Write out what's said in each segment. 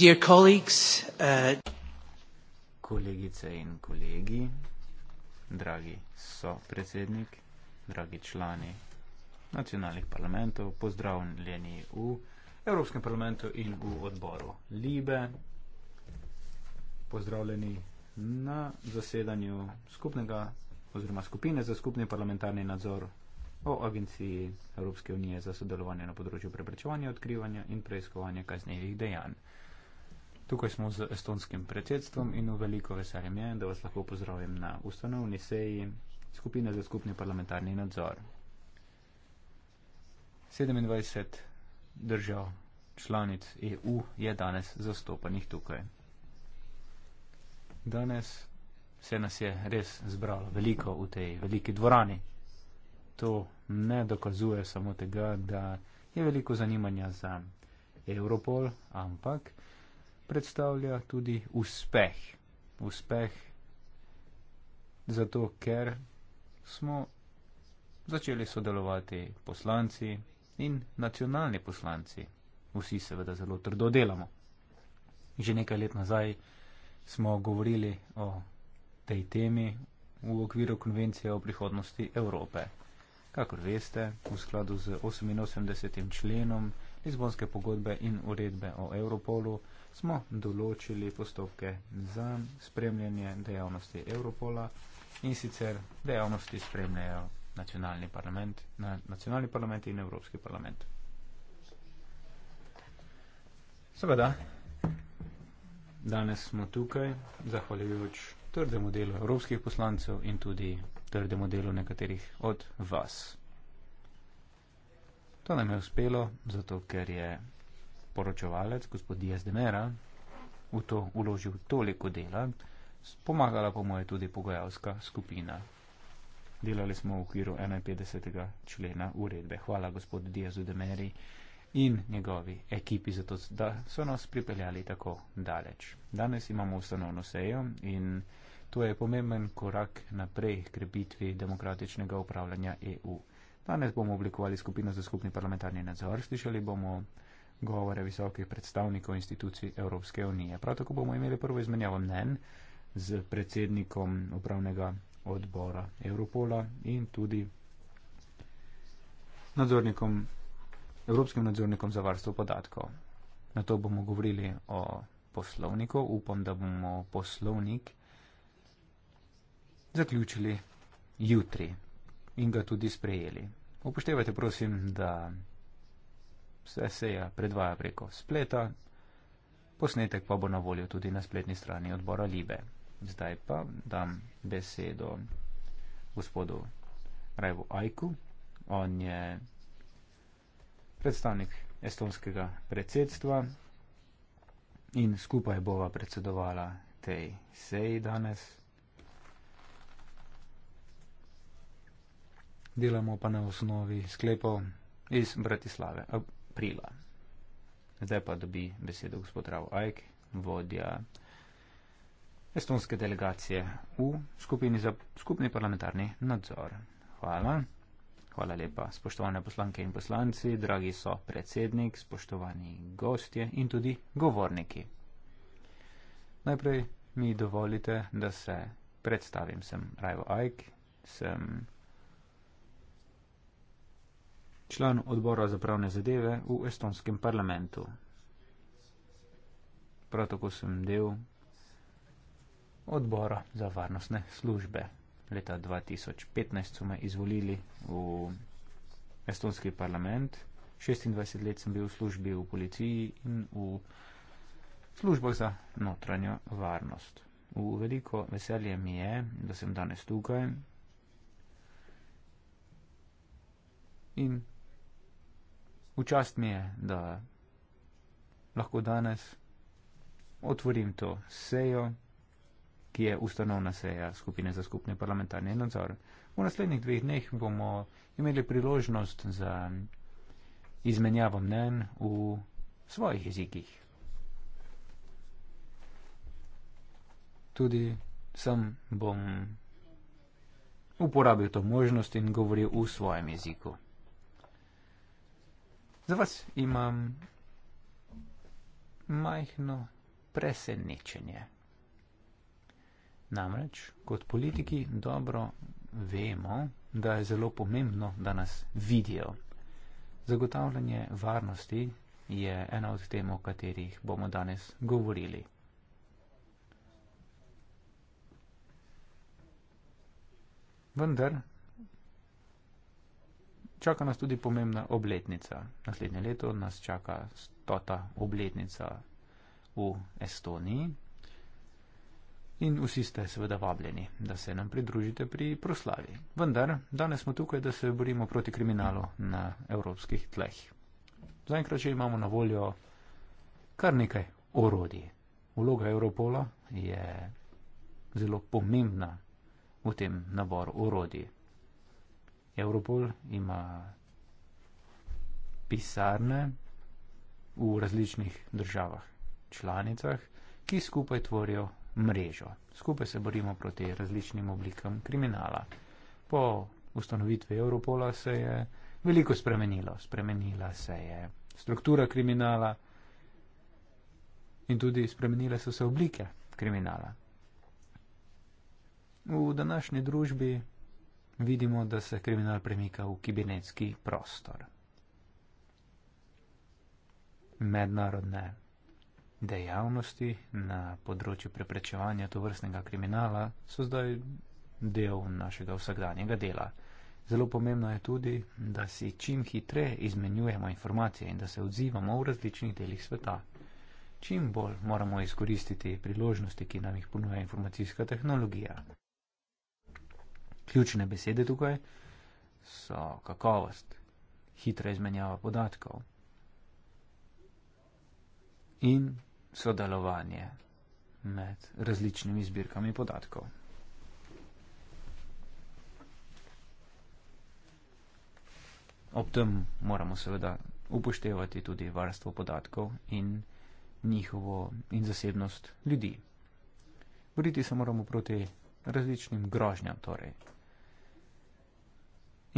Dear colleagues, uh... Kolegice in kolegi, dragi so predsednik, dragi člani nacionalnih parlamentov, pozdravljeni v Evropskem parlamentu in v odboru Libe. Pozdravljeni na zasedanju skupnega oziroma skupine za skupni parlamentarni nadzor o Agenciji Evropske unije za sodelovanje na področju preprečevanja, odkrivanja in preiskovanja kaznevih dejanj. Tukaj smo z estonskim predsedstvom in v veliko veselje mi je, da vas lahko pozdravim na ustanovni seji skupine za skupni parlamentarni nadzor. 27 držav članic EU je danes zastopanih tukaj. Danes se nas je res zbralo veliko v tej veliki dvorani. To ne dokazuje samo tega, da je veliko zanimanja za Europol, ampak predstavlja tudi uspeh. Uspeh zato, ker smo začeli sodelovati poslanci in nacionalni poslanci. Vsi seveda zelo trdo delamo. Že nekaj let nazaj smo govorili o tej temi v okviru konvencije o prihodnosti Evrope. Kakor veste, v skladu z 88. členom Lizbonske pogodbe in uredbe o Europolu smo določili postopke za spremljanje dejavnosti Europola in sicer dejavnosti spremljajo nacionalni parlament, nacionalni parlament in Evropski parlament. Seveda, danes smo tukaj, zahvaljujoč trdemu delu evropskih poslancev in tudi trdemu delu nekaterih od vas. To nam je uspelo, zato ker je poročevalec gospod Diaz de Mera v to uložil toliko dela, pomagala pa mu je tudi pogajalska skupina. Delali smo v okviru 51. člena uredbe. Hvala gospod Diazu de Meri in njegovi ekipi za to, da so nas pripeljali tako daleč. Danes imamo ustanovno sejo in to je pomemben korak naprej krepitvi demokratičnega upravljanja EU. Danes bomo oblikovali skupino za skupni parlamentarni nadzor, slišali bomo govore visokih predstavnikov institucij Evropske unije. Prav tako bomo imeli prvo izmenjavo mnen z predsednikom upravnega odbora Europola in tudi nadzornikom, Evropskim nadzornikom za varstvo podatkov. Na to bomo govorili o poslovniku. Upam, da bomo poslovnik zaključili jutri in ga tudi sprejeli. Upoštevajte, prosim, da vse seja predvaja preko spleta, posnetek pa bo na voljo tudi na spletni strani odbora Libe. Zdaj pa dam besedo gospodu Rajvu Ajku. On je predstavnik estonskega predsedstva in skupaj bova predsedovala tej seji danes. delamo pa na osnovi sklepov iz Bratislave, aprila. Zdaj pa dobi besedo gospod Rav Ajk, vodja estonske delegacije v skupini za skupni parlamentarni nadzor. Hvala. Hvala lepa, spoštovane poslanke in poslanci, dragi so predsednik, spoštovani gostje in tudi govorniki. Najprej mi dovolite, da se predstavim. Sem Rajvo Ajk, sem član odbora za pravne zadeve v estonskem parlamentu. Prav tako sem del odbora za varnostne službe. Leta 2015 so me izvolili v estonski parlament. 26 let sem bil v službi v policiji in v službah za notranjo varnost. V veliko veselje mi je, da sem danes tukaj in V čast mi je, da lahko danes otvorim to sejo, ki je ustanovna seja skupine za skupni parlamentarni nadzor. V naslednjih dveh dneh bomo imeli priložnost za izmenjavo mnen v svojih jezikih. Tudi sem bom uporabil to možnost in govoril v svojem jeziku. Za vas imam majhno presenečenje. Namreč, kot politiki dobro vemo, da je zelo pomembno, da nas vidijo. Zagotavljanje varnosti je ena od tem, o katerih bomo danes govorili. Vendar čaka nas tudi pomembna obletnica. Naslednje leto nas čaka stota obletnica v Estoniji. In vsi ste seveda vabljeni, da se nam pridružite pri proslavi. Vendar, danes smo tukaj, da se borimo proti kriminalu na evropskih tleh. Zaenkrat že imamo na voljo kar nekaj orodij. Vloga Europola je zelo pomembna v tem naboru orodij. Europol ima pisarne v različnih državah, članicah, ki skupaj tvorijo mrežo. Skupaj se borimo proti različnim oblikam kriminala. Po ustanovitvi Europola se je veliko spremenilo. Spremenila se je struktura kriminala in tudi spremenile so se oblike kriminala. V današnji družbi vidimo, da se kriminal premika v kibernetski prostor. Mednarodne dejavnosti na področju preprečevanja tovrstnega kriminala so zdaj del našega vsakdanjega dela. Zelo pomembno je tudi, da si čim hitreje izmenjujemo informacije in da se odzivamo v različnih delih sveta. Čim bolj moramo izkoristiti priložnosti, ki nam jih ponuja informacijska tehnologija ključne besede tukaj so kakovost, hitra izmenjava podatkov in sodelovanje med različnimi zbirkami podatkov. Ob tem moramo seveda upoštevati tudi varstvo podatkov in njihovo in zasebnost ljudi. Boriti se moramo proti različnim grožnjam torej.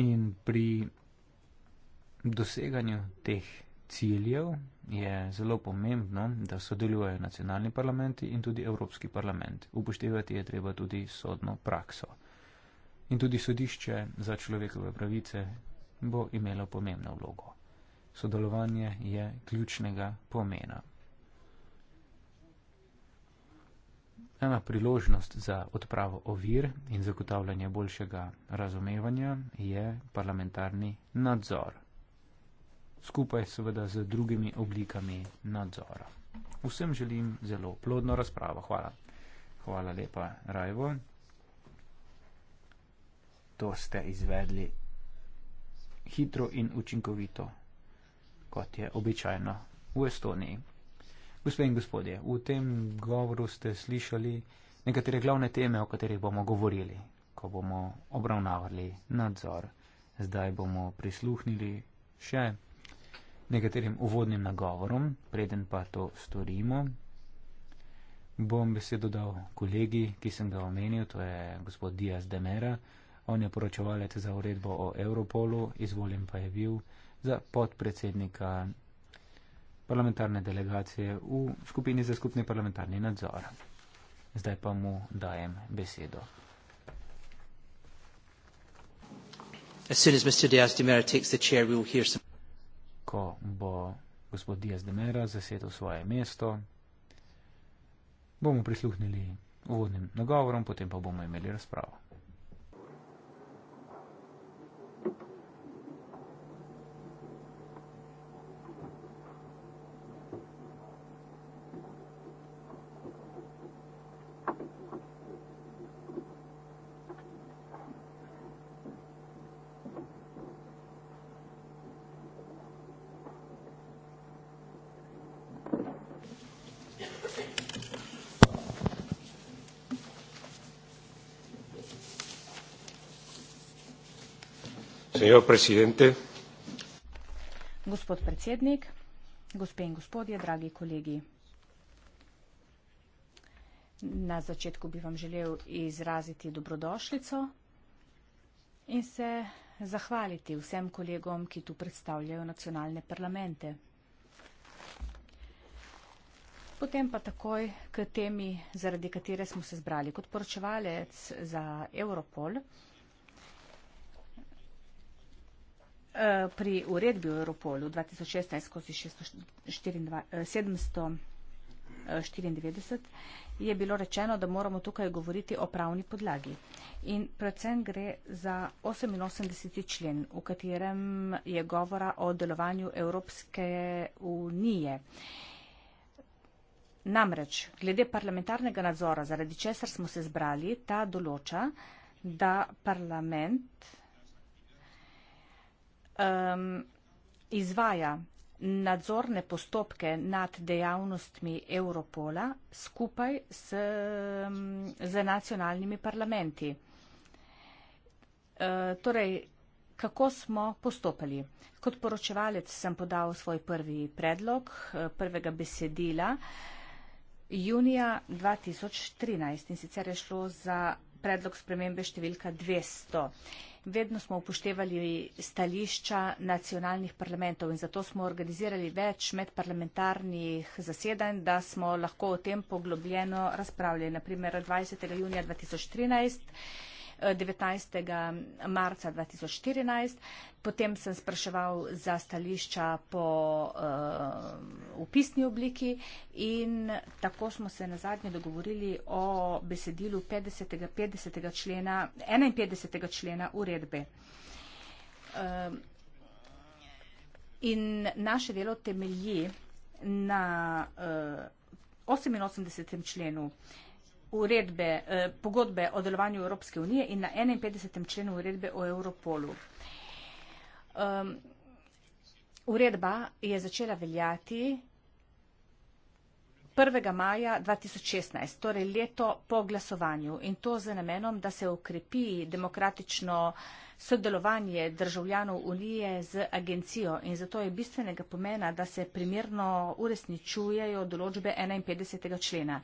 In pri doseganju teh ciljev je zelo pomembno, da sodelujejo nacionalni parlamenti in tudi Evropski parlament. Upoštevati je treba tudi sodno prakso. In tudi sodišče za človekove pravice bo imelo pomembno vlogo. Sodelovanje je ključnega pomena. ena priložnost za odpravo ovir in zagotavljanje boljšega razumevanja je parlamentarni nadzor. Skupaj seveda z drugimi oblikami nadzora. Vsem želim zelo plodno razpravo. Hvala. Hvala lepa, Rajvo. To ste izvedli hitro in učinkovito, kot je običajno v Estoniji. Gospe in gospodje, v tem govoru ste slišali nekatere glavne teme, o katerih bomo govorili, ko bomo obravnavali nadzor. Zdaj bomo prisluhnili še nekaterim uvodnim nagovorom, preden pa to storimo. Bom besedo dal kolegi, ki sem ga omenil, to je gospod Diaz Demera. On je poročevalec za uredbo o Europolu, izvoljen pa je bil za podpredsednika parlamentarne delegacije v skupini za skupni parlamentarni nadzor. Zdaj pa mu dajem besedo. Ko bo gospod Diaz de Mera zasedel svoje mesto, bomo prisluhnili uvodnim nagovorom, potem pa bomo imeli razpravo. Gospod predsednik, gospe in gospodje, dragi kolegi. Na začetku bi vam želel izraziti dobrodošlico in se zahvaliti vsem kolegom, ki tu predstavljajo nacionalne parlamente. Potem pa takoj k temi, zaradi katere smo se zbrali kot poročevalec za Europol. Eh, pri uredbi o Europolu 2016-794 eh, eh, je bilo rečeno, da moramo tukaj govoriti o pravni podlagi. In predvsem gre za 88. člen, v katerem je govora o delovanju Evropske unije. Namreč, glede parlamentarnega nadzora, zaradi česar smo se zbrali, ta določa, da parlament Um, izvaja nadzorne postopke nad dejavnostmi Europola skupaj s, um, z nacionalnimi parlamenti. E, torej, kako smo postopali? Kot poročevalec sem podal svoj prvi predlog uh, prvega besedila junija 2013 in sicer je šlo za predlog spremembe številka 200 vedno smo upoštevali stališča nacionalnih parlamentov in zato smo organizirali več medparlamentarnih zasedanj, da smo lahko o tem poglobljeno razpravljali. Naprimer 20. junija 2013 19. Eh, marca 2014. Potem sem spraševal za stališča po uh, eh, upisni obliki in tako smo se na zadnje dogovorili o besedilu 50. 50. Člena, 51. člena uredbe. Uh, in naše delo temelji na uh, 88. členu. Uh, uredbe, eh, pogodbe o delovanju Evropske unije in na 51. členu uredbe o Europolu. Um, uredba je začela veljati 1. maja 2016, torej leto po glasovanju in to z namenom, da se ukrepi demokratično uh, sodelovanje državljanov Unije z agencijo in zato je bistvenega pomena, da se primerno uresničujejo določbe 51. člena.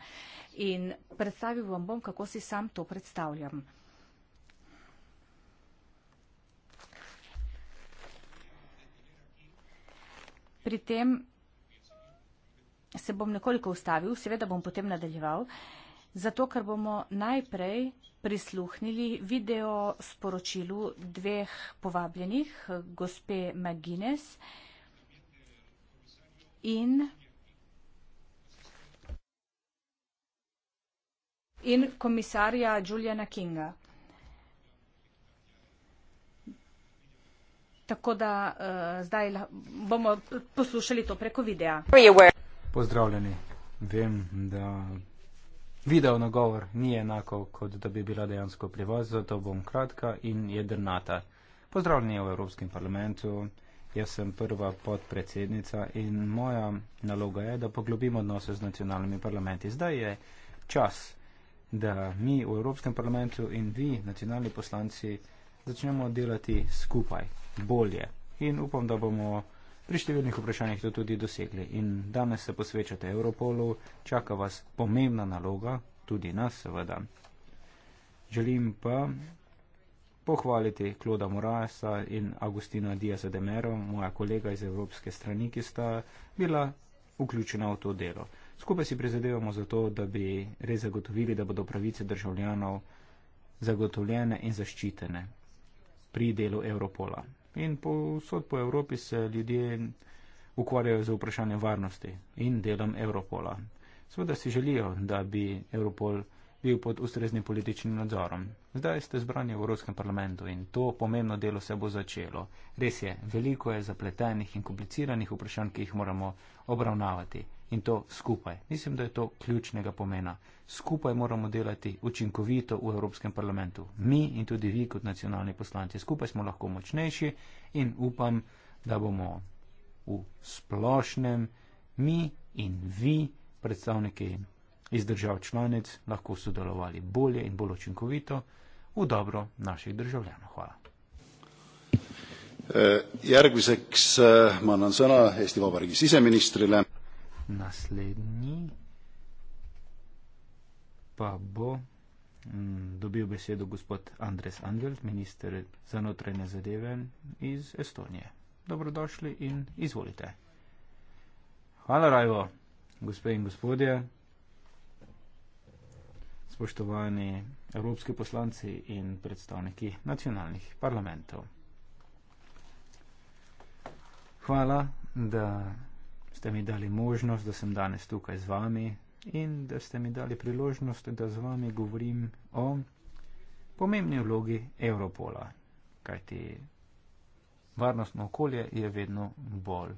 In predstavil vam bom, kako si sam to predstavljam. Pri tem se bom nekoliko ustavil, seveda bom potem nadaljeval, zato ker bomo najprej prisluhnili video sporočilu dveh povabljenih, gospe McGuinness in in komisarja Juliana Kinga. Tako da uh, zdaj bomo poslušali to preko videa. Pozdravljeni. Vem, da Video na govor ni enako, kot da bi bila dejansko privoz, zato bom kratka in jedrnata. Pozdravljeni v Evropskem parlamentu, jaz sem prva podpredsednica in moja naloga je, da poglobim odnose z nacionalnimi parlamenti. Zdaj je čas, da mi v Evropskem parlamentu in vi, nacionalni poslanci, začnemo delati skupaj, bolje. In upam, da bomo pri številnih vprašanjih to tudi dosegli. In danes se posvečate Europolu, čaka vas pomembna naloga, tudi nas seveda. Želim pa pohvaliti Kloda Morasa in Agustina Diaza de Mero, moja kolega iz Evropske strani, ki sta bila vključena v to delo. Skupaj si prizadevamo za to, da bi res zagotovili, da bodo pravice državljanov zagotovljene in zaščitene pri delu Europola. In povsod po Evropi se ljudje ukvarjajo z vprašanjem varnosti in delom Evropola. Sveda si želijo, da bi Evropol bil pod ustreznim političnim nadzorom. Zdaj ste zbrani v Evropskem parlamentu in to pomembno delo se bo začelo. Res je, veliko je zapletenih in kompliciranih vprašanj, ki jih moramo obravnavati in to skupaj. Mislim, da je to ključnega pomena. Skupaj moramo delati učinkovito v Evropskem parlamentu. Mi in tudi vi kot nacionalni poslanci. Skupaj smo lahko močnejši in upam, da bomo v splošnem mi in vi, predstavniki iz držav članic, lahko sodelovali bolje in bolj učinkovito v dobro naših državljanov. Hvala. Eh, järgmiseks eh, ma annan sõna Eesti Vabariigi siseministrile. Naslednji pa bo m, mm, dobil besedo gospod Andres Angel, minister za notranje zadeve iz Estonije. Dobrodošli in izvolite. Hvala, Rajvo, gospe in gospodje, spoštovani evropski poslanci in predstavniki nacionalnih parlamentov. Hvala, da ste mi dali možnost, da sem danes tukaj z vami in da ste mi dali priložnost, da z vami govorim o pomembni vlogi Evropola. Kajti varnostno okolje je vedno bolj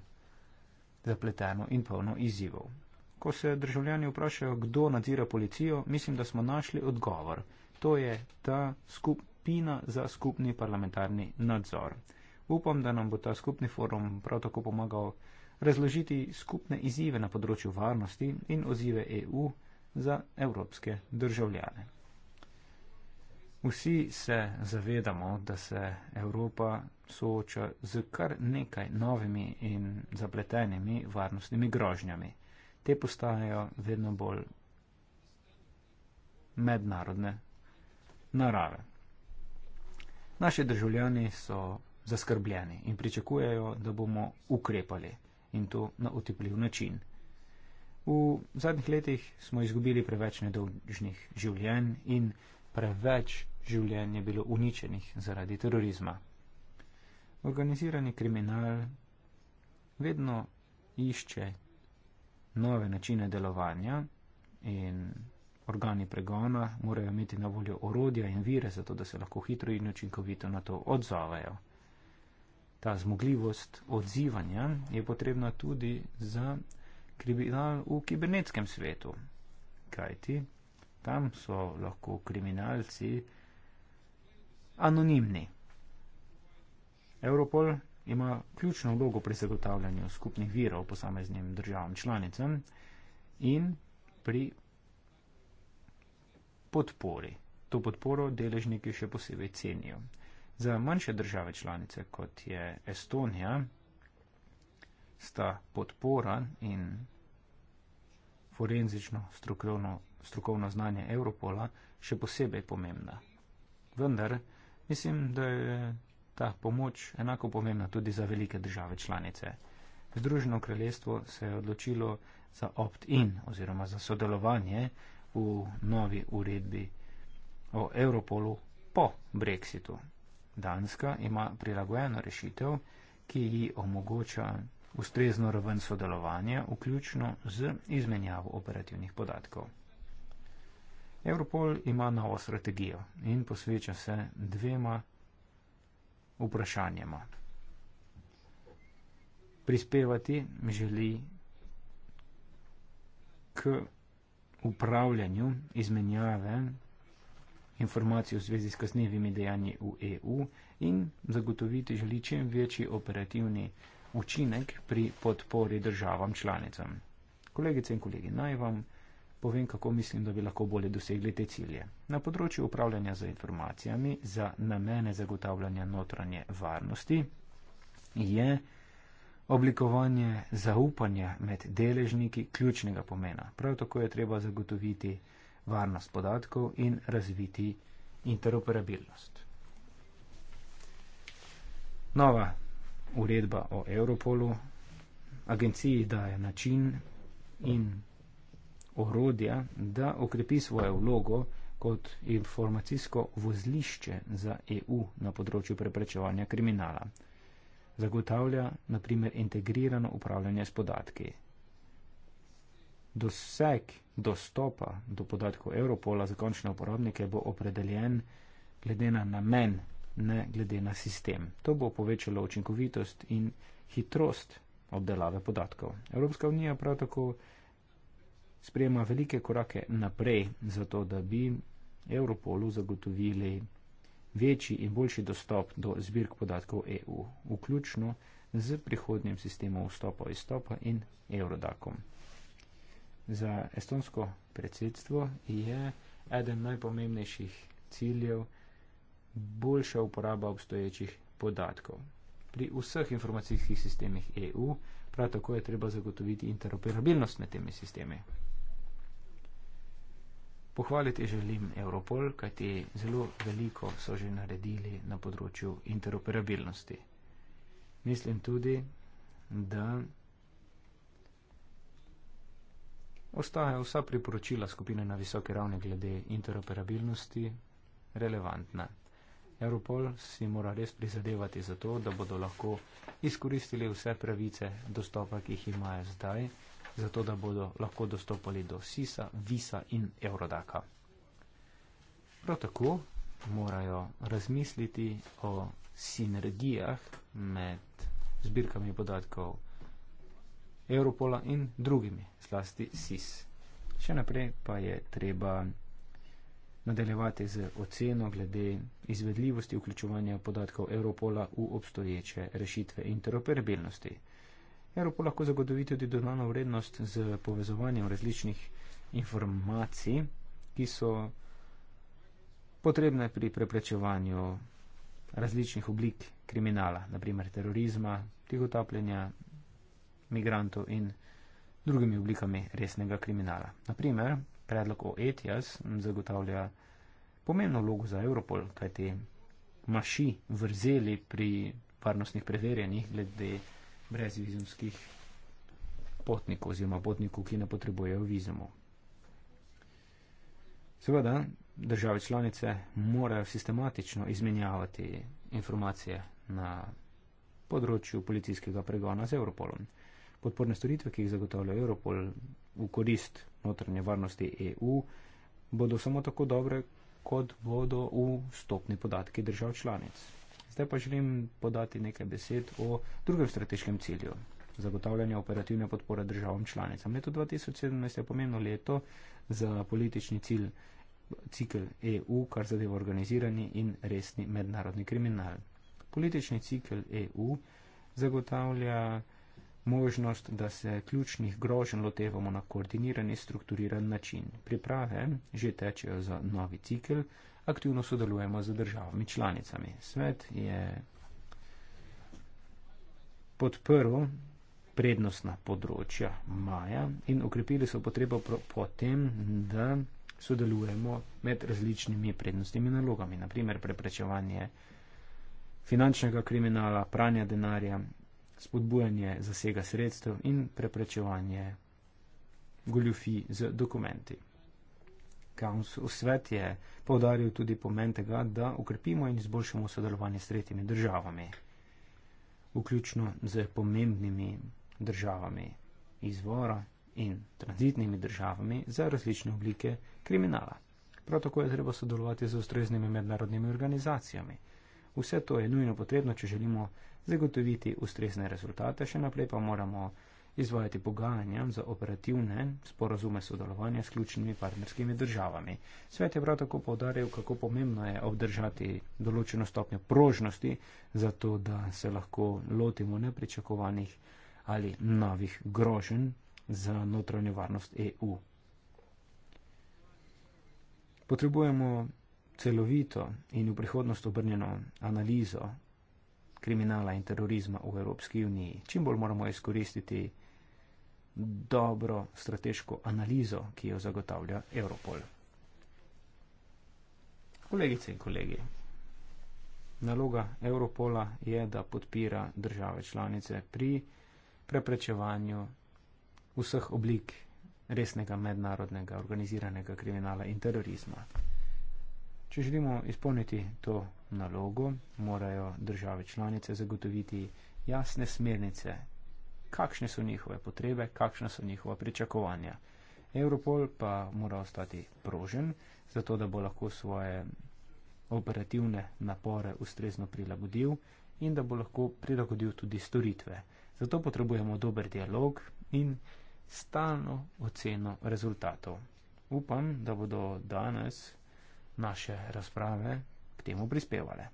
zapleteno in polno izzivov. Ko se državljani vprašajo, kdo nadzira policijo, mislim, da smo našli odgovor. To je ta skupina za skupni parlamentarni nadzor. Upam, da nam bo ta skupni forum prav tako pomagal razložiti skupne izzive na področju varnosti in ozive EU za evropske državljane. Vsi se zavedamo, da se Evropa sooča z kar nekaj novimi in zapletenimi varnostnimi grožnjami. Te postajajo vedno bolj mednarodne narave. Naši državljani so zaskrbljeni in pričakujejo, da bomo ukrepali in to na otepljiv način. V zadnjih letih smo izgubili preveč nedolžnih življenj in preveč življenj je bilo uničenih zaradi terorizma. Organizirani kriminal vedno išče nove načine delovanja in organi pregona morajo imeti na voljo orodja in vire za to, da se lahko hitro in učinkovito na to odzovejo ta zmogljivost odzivanja je potrebna tudi za kriminal v kibernetskem svetu. Kajti tam so lahko kriminalci anonimni. Europol ima ključno vlogo pri zagotavljanju skupnih virov posameznim državam članicam in pri podpori. To podporo deležniki še posebej cenijo. Za manjše države članice, kot je Estonija, sta podpora in forenzično strokovno, strokovno znanje Evropola še posebej pomembna. Vendar mislim, da je ta pomoč enako pomembna tudi za velike države članice. Združeno kraljestvo se je odločilo za opt-in oziroma za sodelovanje v novi uredbi o Evropolu po Brexitu. Danska ima prilagojeno rešitev, ki ji omogoča ustrezno raven sodelovanja, vključno z izmenjavo operativnih podatkov. Europol ima novo strategijo in posveča se dvema vprašanjama. Prispevati želi k upravljanju izmenjave informacij v zvezi s kasnevimi dejanji v EU in zagotoviti želi čim večji operativni učinek pri podpori državam članicam. Kolegice in kolegi, naj vam povem, kako mislim, da bi lahko bolje dosegli te cilje. Na področju upravljanja z informacijami za namene zagotavljanja notranje varnosti je oblikovanje zaupanja med deležniki ključnega pomena. Prav tako je treba zagotoviti varnost podatkov in razviti interoperabilnost. Nova uredba o Europolu agenciji daje način in orodja, da okrepi svojo vlogo kot informacijsko vozlišče za EU na področju preprečevanja kriminala. Zagotavlja naprimer integrirano upravljanje s podatki. Doseg dostopa do podatkov Europola za končne uporabnike bo opredeljen glede na namen, ne glede na sistem. To bo povečalo učinkovitost in hitrost obdelave podatkov. Evropska unija prav tako sprejema velike korake naprej za to, da bi Europolu zagotovili večji in boljši dostop do zbirk podatkov EU, vključno z prihodnjim sistemom vstopa in izstopa in Eurodakom za estonsko predsedstvo je eden najpomembnejših ciljev boljša uporaba obstoječih podatkov. Pri vseh informacijskih sistemih EU prav tako je treba zagotoviti interoperabilnost med temi sistemi. Pohvaliti želim Europol, kajti zelo veliko so že naredili na področju interoperabilnosti. Mislim tudi, da ostajajo vsa priporočila skupine na visoke ravni glede interoperabilnosti relevantna. Europol si mora res prizadevati za to, da bodo lahko izkoristili vse pravice dostopa, ki jih imajo zdaj, zato da bodo lahko dostopali do SISA, VISA in Eurodaka. Prav tako morajo razmisliti o sinergijah med zbirkami podatkov Europola in drugimi, zlasti SIS. Še naprej pa je treba nadaljevati z oceno glede izvedljivosti vključovanja podatkov Europola v obstoječe rešitve interoperabilnosti. Europol lahko zagotovi tudi dodano vrednost z povezovanjem različnih informacij, ki so potrebne pri preprečevanju različnih oblik kriminala, naprimer terorizma, tihotapljenja migrantov in drugimi oblikami resnega kriminala. Naprimer, predlog o ETIAS zagotavlja pomembno vlogo za Europol, kajti maši vrzeli pri varnostnih preverjanjih glede brezvizumskih potnikov oziroma potnikov, ki ne potrebujejo vizumov. Seveda, države članice morajo sistematično izmenjavati informacije na področju policijskega pregona z Europolom podporne storitve, ki jih zagotavlja Europol v korist notranje varnosti EU, bodo samo tako dobre, kot bodo vstopni podatki držav članic. Zdaj pa želim podati nekaj besed o drugem strateškem cilju - zagotavljanje operativne podpore državam članicam. Leto 2017 je pomenilo leto za politični cilj cikl EU, kar zadeva organizirani in resni mednarodni kriminal. Politični cikl EU zagotavlja možnost, da se ključnih grožen lotevamo na koordinirani, strukturiran način. Priprave že tečejo za novi cikl, aktivno sodelujemo z državami članicami. Svet je podprl prednostna področja maja in okrepili so potrebo po tem, da sodelujemo med različnimi prednostnimi nalogami, naprimer preprečevanje finančnega kriminala, pranja denarja spodbujanje zasega sredstev in preprečevanje goljufi z dokumenti. Kaunsov svet je povdaril tudi pomen tega, da ukrepimo in izboljšamo sodelovanje s tretjimi državami, vključno z pomembnimi državami izvora in tranzitnimi državami za različne oblike kriminala. Prav tako je treba sodelovati z ustreznimi mednarodnimi organizacijami, Vse to je nujno potrebno, če želimo zagotoviti ustrezne rezultate, še naprej pa moramo izvajati pogajanja za operativne sporozume sodelovanja s ključnimi partnerskimi državami. Svet je prav tako povdaril, kako pomembno je obdržati določeno stopnjo prožnosti, zato da se lahko lotimo nepričakovanih ali novih grožen za notranjo varnost EU. Potrebujemo celovito in v prihodnost obrnjeno analizo kriminala in terorizma v Evropski uniji. Čim bolj moramo izkoristiti dobro strateško analizo, ki jo zagotavlja Europol. Kolegice in kolegi, naloga Europola je, da podpira države članice pri preprečevanju vseh oblik resnega mednarodnega organiziranega kriminala in terorizma. Če želimo izpolniti to nalogo, morajo države članice zagotoviti jasne smernice, kakšne so njihove potrebe, kakšna so njihova pričakovanja. Europol pa mora ostati prožen, zato da bo lahko svoje operativne napore ustrezno prilagodil in da bo lahko prilagodil tudi storitve. Zato potrebujemo dober dialog in stalno oceno rezultatov. Upam, da bodo danes naše razprave k temu prispevale.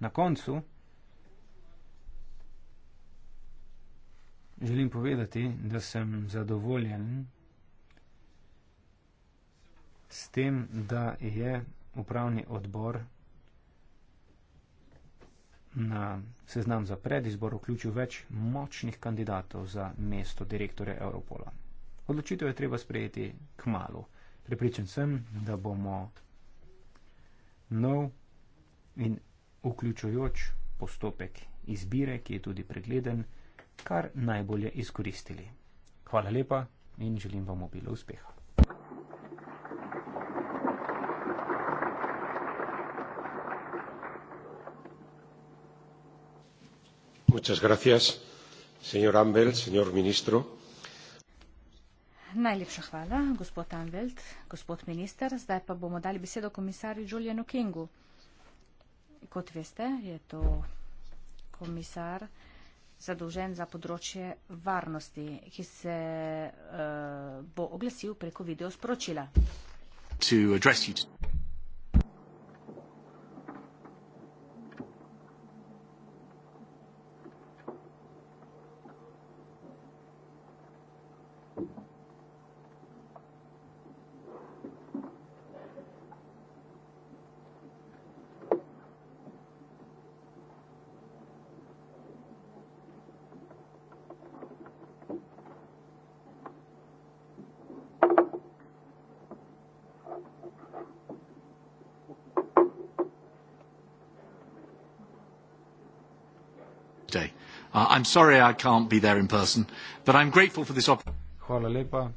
Na koncu želim povedati, da sem zadovoljen s tem, da je upravni odbor na seznam za predizbor vključil več močnih kandidatov za mesto direktorja Europola. Odločitev je treba sprejeti k malu. Pripričan sem, da bomo nov in vključujoč postopek izbire, ki je tudi pregleden, kar najbolje izkoristili. Hvala lepa in želim vam obilo uspeha. Muchas gracias, señor Ambel, señor ministro. Najlepša hvala, gospod Anvelt, gospod minister. Zdaj pa bomo dali besedo komisarju Julianu Kingu. Kot veste, je to komisar zadolžen za področje varnosti, ki se uh, bo oglasil preko videosporočila. To Uh, I'm sorry I can't be there in person, but I'm grateful for this opportunity. Hvala lepa.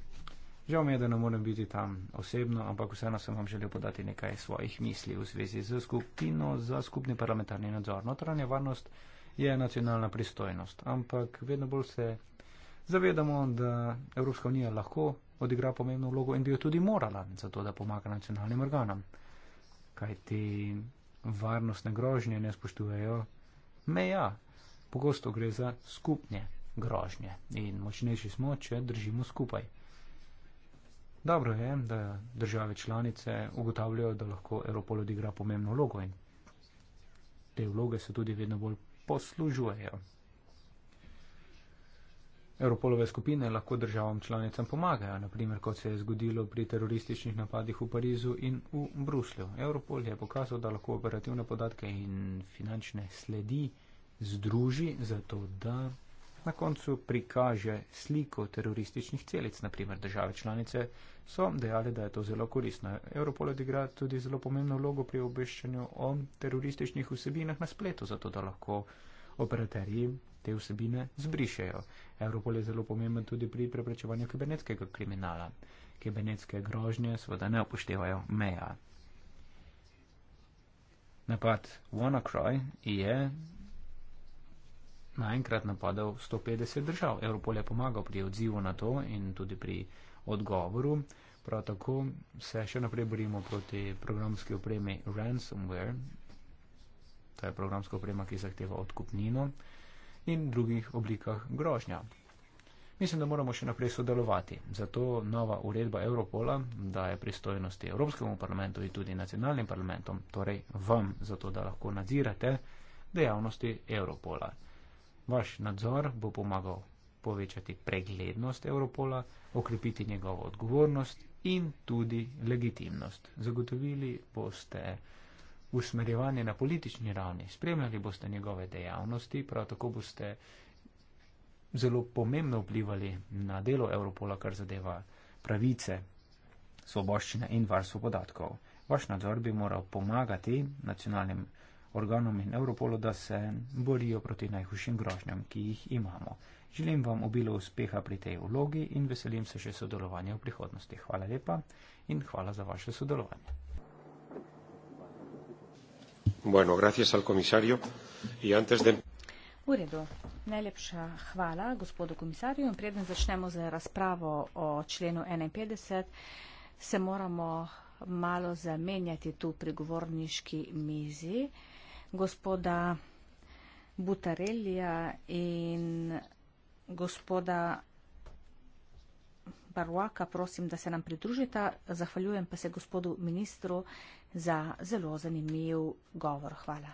Žal mi je, da ne morem biti tam osebno, ampak vseeno sem vam želel podati nekaj svojih misli v zvezi z skupino za skupni parlamentarni nadzor. Notranja varnost je nacionalna pristojnost, ampak vedno bolj se zavedamo, da Evropska unija lahko odigra pomembno vlogo in bi jo tudi morala, zato da pomaga nacionalnim organom. Kaj ti varnostne grožnje ne spoštujejo meja Pogosto gre za skupne grožnje in močnejši smo, če držimo skupaj. Dobro je, da države članice ugotavljajo, da lahko Europol odigra pomembno vlogo in te vloge se tudi vedno bolj poslužujejo. Europolove skupine lahko državam članicam pomagajo, naprimer kot se je zgodilo pri terorističnih napadih v Parizu in v Bruslju. Europol je pokazal, da lahko operativne podatke in finančne sledi združi zato, da na koncu prikaže sliko terorističnih celic. Naprimer, države članice so dejale, da je to zelo koristno. Europol odigra tudi zelo pomembno vlogo pri obveščanju o terorističnih vsebinah na spletu, zato da lahko operaterji te vsebine zbrišejo. Europol je zelo pomemben tudi pri preprečevanju kibernetskega kriminala. Kibernetske grožnje seveda ne upoštevajo meja. Napad WannaCry je naenkrat napadal 150 držav. Evropol je pomagal pri odzivu na to in tudi pri odgovoru. Prav tako se še naprej borimo proti programski opremi ransomware, to je programska oprema, ki zahteva odkupnino in drugih oblikah grožnja. Mislim, da moramo še naprej sodelovati. Zato nova uredba Europola daje pristojnosti Evropskemu parlamentu in tudi nacionalnim parlamentom, torej vam, zato da lahko nadzirate dejavnosti Europola. Vaš nadzor bo pomagal povečati preglednost Europola, okrepiti njegovo odgovornost in tudi legitimnost. Zagotovili boste usmerjevanje na politični ravni, spremljali boste njegove dejavnosti, prav tako boste zelo pomembno vplivali na delo Europola, kar zadeva pravice, svoboščine in varstvo podatkov. Vaš nadzor bi moral pomagati nacionalnim organom in Europolu, da se borijo proti najhujšim grožnjam, ki jih imamo. Želim vam obilo uspeha pri tej vlogi in veselim se še sodelovanja v prihodnosti. Hvala lepa in hvala za vaše sodelovanje. Bueno, gracias al comisario. Y antes de... V redu. Najlepša hvala gospodu komisarju. In preden začnemo z razpravo o členu 51, se moramo malo zamenjati tu pri govorniški mizi. Uh, gospoda Butarelija in gospoda Baruaka, prosim, da se nam pridružite. Zahvaljujem pa se gospodu ministru za zelo zanimiv govor. Hvala.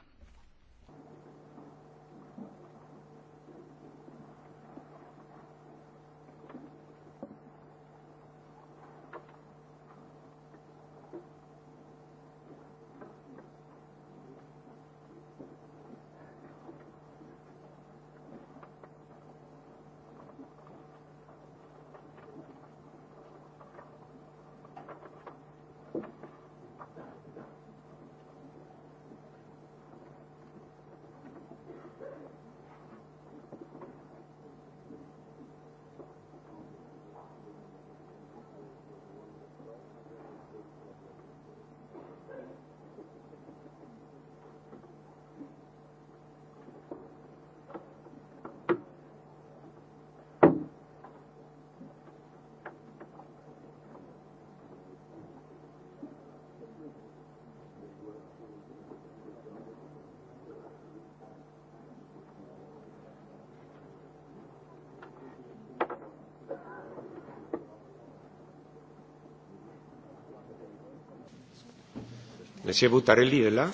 ricevuta Rellirla?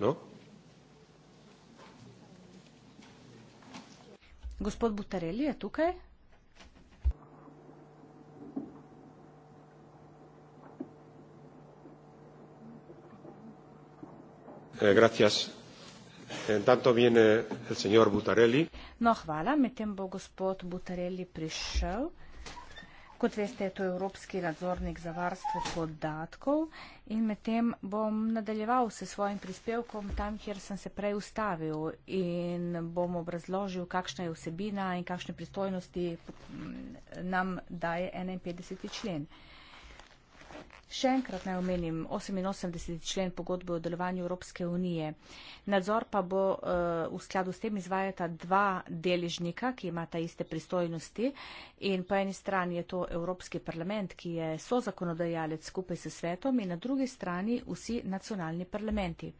No? Gospod Butarelli je tukaj? Eh, gracias. Intanto viene il signor Butarelli. No, hvala, medtem bo gospod Butarelli prišel. Kot veste, je to Evropski nadzornik za varstvo podatkov in medtem bom nadaljeval se svojim prispevkom tam, kjer sem se prej ustavil in bom obrazložil, kakšna je vsebina in kakšne pristojnosti nam daje 51. člen. Še enkrat naj omenim 88. člen pogodbe o delovanju Evropske unije. Nadzor pa bo eh, v skladu s tem izvajata dva deležnika, ki imata iste pristojnosti in po eni strani je to Evropski parlament, ki je sozakonodajalec skupaj s svetom in na drugi strani vsi nacionalni parlamenti.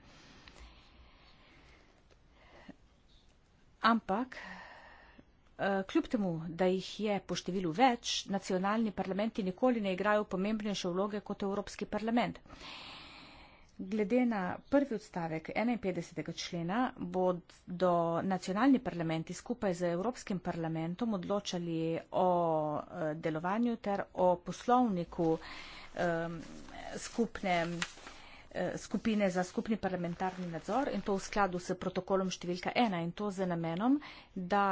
Ampak Eh, kljub temu, da jih je po številu več, nacionalni parlamenti nikoli ne igrajo pomembnejše vloge kot Evropski parlament. Glede na prvi odstavek 51. člena bodo nacionalni parlamenti skupaj z Evropskim parlamentom odločali o eh, delovanju ter o poslovniku ehm, skupne, eh, skupine za skupni parlamentarni nadzor in to v skladu s protokolom številka 1 in to z namenom, da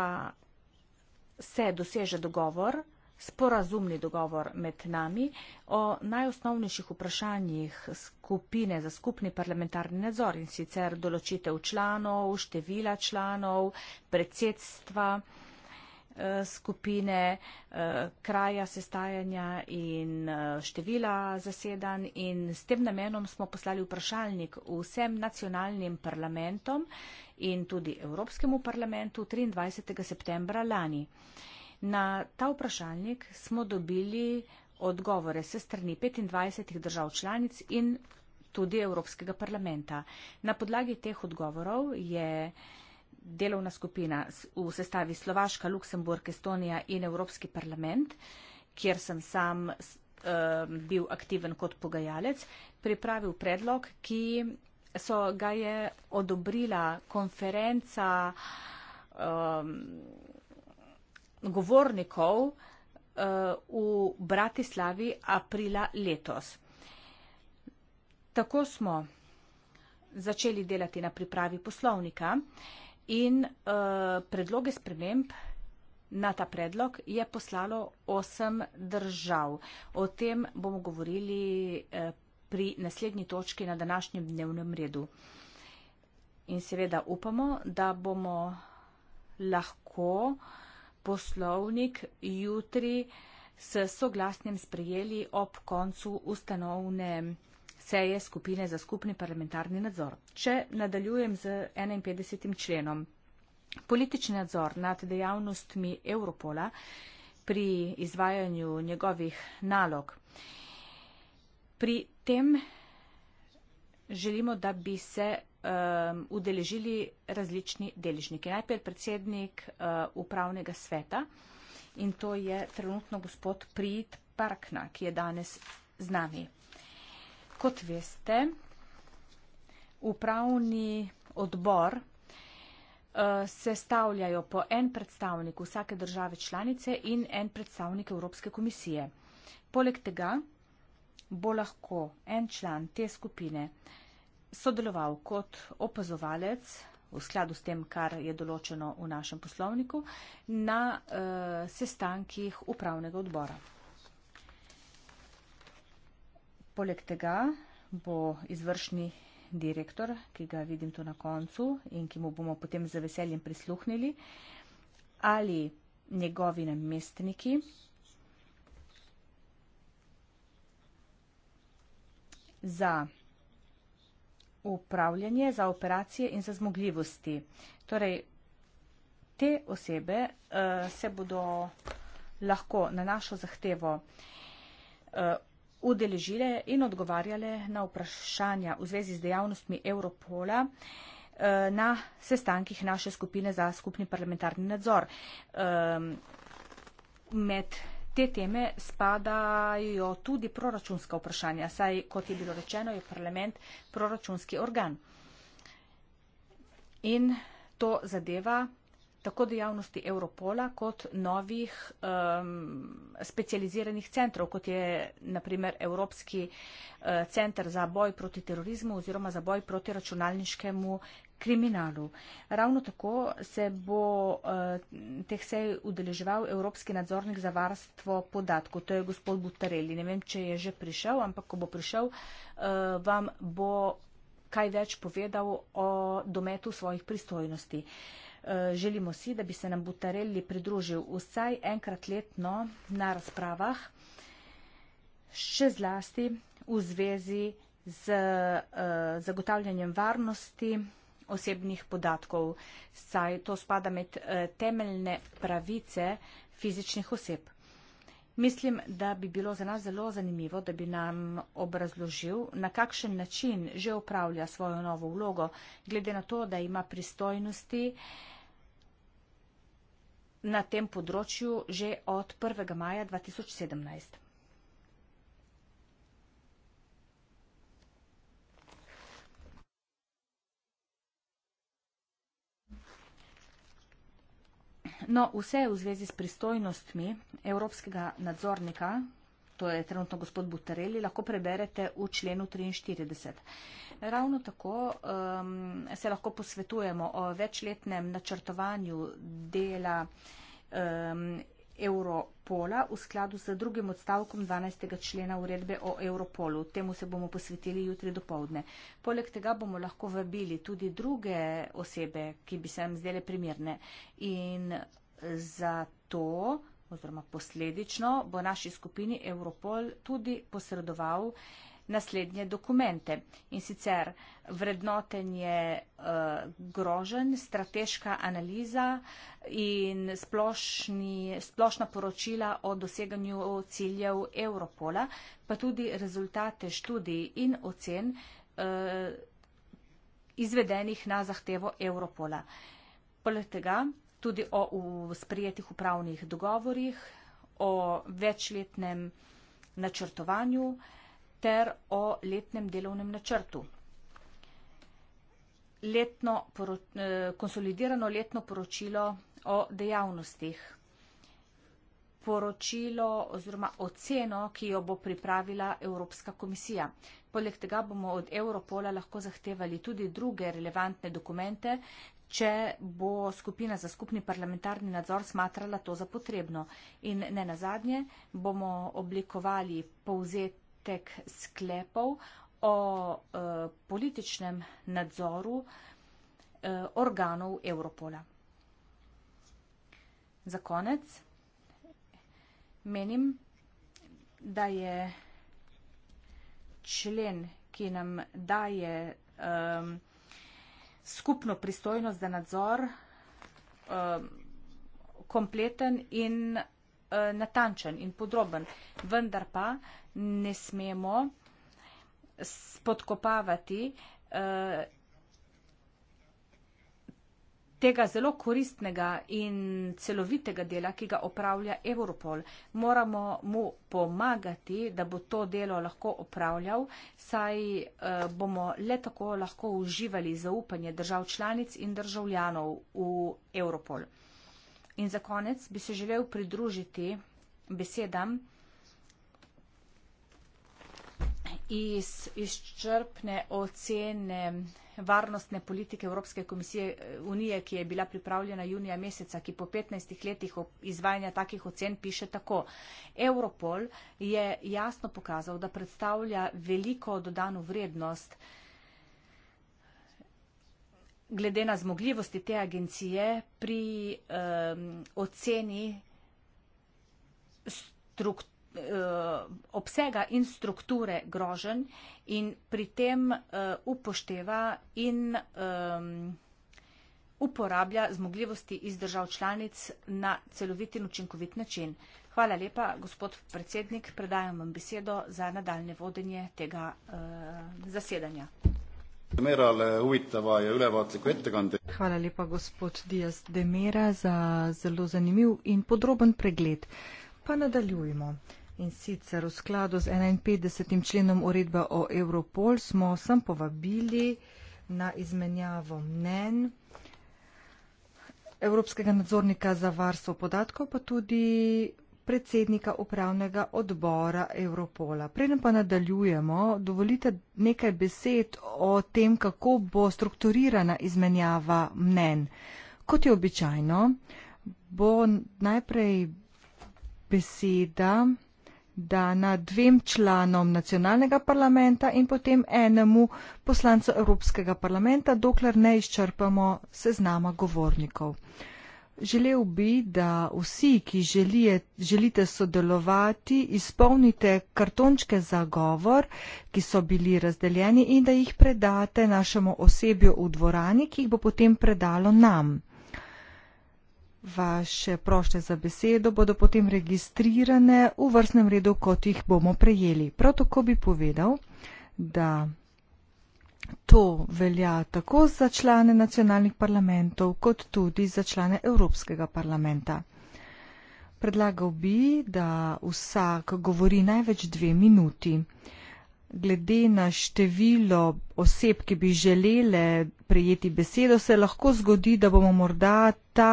se doseže dogovor, sporazumni dogovor med nami o najosnovnejših vprašanjih skupine za skupni parlamentarni nadzor in sicer določitev članov, števila članov, predsedstva eh, skupine, eh, kraja sestajanja in eh, števila zasedan. In s tem namenom smo poslali vprašalnik vsem nacionalnim parlamentom in tudi Evropskemu parlamentu 23. septembra lani. Na ta vprašalnik smo dobili odgovore se strani 25 držav članic in tudi Evropskega parlamenta. Na podlagi teh odgovorov je delovna skupina v sestavi Slovaška, Luksemburg, Estonija in Evropski parlament, kjer sem sam eh, bil aktiven kot pogajalec, pripravil predlog, ki so ga je odobrila konferenca um, govornikov uh, v Bratislavi aprila letos. Tako smo začeli delati na pripravi poslovnika in uh, predloge sprememb na ta predlog je poslalo osem držav. O tem bomo govorili uh, pri naslednji točki na današnjem dnevnem redu. In seveda upamo, da bomo lahko poslovnik jutri s soglasnim sprejeli ob koncu ustanovne seje skupine za skupni parlamentarni nadzor. Če nadaljujem z 51. členom. Politični nadzor nad dejavnostmi Europola pri izvajanju njegovih nalog Pri tem želimo, da bi se um, udeležili različni deležniki. Najprej predsednik uh, upravnega sveta in to je trenutno gospod Prit Parkna, ki je danes z nami. Kot veste, upravni odbor uh, se stavljajo po en predstavnik vsake države članice in en predstavnik Evropske komisije. Poleg tega, bo lahko en član te skupine sodeloval kot opazovalec v skladu s tem, kar je določeno v našem poslovniku, na e, sestankih upravnega odbora. Poleg tega bo izvršni direktor, ki ga vidim tu na koncu in ki mu bomo potem z veseljem prisluhnili, ali njegovi namestniki za upravljanje, za operacije in za zmogljivosti. Torej, te osebe uh, se bodo lahko na našo zahtevo eh, udeležile uh, in odgovarjale na vprašanja v zvezi z dejavnostmi Europola eh, na sestankih naše skupine za skupni parlamentarni nadzor. Med te teme spadajo tudi proračunska vprašanja, saj, kot je bilo rečeno, je parlament proračunski organ. In to zadeva tako dejavnosti Europola kot novih um, specializiranih centrov, kot je naprimer Evropski uh, center za boj proti terorizmu oziroma za boj proti računalniškemu kriminalu. Ravno tako se bo eh, teh sej udeleževal Evropski nadzornik za varstvo podatkov, to je gospod Butareli. Ne vem, če je že prišel, ampak ko bo prišel, eh, vam bo kaj več povedal o dometu svojih pristojnosti. Eh, želimo si, da bi se nam Butareli pridružil vsaj enkrat letno na razpravah, še zlasti v zvezi z zagotavljanjem varnosti osebnih podatkov, saj to spada med eh, temeljne pravice fizičnih oseb. Mislim, da bi bilo za nas zelo zanimivo, da bi nam obrazložil, na kakšen način že upravlja svojo novo vlogo, glede na to, da ima pristojnosti na tem področju že od 1. maja 2017. No, vse v zvezi s pristojnostmi evropskega nadzornika, to je trenutno gospod Butareli, lahko preberete v členu 43. Ravno tako um, se lahko posvetujemo o večletnem načrtovanju dela um, Europola v skladu z drugim odstavkom 12. člena uredbe o Europolu. Temu se bomo posvetili jutri do povdne. Poleg tega bomo lahko vabili tudi druge osebe, ki bi se nam zdele primirne. In zato oziroma posledično bo naši skupini Europol tudi posredoval naslednje dokumente in sicer vrednotenje eh, grožen, strateška analiza in splošni, splošna poročila o doseganju ciljev Europola, pa tudi rezultate študij in ocen eh, izvedenih na zahtevo Europola. Poleg tega tudi o sprejetih upravnih dogovorih, o večletnem načrtovanju ter o letnem delovnem načrtu. Letno poro, eh, konsolidirano letno poročilo o dejavnostih. Poročilo oziroma oceno, ki jo bo pripravila Evropska komisija. Poleg tega bomo od Europola lahko zahtevali tudi druge relevantne dokumente, če bo skupina za skupni parlamentarni nadzor smatrala to za potrebno. In ne nazadnje bomo oblikovali povzetek sklepov o e, političnem nadzoru e, organov Europola. Za konec menim, da je člen, ki nam daje um, skupno pristojnost za nadzor eh, kompleten in eh, natančen in podroben. Vendar pa ne smemo spodkopavati eh, tega zelo koristnega in celovitega dela, ki ga opravlja Evropol. Moramo mu pomagati, da bo to delo lahko opravljal, saj eh, bomo le tako lahko uživali zaupanje držav članic in državljanov v Evropol. In za konec bi se želel pridružiti besedam iz izčrpne ocene varnostne politike Evropske komisije eh, unije, ki je bila pripravljena junija meseca, ki po 15 letih izvajanja takih ocen piše tako. Europol je jasno pokazal, da predstavlja veliko dodano vrednost glede na zmogljivosti te agencije pri um, oceni struktur Eh, obsega in strukture grožen in pri tem eh, upošteva in uporablja zmogljivosti iz držav članic na celovit in učinkovit način. Hvala lepa, gospod predsednik, predajam vam besedo za nadaljne vodenje tega eh, zasedanja. Ja Hvala lepa, gospod Dias Demera, za zelo zanimiv in podroben pregled. Pa nadaljujemo. In sicer v skladu z 51. členom uredbe o Europol smo sem povabili na izmenjavo mnen Evropskega nadzornika za varstvo podatkov, pa tudi predsednika upravnega odbora Europola. Preden pa nadaljujemo, dovolite nekaj besed o tem, kako bo strukturirana izmenjava mnen. Kot je običajno, bo najprej beseda da na dvem članom nacionalnega parlamenta in potem enemu poslancu Evropskega parlamenta, dokler ne izčrpamo seznama govornikov. Želel bi, da vsi, ki želije, želite sodelovati, izpolnite kartončke za govor, ki so bili razdeljeni in da jih predate našemu osebju v dvorani, ki jih bo potem predalo nam. Vaše prošlje za besedo bodo potem registrirane v vrstnem redu, kot jih bomo prejeli. Prav tako bi povedal, da to velja tako za člane nacionalnih parlamentov, kot tudi za člane Evropskega parlamenta. Predlagal bi, da vsak govori največ dve minuti. Glede na število oseb, ki bi želele prejeti besedo, se lahko zgodi, da bomo morda ta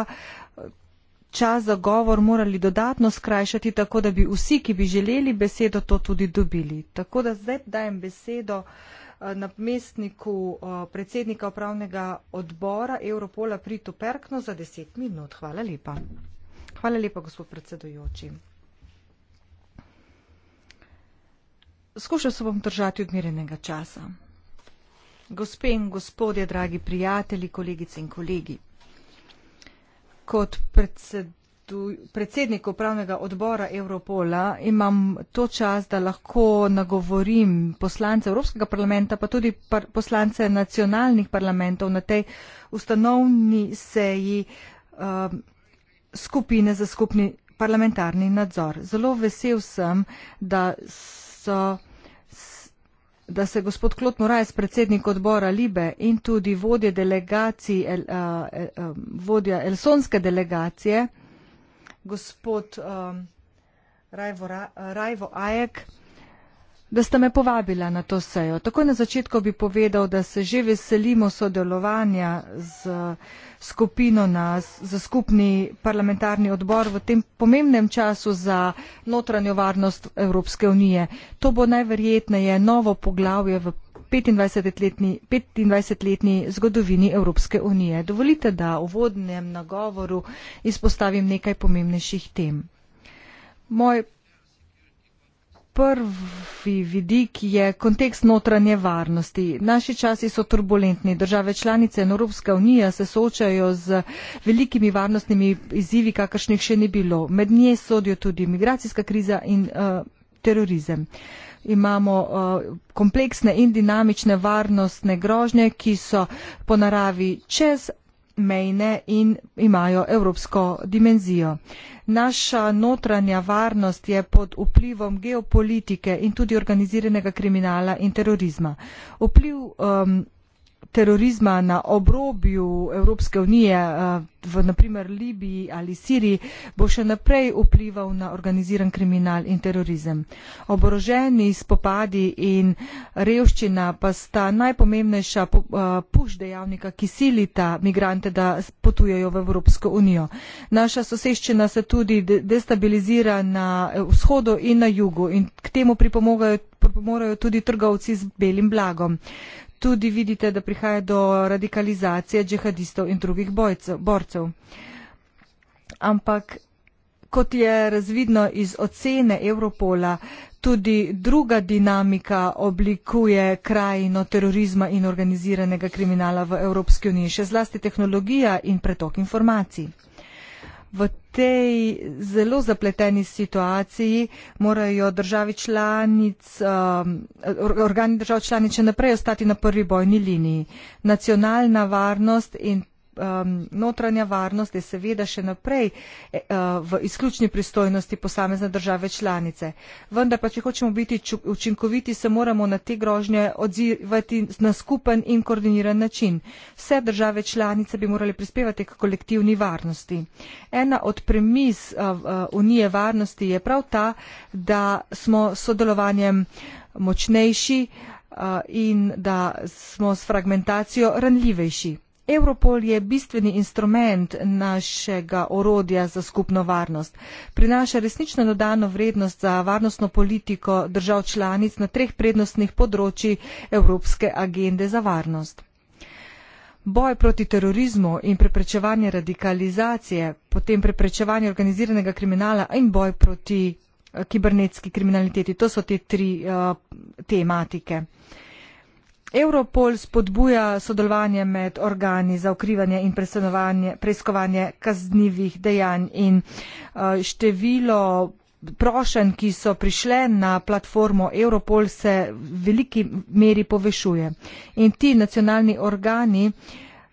čas za govor morali dodatno skrajšati, tako da bi vsi, ki bi želeli besedo, to tudi dobili. Tako da zdaj dajem besedo eh, napmestniku eh, predsednika upravnega odbora Europola Pritu Perkno za deset minut. Hvala lepa. Hvala lepa, gospod predsedujoči. Skušal se bom držati odmerenega časa. Gospe in gospodje, dragi prijatelji, kolegice in kolegi kot predsednik upravnega odbora Europola imam to čast, da lahko nagovorim poslance Evropskega parlamenta, pa tudi par poslance nacionalnih parlamentov na tej ustanovni seji um, skupine za skupni parlamentarni nadzor. Zelo vesel sem, da so da se gospod Klot Morajs, predsednik odbora Libe in tudi vodje delegacij, el, uh, vodja elsonske delegacije, gospod um, Rajvo, Ra, Rajvo Ajek, da ste me povabila na to sejo. Takoj na začetku bi povedal, da se že veselimo sodelovanja z skupino na za skupni parlamentarni odbor v tem pomembnem času za notranjo varnost Evropske unije. To bo najverjetneje novo poglavje v 25-letni 25 zgodovini Evropske unije. Dovolite, da v vodnem nagovoru izpostavim nekaj pomembnejših tem. Moj prvi vidik je kontekst notranje varnosti. Naši časi so turbulentni. Države članice in Evropska unija se soočajo z velikimi varnostnimi izzivi, kakršnih še ni bilo. Med nje sodijo tudi migracijska kriza in uh, terorizem. Imamo uh, kompleksne in dinamične varnostne grožnje, ki so po naravi čez mejne in imajo evropsko dimenzijo. Naša notranja varnost je pod vplivom geopolitike in tudi organiziranega kriminala in terorizma. Vpliv um, terorizma na obrobju Evropske unije, eh, v naprimer Libiji ali Siriji, bo še naprej vplival na organiziran kriminal in terorizem. Oboroženi spopadi in revščina pa sta najpomembnejša eh, puš dejavnika, ki silita migrante, da potujejo v Evropsko unijo. Naša soseščina se tudi destabilizira na eh, vzhodu in na jugu in k temu pripomogajo morajo tudi trgovci z belim blagom tudi vidite, da prihaja do radikalizacije džihadistov in drugih bojcev, borcev. Ampak, kot je razvidno iz ocene Evropola, tudi druga dinamika oblikuje krajino terorizma in organiziranega kriminala v Evropski uniji, še zlasti tehnologija in pretok informacij. V tej zelo zapleteni situaciji morajo državi članic, um, organi držav članic še naprej ostati na prvi bojni liniji. Nacionalna varnost in um, notranja varnost je seveda še naprej uh, v izključni pristojnosti posamezne države članice. Vendar pa, če hočemo biti učinkoviti, se moramo na te grožnje odzivati na skupen in koordiniran način. Vse države članice bi morali prispevati k kolektivni varnosti. Ena od premis uh, Unije varnosti je prav ta, da smo sodelovanjem močnejši, in da smo s fragmentacijo ranljivejši. Europol je bistveni instrument našega orodja za skupno varnost. Prinaša resnično dodano vrednost za varnostno politiko držav članic na treh prednostnih področji Evropske agende za varnost. Boj proti terorizmu in preprečevanje radikalizacije, potem preprečevanje organiziranega kriminala in boj proti eh, kibernetski kriminaliteti. To so te tri uh, tematike. Europol spodbuja sodelovanje med organi za okrivanje in preiskovanje kaznjivih dejanj in eh, število prošen, ki so prišle na platformo Europol, se v veliki meri povešuje. In ti nacionalni organi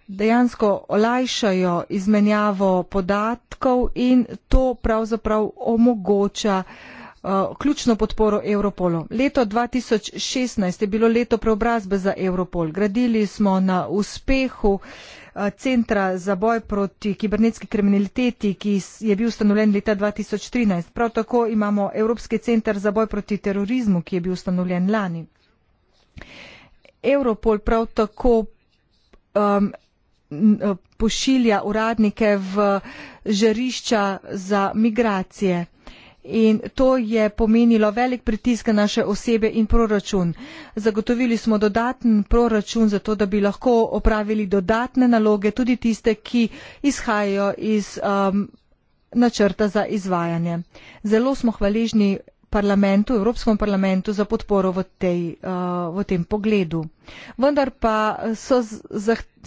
dejansko olajšajo izmenjavo podatkov in to pravzaprav omogoča uh, Eh, ključno podporo Europolu. Leto 2016 je bilo leto preobrazbe za Europol. Gradili smo na uspehu eh, Centra za boj proti kibernetski kriminaliteti, ki je bil ustanovljen leta 2013. Prav tako imamo Evropski centr za boj proti terorizmu, ki je bil ustanovljen lani. Europol prav tako um, pošilja uradnike v žarišča za migracije in to je pomenilo velik pritisk na naše osebe in proračun. Zagotovili smo dodaten proračun za to, da bi lahko opravili dodatne naloge, tudi tiste, ki izhajajo iz um, načrta za izvajanje. Zelo smo hvaležni parlamentu, Evropskem parlamentu za podporo v, tej, eh, v tem pogledu. Vendar pa so,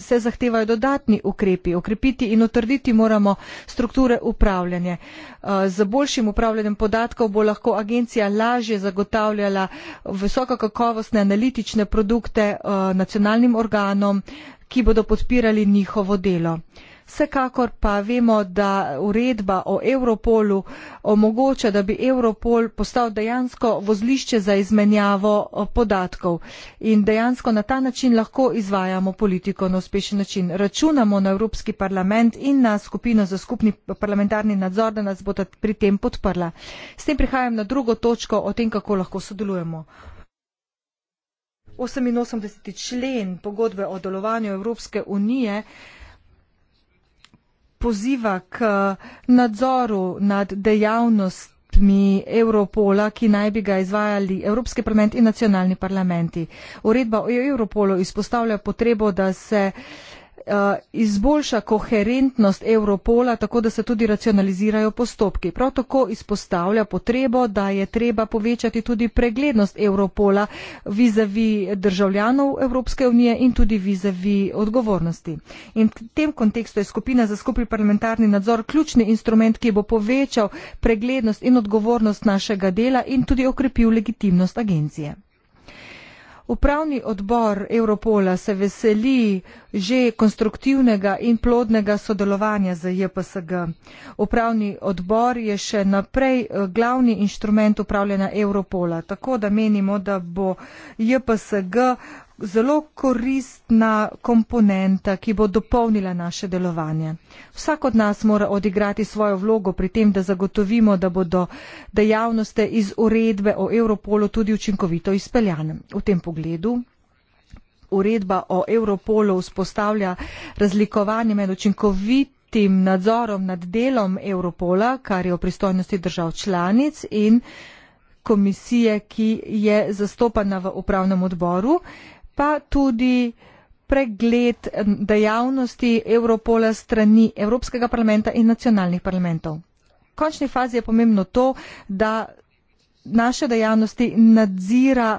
se zahtevajo dodatni ukrepi. Okrepiti in utrditi moramo strukture upravljanja. Eh, z boljšim upravljanjem podatkov bo lahko agencija lažje zagotavljala visokokakovostne analitične produkte eh, nacionalnim organom, ki bodo podpirali njihovo delo. Vsekakor pa vemo, da uredba o Europolu omogoča, da bi Europol postal dejansko vozlišče za izmenjavo eh, podatkov in dejansko na ta način lahko izvajamo politiko na uspešen način. Računamo na Evropski parlament in na skupino za skupni parlamentarni nadzor, da nas bodo pri tem podprla. S tem prihajam na drugo točko o tem, kako lahko sodelujemo. 88. člen pogodbe o delovanju Evropske unije poziva k nadzoru nad dejavnost Evropola, ki naj bi ga izvajali Evropski parlament in nacionalni parlamenti. Uredba o Evropolu izpostavlja potrebo, da se uh, Eh, izboljša koherentnost Evropola, tako da se tudi racionalizirajo postopki. Prav tako izpostavlja potrebo, da je treba povečati tudi preglednost Evropola vizavi državljanov Evropske unije in tudi vizavi odgovornosti. In v tem kontekstu je skupina za skupni parlamentarni nadzor ključni instrument, ki bo povečal preglednost in odgovornost našega dela in tudi okrepil legitimnost agencije. Upravni odbor Europola se veseli že konstruktivnega in plodnega sodelovanja z JPSG. Upravni odbor je še naprej eh, glavni inštrument upravljanja Europola, tako da menimo, da bo JPSG zelo koristna komponenta, ki bo dopolnila naše delovanje. Vsak od nas mora odigrati svojo vlogo pri tem, da zagotovimo, da bodo dejavnosti iz uredbe o Europolu tudi učinkovito izpeljane. V tem pogledu. Uredba o Europolu vzpostavlja razlikovanje med učinkovitim nadzorom nad delom Europola, kar je v pristojnosti držav članic in komisije, ki je zastopana v upravnem odboru, pa tudi pregled dejavnosti Europola strani Evropskega parlamenta in nacionalnih parlamentov. V končni fazi je pomembno to, da naše dejavnosti nadzira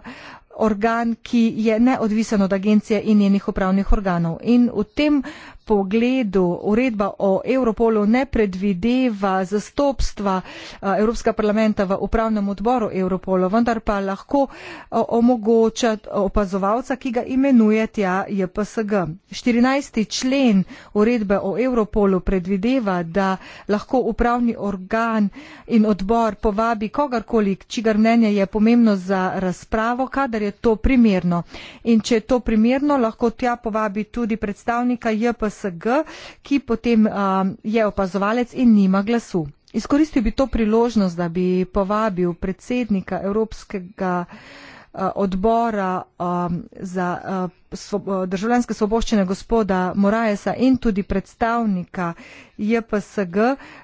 organ, ki je neodvisen od agencije in njenih upravnih organov. In v tem pogledu uredba o Europolu ne predvideva zastopstva eh, Evropskega parlamenta v upravnem odboru Europola, vendar pa lahko eh, omogoča opazovalca, ki ga imenuje tja JPSG. 14. člen uredbe o Europolu predvideva, da lahko upravni organ in odbor povabi kogarkoli, čigar mnenje je pomembno za razpravo, kadar je to primerno. In če je to primerno, lahko tja povabi tudi predstavnika JPSG, SG, ki potem je opazovalec in nima glasu. Izkoristil bi to priložnost, da bi povabil predsednika Evropskega odbora za državljanske svoboščine gospoda Morajesa in tudi predstavnika JPSG,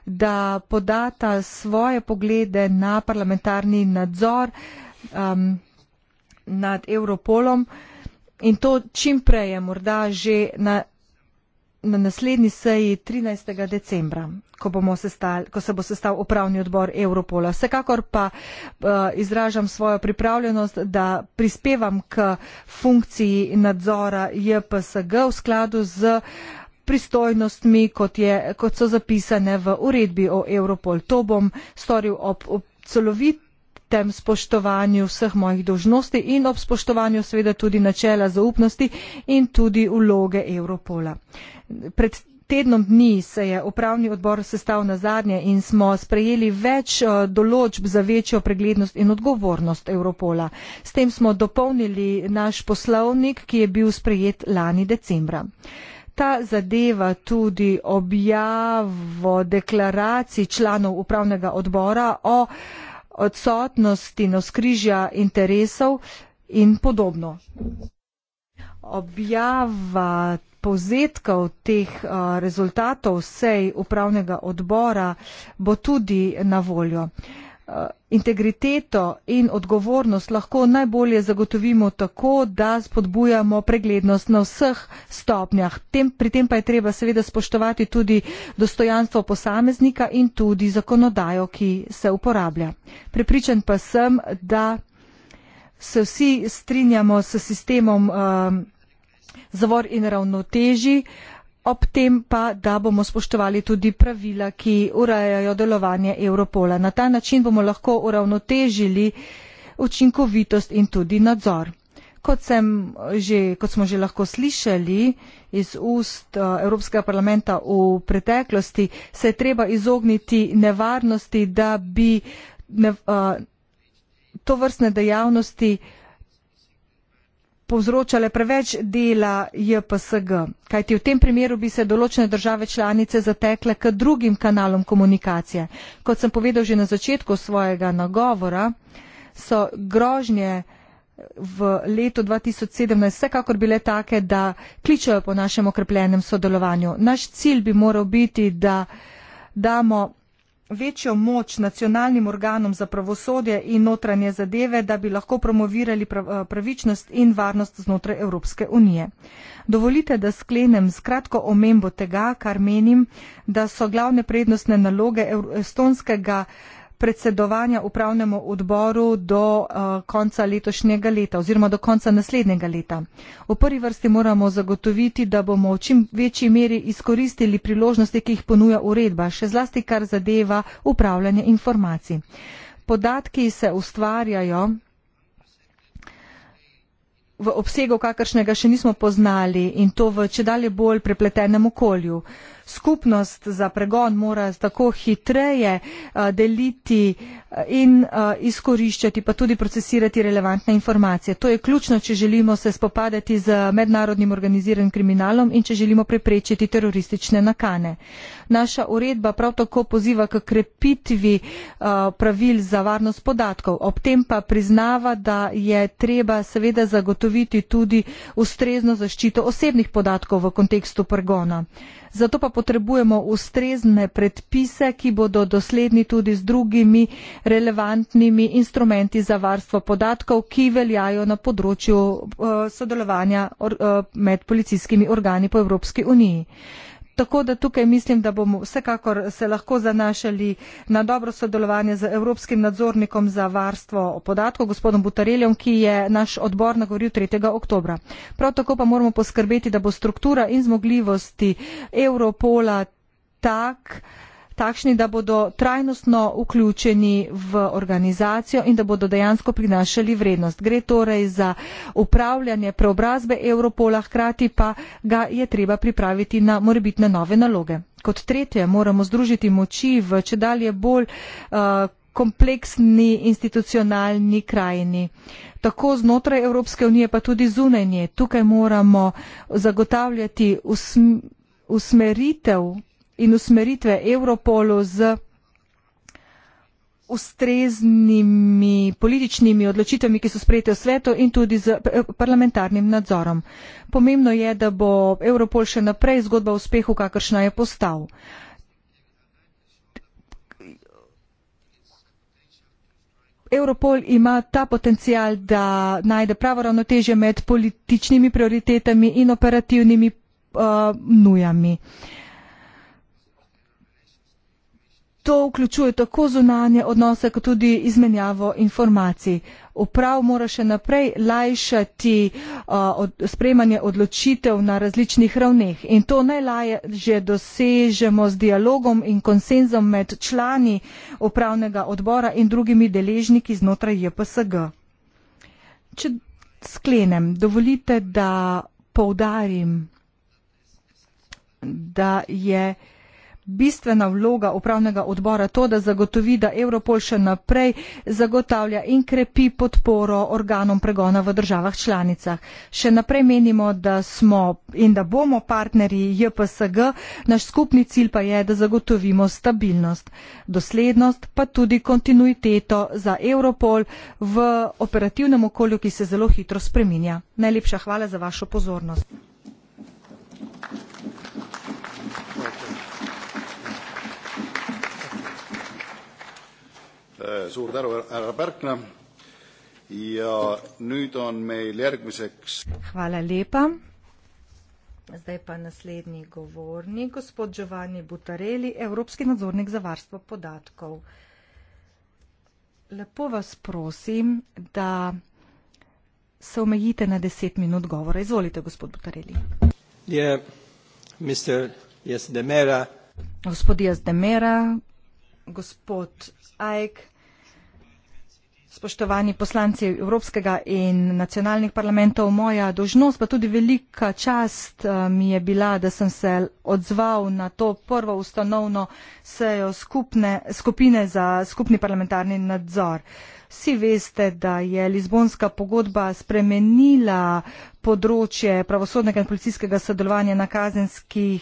da podata svoje poglede na parlamentarni nadzor nad Europolom in to čim prej je morda že na na naslednji seji 13. decembra, ko, bomo sestali, ko se bo sestal upravni odbor Europola. Vsekakor pa uh, izražam svojo pripravljenost, da prispevam k funkciji nadzora JPSG v skladu z pristojnostmi, kot, je, kot so zapisane v uredbi o Europol. To bom storil ob, ob celovit tem spoštovanju vseh mojih dožnosti in ob spoštovanju seveda tudi načela zaupnosti in tudi vloge Europola. Pred Tednom dni se je upravni odbor sestal na zadnje in smo sprejeli več eh, določb za večjo preglednost in odgovornost Europola. S tem smo dopolnili naš poslovnik, ki je bil sprejet lani decembra. Ta zadeva tudi objavo deklaracij članov upravnega odbora o odsotnosti navskrižja interesov in podobno. Objava povzetkov teh uh, rezultatov sej upravnega odbora bo tudi na voljo. Uh, Eh, integriteto in odgovornost lahko najbolje zagotovimo tako, da spodbujamo preglednost na vseh stopnjah. Tem, pri tem pa je treba seveda spoštovati tudi dostojanstvo posameznika in tudi zakonodajo, ki se uporablja. Prepričan pa sem, da se vsi strinjamo s sistemom um, zavor in ravnoteži, uh, ob tem pa, da bomo spoštovali tudi pravila, ki urejajo delovanje Europola. Na ta način bomo lahko uravnotežili učinkovitost in tudi nadzor. Kot, že, kot smo že lahko slišali iz ust eh, Evropskega parlamenta v preteklosti, se je treba izogniti nevarnosti, da bi ne, uh, eh, to vrstne dejavnosti uh, povzročale preveč dela JPSG, kajti v tem primeru bi se določene države članice zatekle k drugim kanalom komunikacije. Kot sem povedal že na začetku svojega nagovora, so grožnje v letu 2017 vsekakor bile take, da kličajo po našem okrepljenem sodelovanju. Naš cilj bi moral biti, da damo večjo moč nacionalnim organom za pravosodje in notranje zadeve, da bi lahko promovirali eh, pravičnost in varnost znotraj Evropske unije. Dovolite, da sklenem s kratko omembo tega, kar menim, da so glavne prednostne naloge estonskega predsedovanja upravnemu odboru do eh, konca letošnjega leta oziroma do konca naslednjega leta. V prvi vrsti moramo zagotoviti, da bomo v čim večji meri izkoristili priložnosti, ki jih ponuja uredba, še zlasti kar zadeva upravljanje informacij. Podatki se ustvarjajo v obsegu, kakršnega še nismo poznali in to v čedalje bolj prepletenem okolju skupnost za pregon mora tako hitreje eh, deliti eh, in eh, izkoriščati, pa tudi procesirati relevantne informacije. To je ključno, če želimo se spopadati z mednarodnim organiziranim kriminalom in če želimo preprečiti teroristične nakane. Naša uredba prav tako poziva k krepitvi pravil za varnost podatkov, ob tem pa priznava, da je treba seveda zagotoviti tudi ustrezno zaščito osebnih podatkov v kontekstu pregona zato pa potrebujemo ustrezne predpise, ki bodo dosledni tudi z drugimi relevantnimi instrumenti za varstvo podatkov, ki veljajo na področju eh, sodelovanja eh, med policijskimi organi po Evropski uniji. Tako da tukaj mislim, da bomo vsekakor se lahko zanašali na dobro sodelovanje z Evropskim nadzornikom za varstvo podatkov, gospodom Butareljem, ki je naš odbor nagovoril 3. oktober. Prav tako pa moramo poskrbeti, da bo struktura in zmogljivosti Europola tak, takšni, da bodo trajnostno vključeni v organizacijo in da bodo dejansko prinašali vrednost. Gre torej za upravljanje preobrazbe Evropola, hkrati pa ga je treba pripraviti na morebitne nove naloge. Kot tretje moramo združiti moči v če dalje bolj uh, kompleksni institucionalni krajini. Tako znotraj Evropske unije, pa tudi zunanje. Tukaj moramo zagotavljati usm usmeritev in usmeritve Europolu z ustreznimi političnimi odločitvami, ki so sprejete v svetu in tudi z parlamentarnim nadzorom. Pomembno je, da bo Europol še naprej zgodba o uspehu, kakršna je postal. Europol ima ta potencial, da najde pravo ravnotežje med političnimi prioritetami in operativnimi uh, nujami. Uh, To vključuje tako zunanje odnose, kot tudi izmenjavo informacij. Uprav mora še naprej lajšati uh, sprejemanje odločitev na različnih ravneh in to najlažje dosežemo z dialogom in konsenzom med člani upravnega odbora in drugimi deležniki znotraj JPSG. Če sklenem, dovolite, da poudarim, da je bistvena vloga upravnega odbora to, da zagotovi, da Europol še naprej zagotavlja in krepi podporo organom pregona v državah članicah. Še naprej menimo, da smo in da bomo partnerji JPSG, naš skupni cilj pa je, da zagotovimo stabilnost, doslednost pa tudi kontinuiteto za Europol v operativnem okolju, ki se zelo hitro spreminja. Najlepša hvala za vašo pozornost. Thank you. Eh, suur tänu, härra Pärkna. ja nüüd on meil järgmiseks. Zdaj pa naslednji govornik, gospod Giovanni Butareli, Evropski nadzornik za varstvo podatkov. Lepo vas prosim, da se omejite na deset minut govora. Izvolite, gospod Butareli. Je, yeah, mister Jazdemera. Gospod Jazdemera, gospod Aik, spoštovani poslanci Evropskega in nacionalnih parlamentov, moja dožnost, pa tudi velika čast eh, mi je bila, da sem se odzval na to prvo ustanovno sejo skupne, skupine za skupni parlamentarni nadzor. Vsi veste, da je Lizbonska pogodba spremenila področje pravosodnega in policijskega sodelovanja na, eh,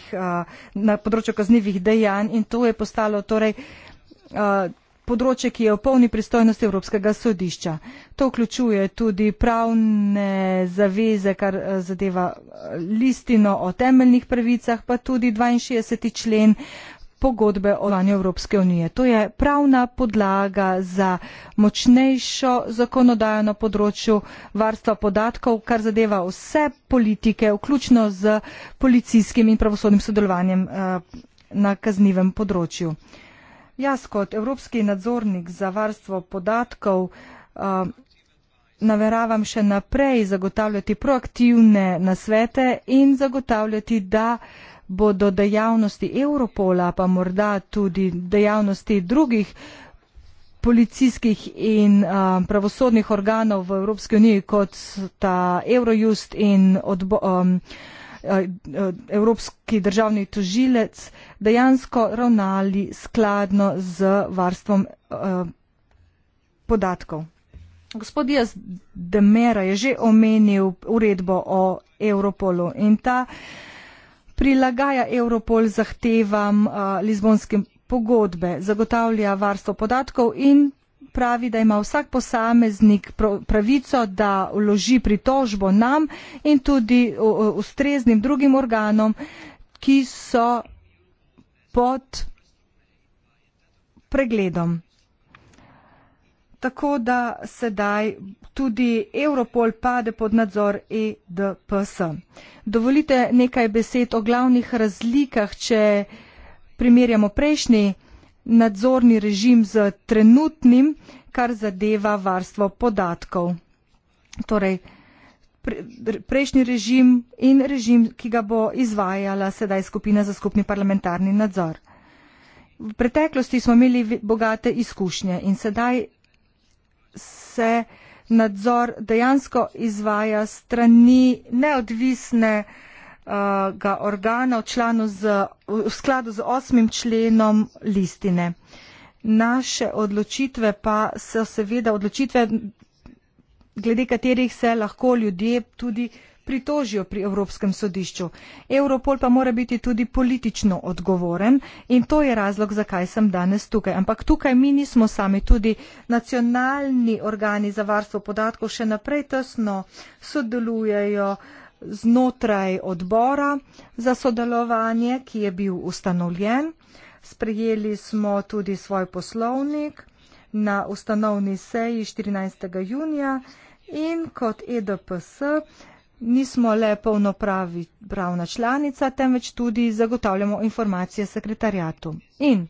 na področju kaznivih dejanj in to je postalo torej Eh, področje, ki je v polni pristojnosti Evropskega sodišča. To vključuje tudi pravne zaveze, kar eh, zadeva eh, listino o temeljnih pravicah, pa tudi 62. člen pogodbe o vanju Evropske unije. To je pravna podlaga za močnejšo zakonodajo na področju varstva podatkov, kar zadeva vse politike, vključno z policijskim in pravosodnim sodelovanjem na kaznivem področju. Jaz kot evropski nadzornik za varstvo podatkov nameravam še naprej zagotavljati proaktivne nasvete in zagotavljati, da bodo dejavnosti Europola, pa morda tudi dejavnosti drugih policijskih in um, pravosodnih organov v Evropski uniji, kot sta Eurojust in odbo, um, Eh, eh, Evropski državni tožilec dejansko ravnali skladno z varstvom eh, podatkov. Gospod Jaz Demera je že omenil uredbo o Europolu in ta prilagaja Europol zahtevam Lizbonske pogodbe, zagotavlja varstvo podatkov in pravi, da ima vsak posameznik pravico, da vloži pritožbo nam in tudi ustreznim drugim organom, ki so pod pregledom. Tako da sedaj tudi Europol pade pod nadzor EDPS. Dovolite nekaj besed o glavnih razlikah, če primerjamo prejšnji nadzorni režim z trenutnim, kar zadeva varstvo podatkov. Torej, prejšnji režim in režim, ki ga bo izvajala sedaj skupina za skupni parlamentarni nadzor. V preteklosti smo imeli bogate izkušnje in sedaj se nadzor dejansko izvaja strani neodvisne Eh, ga organa v, članu z, v skladu z osmim členom listine. Naše odločitve pa so seveda odločitve, glede katerih se lahko ljudje tudi pritožijo pri Evropskem sodišču. Europol pa mora biti tudi politično odgovoren in to je razlog, zakaj sem danes tukaj. Ampak tukaj mi nismo sami, tudi nacionalni organi za varstvo podatkov še naprej tesno sodelujejo. Uh, znotraj odbora za sodelovanje, ki je bil ustanovljen. Sprejeli smo tudi svoj poslovnik na ustanovni seji 14. junija in kot EDPS nismo le polnopravi pravna članica, temveč tudi zagotavljamo informacije sekretarjatu. In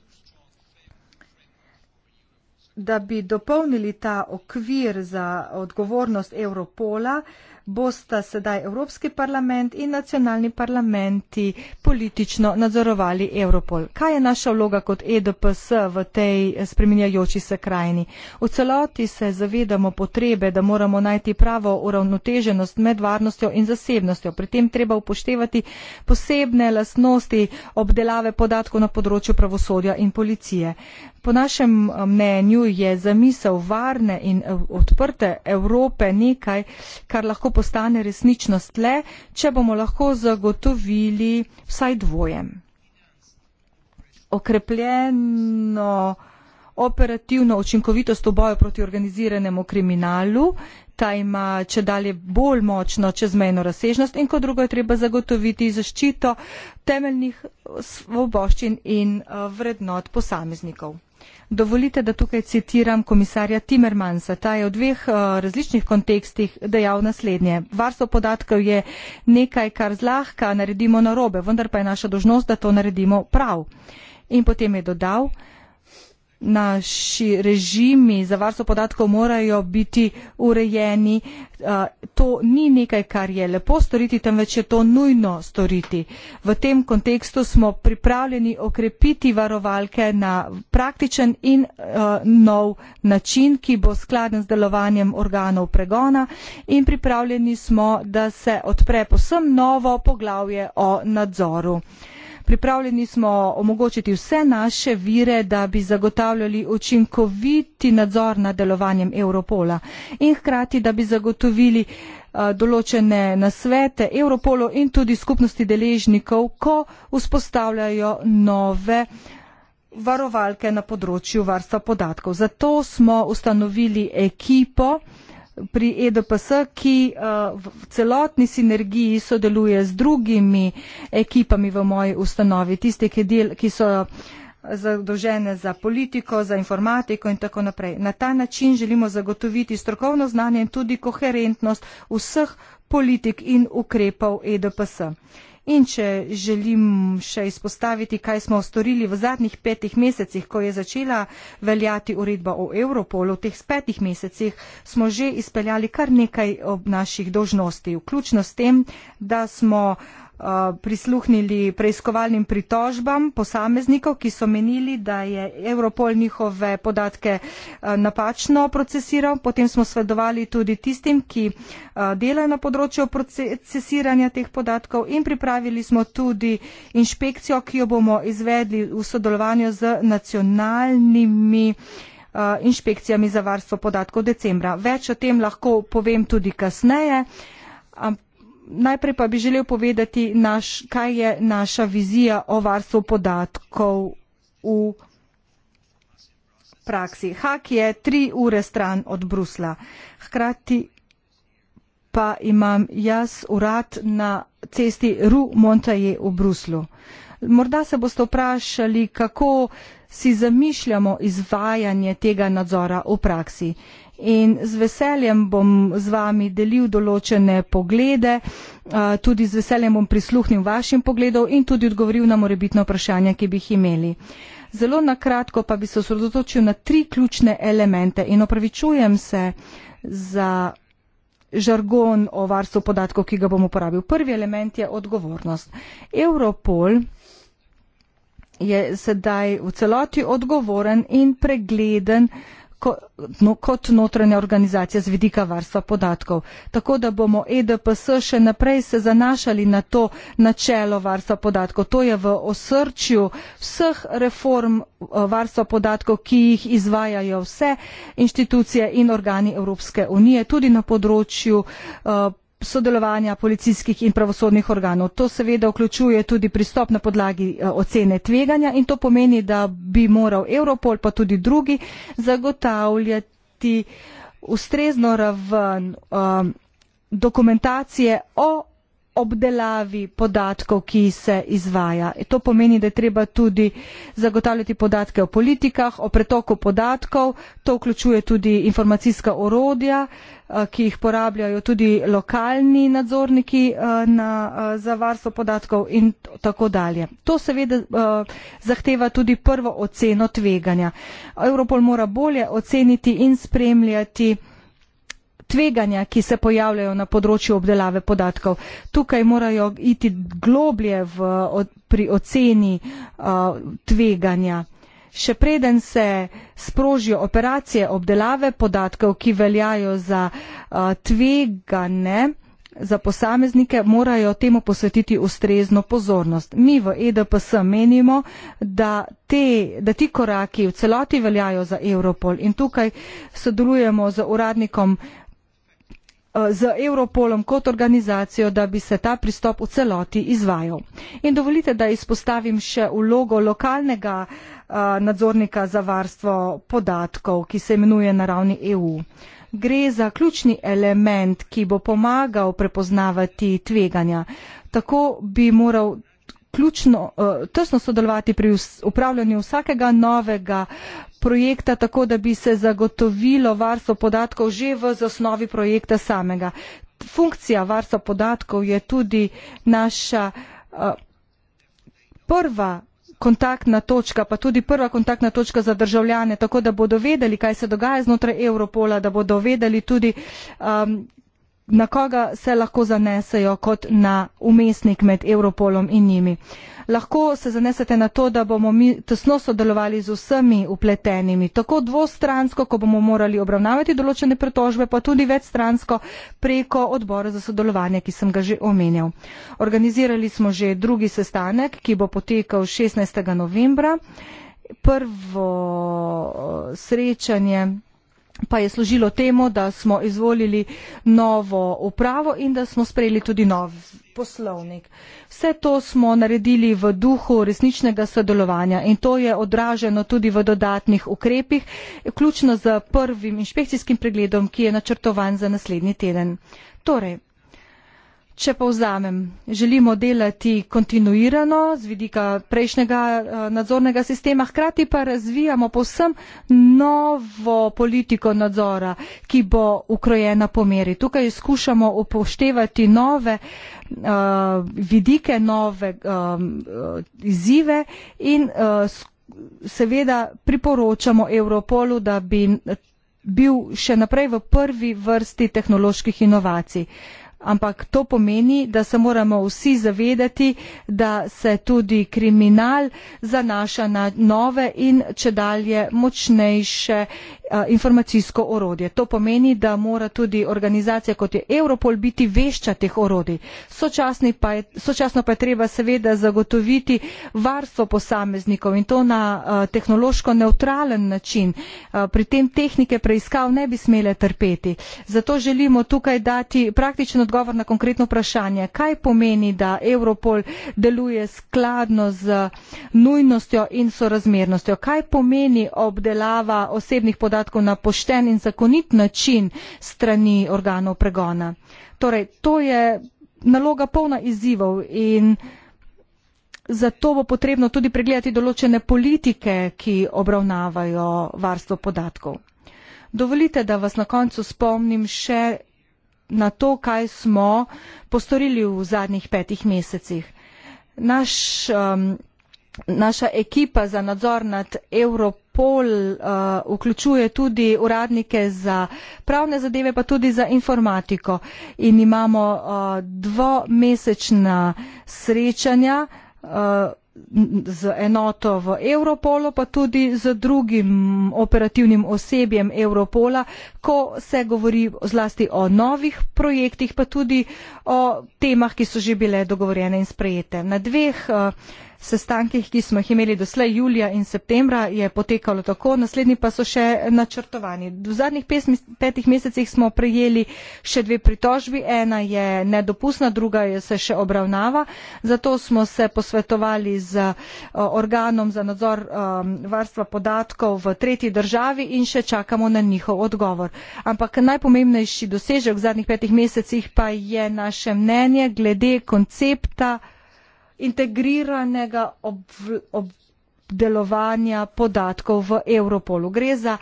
da bi dopolnili ta okvir za odgovornost Evropola, bosta sedaj Evropski parlament in nacionalni parlamenti politično nadzorovali Europol. Kaj je naša vloga kot EDPS v tej spreminjajoči se krajini? V celoti se zavedamo potrebe, da moramo najti pravo uravnoteženost med varnostjo in zasebnostjo. Pri tem treba upoštevati posebne lastnosti obdelave podatkov na področju pravosodja in policije. Po našem eh, mnenju je zamisel varne in eh, odprte Evrope nekaj, kar lahko postane resničnost le, če bomo lahko zagotovili vsaj dvojem. Okrepljeno operativno učinkovitost v boju proti organiziranemu kriminalu, ta ima če dalje bolj močno čezmejno razsežnost in kot drugo je treba zagotoviti zaščito temeljnih svoboščin in eh, vrednot posameznikov. Dovolite, da tukaj citiram komisarja Timmermansa. Ta je v dveh uh, različnih kontekstih dejal naslednje. Varstvo podatkov je nekaj, kar zlahka naredimo narobe, vendar pa je naša dožnost, da to naredimo prav. In potem je dodal, naši režimi za varstvo podatkov morajo biti urejeni. Eh, to ni nekaj, kar je lepo storiti, temveč je to nujno storiti. V tem kontekstu smo pripravljeni okrepiti varovalke na praktičen in eh, nov način, ki bo skladen z delovanjem organov pregona in pripravljeni smo, da se odpre posebno novo poglavje o nadzoru pripravljeni smo omogočiti vse naše vire, da bi zagotavljali učinkoviti nadzor nad delovanjem Europola in hkrati, da bi zagotovili eh, določene nasvete Europolu in tudi skupnosti deležnikov, ko vzpostavljajo nove varovalke na področju varstva podatkov. Zato smo ustanovili ekipo, pri EDPS, ki eh, v celotni sinergiji sodeluje z drugimi ekipami v moji ustanovi, tiste, ki, del, ki so eh, zadožene za politiko, za informatiko in tako naprej. Na ta način želimo zagotoviti strokovno znanje in tudi koherentnost vseh politik in ukrepov EDPS. In če želim še izpostaviti, kaj smo storili v zadnjih petih mesecih, ko je začela veljati uredba o Europolu, v teh petih mesecih smo že izpeljali kar nekaj naših dožnosti, vključno s tem, da smo uh, Eh, prisluhnili preiskovalnim pritožbam posameznikov, ki so menili, da je Europol njihove podatke eh, napačno procesiral. Potem smo svedovali tudi tistim, ki eh, delajo na področju procesiranja teh podatkov in pripravili smo tudi inšpekcijo, ki jo bomo izvedli v sodelovanju z nacionalnimi inšpekcijami za varstvo podatkov decembra. Več o tem lahko povem tudi kasneje najprej pa bi želel povedati, naš, kaj je naša vizija o varstvu podatkov v praksi. Hak je tri ure stran od Brusla. Hkrati pa imam jaz urad na cesti Ru Montaje v Bruslu. Morda se boste vprašali, kako si zamišljamo izvajanje tega nadzora v praksi in z veseljem bom z vami delil določene poglede, tudi z veseljem bom prisluhnil vašim pogledom in tudi odgovoril na morebitno vprašanje, ki bi jih imeli. Zelo nakratko pa bi se osredotočil na tri ključne elemente in opravičujem se za žargon o varstvu podatkov, ki ga bom uporabil. Prvi element je odgovornost. Europol je sedaj v celoti odgovoren in pregleden uh, No, kot notranja organizacija z vidika varstva podatkov. Tako da bomo EDPS še naprej se zanašali na to načelo varstva podatkov. To je v osrčju vseh reform eh, varstva podatkov, ki jih izvajajo vse inštitucije in organi Evropske unije, tudi na področju uh, sodelovanja policijskih in pravosodnih organov. To seveda vključuje tudi pristop na podlagi eh, ocene tveganja in to pomeni, da bi moral Europol pa tudi drugi zagotavljati ustrezno raven um, dokumentacije o obdelavi podatkov, ki se izvaja. E, to pomeni, da je treba tudi zagotavljati podatke o politikah, o pretoku podatkov, to vključuje tudi informacijska orodja, e, ki jih porabljajo tudi lokalni nadzorniki e, na, za varstvo podatkov in tako dalje. To seveda zahteva tudi prvo oceno tveganja. Europol mora bolje oceniti in spremljati tveganja, ki se pojavljajo na področju obdelave podatkov. Tukaj morajo iti globlje v, pri oceni tveganja. Še preden se sprožijo operacije obdelave podatkov, ki veljajo za tvegane, za posameznike morajo temu posvetiti ustrezno pozornost. Mi v EDPS menimo, da, te, da ti koraki v celoti veljajo za Europol in tukaj sodelujemo z uradnikom uh, z Europolom kot organizacijo, da bi se ta pristop v celoti izvajal. In dovolite, da izpostavim še vlogo lokalnega nadzornika za varstvo podatkov, ki se imenuje na ravni EU. Gre za ključni element, ki bo pomagal prepoznavati tveganja. Tako bi moral ključno, e, tesno sodelovati pri upravljanju vsakega novega projekta tako, da bi se zagotovilo varstvo podatkov že v zasnovi projekta samega. Funkcija varstva podatkov je tudi naša uh, prva kontaktna točka, pa tudi prva kontaktna točka za državljane, tako da bodo vedeli, kaj se dogaja znotraj Europola, da bodo vedeli tudi, um, na koga se lahko zanesejo kot na umestnik med Europolom in njimi. Lahko se zanesete na to, da bomo mi tesno sodelovali z vsemi upletenimi, tako dvostransko, ko bomo morali obravnavati določene pretožbe, pa tudi večstransko preko odbora za sodelovanje, ki sem ga že omenjal. Organizirali smo že drugi sestanek, ki bo potekal 16. novembra. Prvo eh, srečanje pa je služilo temu, da smo izvolili novo upravo in da smo sprejeli tudi nov poslovnik. Vse to smo naredili v duhu resničnega sodelovanja in to je odraženo tudi v dodatnih ukrepih, vključno z prvim inšpekcijskim pregledom, ki je načrtovan za naslednji teden. Torej, Če povzamem, želimo delati kontinuirano z vidika prejšnjega eh, nadzornega sistema, hkrati pa razvijamo povsem novo politiko nadzora, ki bo ukrojena po meri. Tukaj skušamo upoštevati nove eh, vidike, nove eh, izzive in seveda priporočamo Europolu, da bi bil še naprej v prvi vrsti tehnoloških inovacij ampak to pomeni, da se moramo vsi zavedati, da se tudi kriminal zanaša na nove in če dalje močnejše informacijsko orodje. To pomeni, da mora tudi organizacija kot je Europol biti vešča teh orodij. Pa je, sočasno pa je treba seveda zagotoviti varstvo posameznikov in to na uh, tehnološko neutralen način. Uh, pri tem tehnike preiskav ne bi smele trpeti. Zato želimo tukaj dati praktičen odgovor na konkretno vprašanje, kaj pomeni, da Europol deluje skladno z nujnostjo in sorazmernostjo. Kaj pomeni obdelava osebnih podatkov? podatkov na pošten in zakonit način strani organov pregona. Torej, to je naloga polna izzivov in zato bo potrebno tudi pregledati določene politike, ki obravnavajo varstvo podatkov. Dovolite, da vas na koncu spomnim še na to, kaj smo postorili v zadnjih petih mesecih. Naš, um, naša ekipa za nadzor nad Evropo Interpol eh, vključuje tudi uradnike za pravne zadeve, pa tudi za informatiko. In imamo eh, dvomesečna srečanja eh, z enoto v Europolu, pa tudi z drugim operativnim osebjem Europola, ko se govori zlasti o novih projektih, pa tudi o temah, ki so že bile dogovorjene in sprejete. Na dveh uh, sestankih, ki smo jih imeli doslej julija in septembra, je potekalo tako, naslednji pa so še načrtovani. V zadnjih pes, petih mesecih smo prejeli še dve pritožbi, ena je nedopustna, druga je se še obravnava. Zato smo se posvetovali z eh, organom za nadzor ehm, varstva podatkov v tretji državi in še čakamo na njihov odgovor. Ampak najpomembnejši dosežek v zadnjih petih mesecih pa je naše mnenje glede koncepta integriranega obdelovanja podatkov v Europolu. Gre za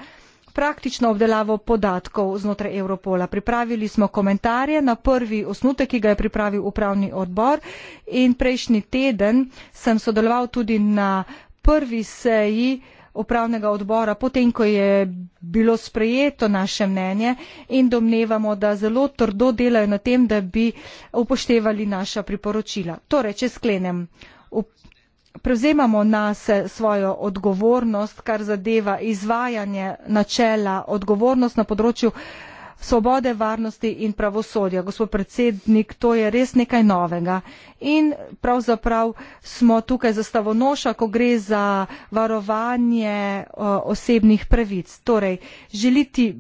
praktično obdelavo podatkov znotraj Europola. Pripravili smo komentarje na prvi osnutek, ki ga je pripravil upravni odbor in prejšnji teden sem sodeloval tudi na prvi seji uh, upravnega odbora, potem, ko je bilo sprejeto naše mnenje in domnevamo, da zelo trdo delajo na tem, da bi upoštevali naša priporočila. Torej, če sklenem, prevzemamo nas svojo odgovornost, kar zadeva izvajanje načela odgovornost na področju svobode, varnosti in pravosodja. Gospod predsednik, to je res nekaj novega. In pravzaprav smo tukaj za stavonoša, ko gre za varovanje o, osebnih pravic. Torej, želiti,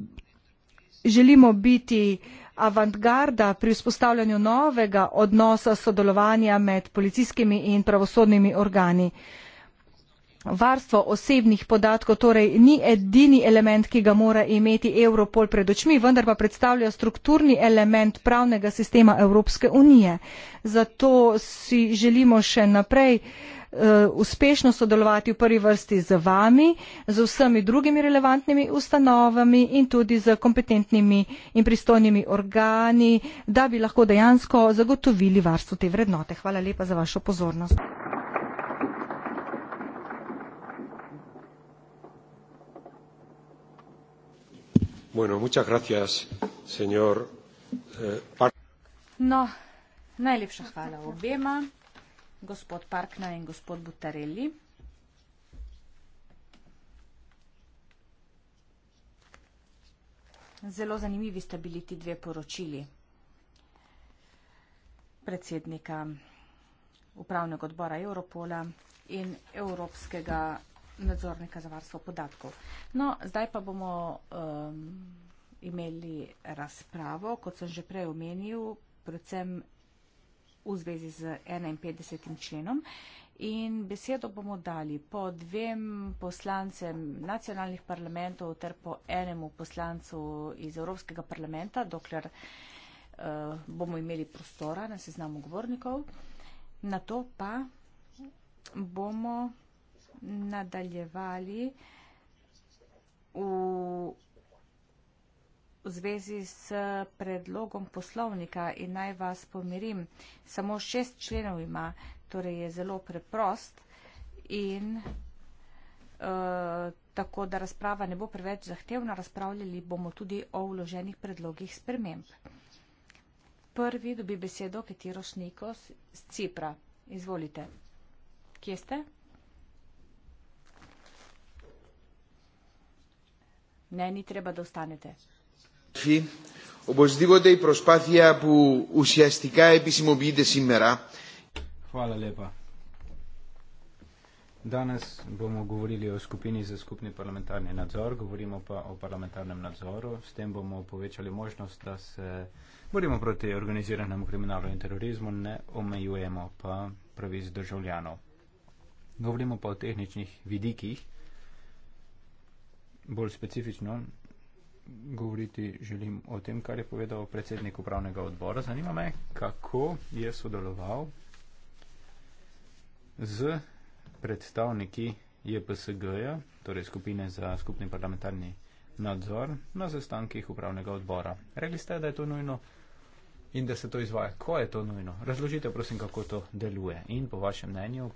želimo biti avantgarda pri vzpostavljanju novega odnosa sodelovanja med policijskimi in pravosodnimi organi varstvo osebnih podatkov torej ni edini element, ki ga mora imeti Europol pred očmi, vendar pa predstavlja strukturni element pravnega sistema Evropske unije. Zato si želimo še naprej eh, uspešno sodelovati v prvi vrsti z vami, z vsemi drugimi relevantnimi ustanovami in tudi z kompetentnimi in pristojnimi organi, da bi lahko dejansko zagotovili varstvo te vrednote. Hvala lepa za vašo pozornost. Bueno, muchas gracias, señor eh, Park. No, najlepša hvala obema, gospod Parkna in gospod Butarelli. Zelo zanimivi sta bili ti dve poročili predsednika upravnega odbora Europola in Evropskega nadzornika za varstvo podatkov. No, zdaj pa bomo um, imeli razpravo, kot sem že prej omenil, predvsem v zvezi z 51. členom. In besedo bomo dali po dvem poslancem nacionalnih parlamentov ter po enemu poslancu iz Evropskega parlamenta, dokler uh, bomo imeli prostora na seznamu govornikov. Na to pa bomo nadaljevali v, v zvezi s predlogom poslovnika in naj vas pomirim. Samo šest členov ima, torej je zelo preprost in uh, tako, da razprava ne bo preveč zahtevna, razpravljali bomo tudi o vloženih predlogih sprememb. Prvi dobi besedo Ketiroš Nikos z Cipra. Izvolite. Kje ste? Ναι, ναι, τρέπα το στάνετε. Οπωσδήποτε η προσπάθεια που ουσιαστικά επισημοποιείται σήμερα. Φάλα λέπα. Danes bomo govorili o skupini za skupni parlamentarni nadzor, govorimo pa o parlamentarnem nadzoru. S tem bomo povečali možnost, da se borimo proti organiziranemu kriminalu in terorizmu, ne omejujemo pa pravic državljanov. Govorimo pa o tehničnih vidikih bolj specifično govoriti želim o tem, kar je povedal predsednik upravnega odbora. Zanima me, kako je sodeloval z predstavniki JPSG-ja, torej skupine za skupni parlamentarni nadzor na zastankih upravnega odbora. Rekli ste, da je to nujno in da se to izvaja. Ko je to nujno? Razložite, prosim, kako to deluje in po vašem mnenju,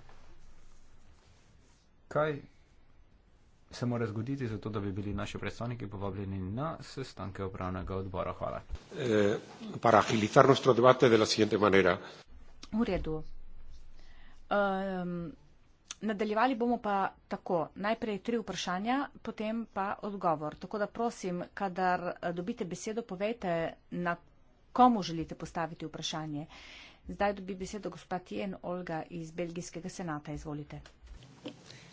kaj se mora zgoditi, zato da bi bili naši predstavniki povabljeni na sestanke upravnega odbora. Hvala. Eh, v redu. Um, nadaljevali bomo pa tako. Najprej tri vprašanja, potem pa odgovor. Tako da prosim, kadar eh, dobite besedo, povejte, na komu želite postaviti vprašanje. Zdaj dobi besedo gospod Tien Olga iz Belgijskega senata. Izvolite.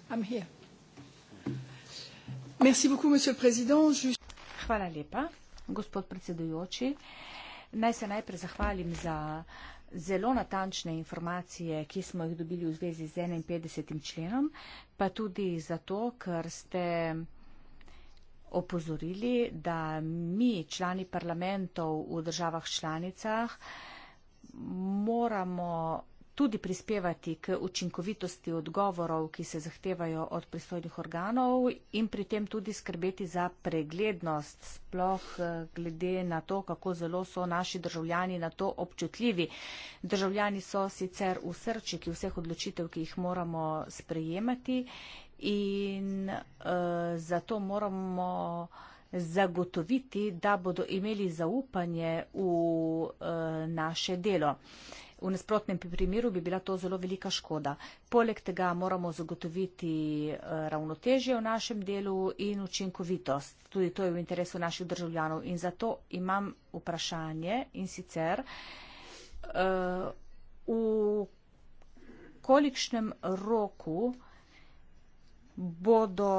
I'm here. Hvala lepa, gospod predsedujoči. Naj se najprej zahvalim za zelo natančne informacije, ki smo jih dobili v zvezi z 51. členom, pa tudi zato, ker ste opozorili, da mi, člani parlamentov v državah članicah, moramo tudi prispevati k učinkovitosti odgovorov, ki se zahtevajo od pristojnih organov in pri tem tudi skrbeti za preglednost, sploh eh, glede na to, kako zelo so naši državljani na to občutljivi. Državljani so sicer v srčiki vseh odločitev, ki jih moramo sprejemati in uh, zato moramo zagotoviti, da bodo imeli zaupanje v uh, naše delo. Uh, V nasprotnem primeru bi bila to zelo velika škoda. Poleg tega moramo zagotoviti eh, ravnotežje v našem delu in učinkovitost. Tudi to je v interesu naših državljanov. In zato imam vprašanje in sicer eh, v kolikšnem roku bodo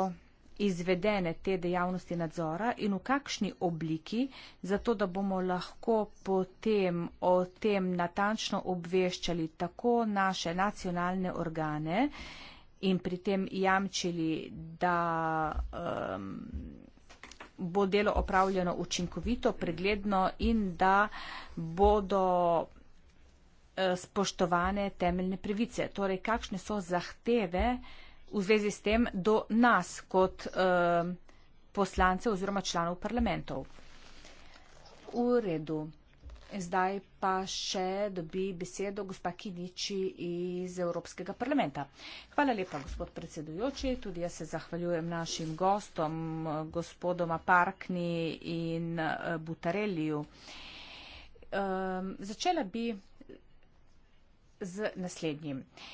izvedene te dejavnosti nadzora in v kakšni obliki, zato da bomo lahko potem o tem natančno obveščali tako naše nacionalne organe in pri tem jamčili, da um, bo delo opravljeno učinkovito, pregledno in da bodo uh, spoštovane temeljne pravice. Torej, kakšne so zahteve, uh, v zvezi s tem do nas kot eh, poslancev oziroma članov parlamentov. V redu. Zdaj pa še dobi besedo gospa Kidiči iz Evropskega parlamenta. Hvala lepa, gospod predsedujoči. Tudi jaz se zahvaljujem našim gostom, gospodoma Parkni in eh, Butareliju. Um, eh, začela bi z naslednjim. Uh,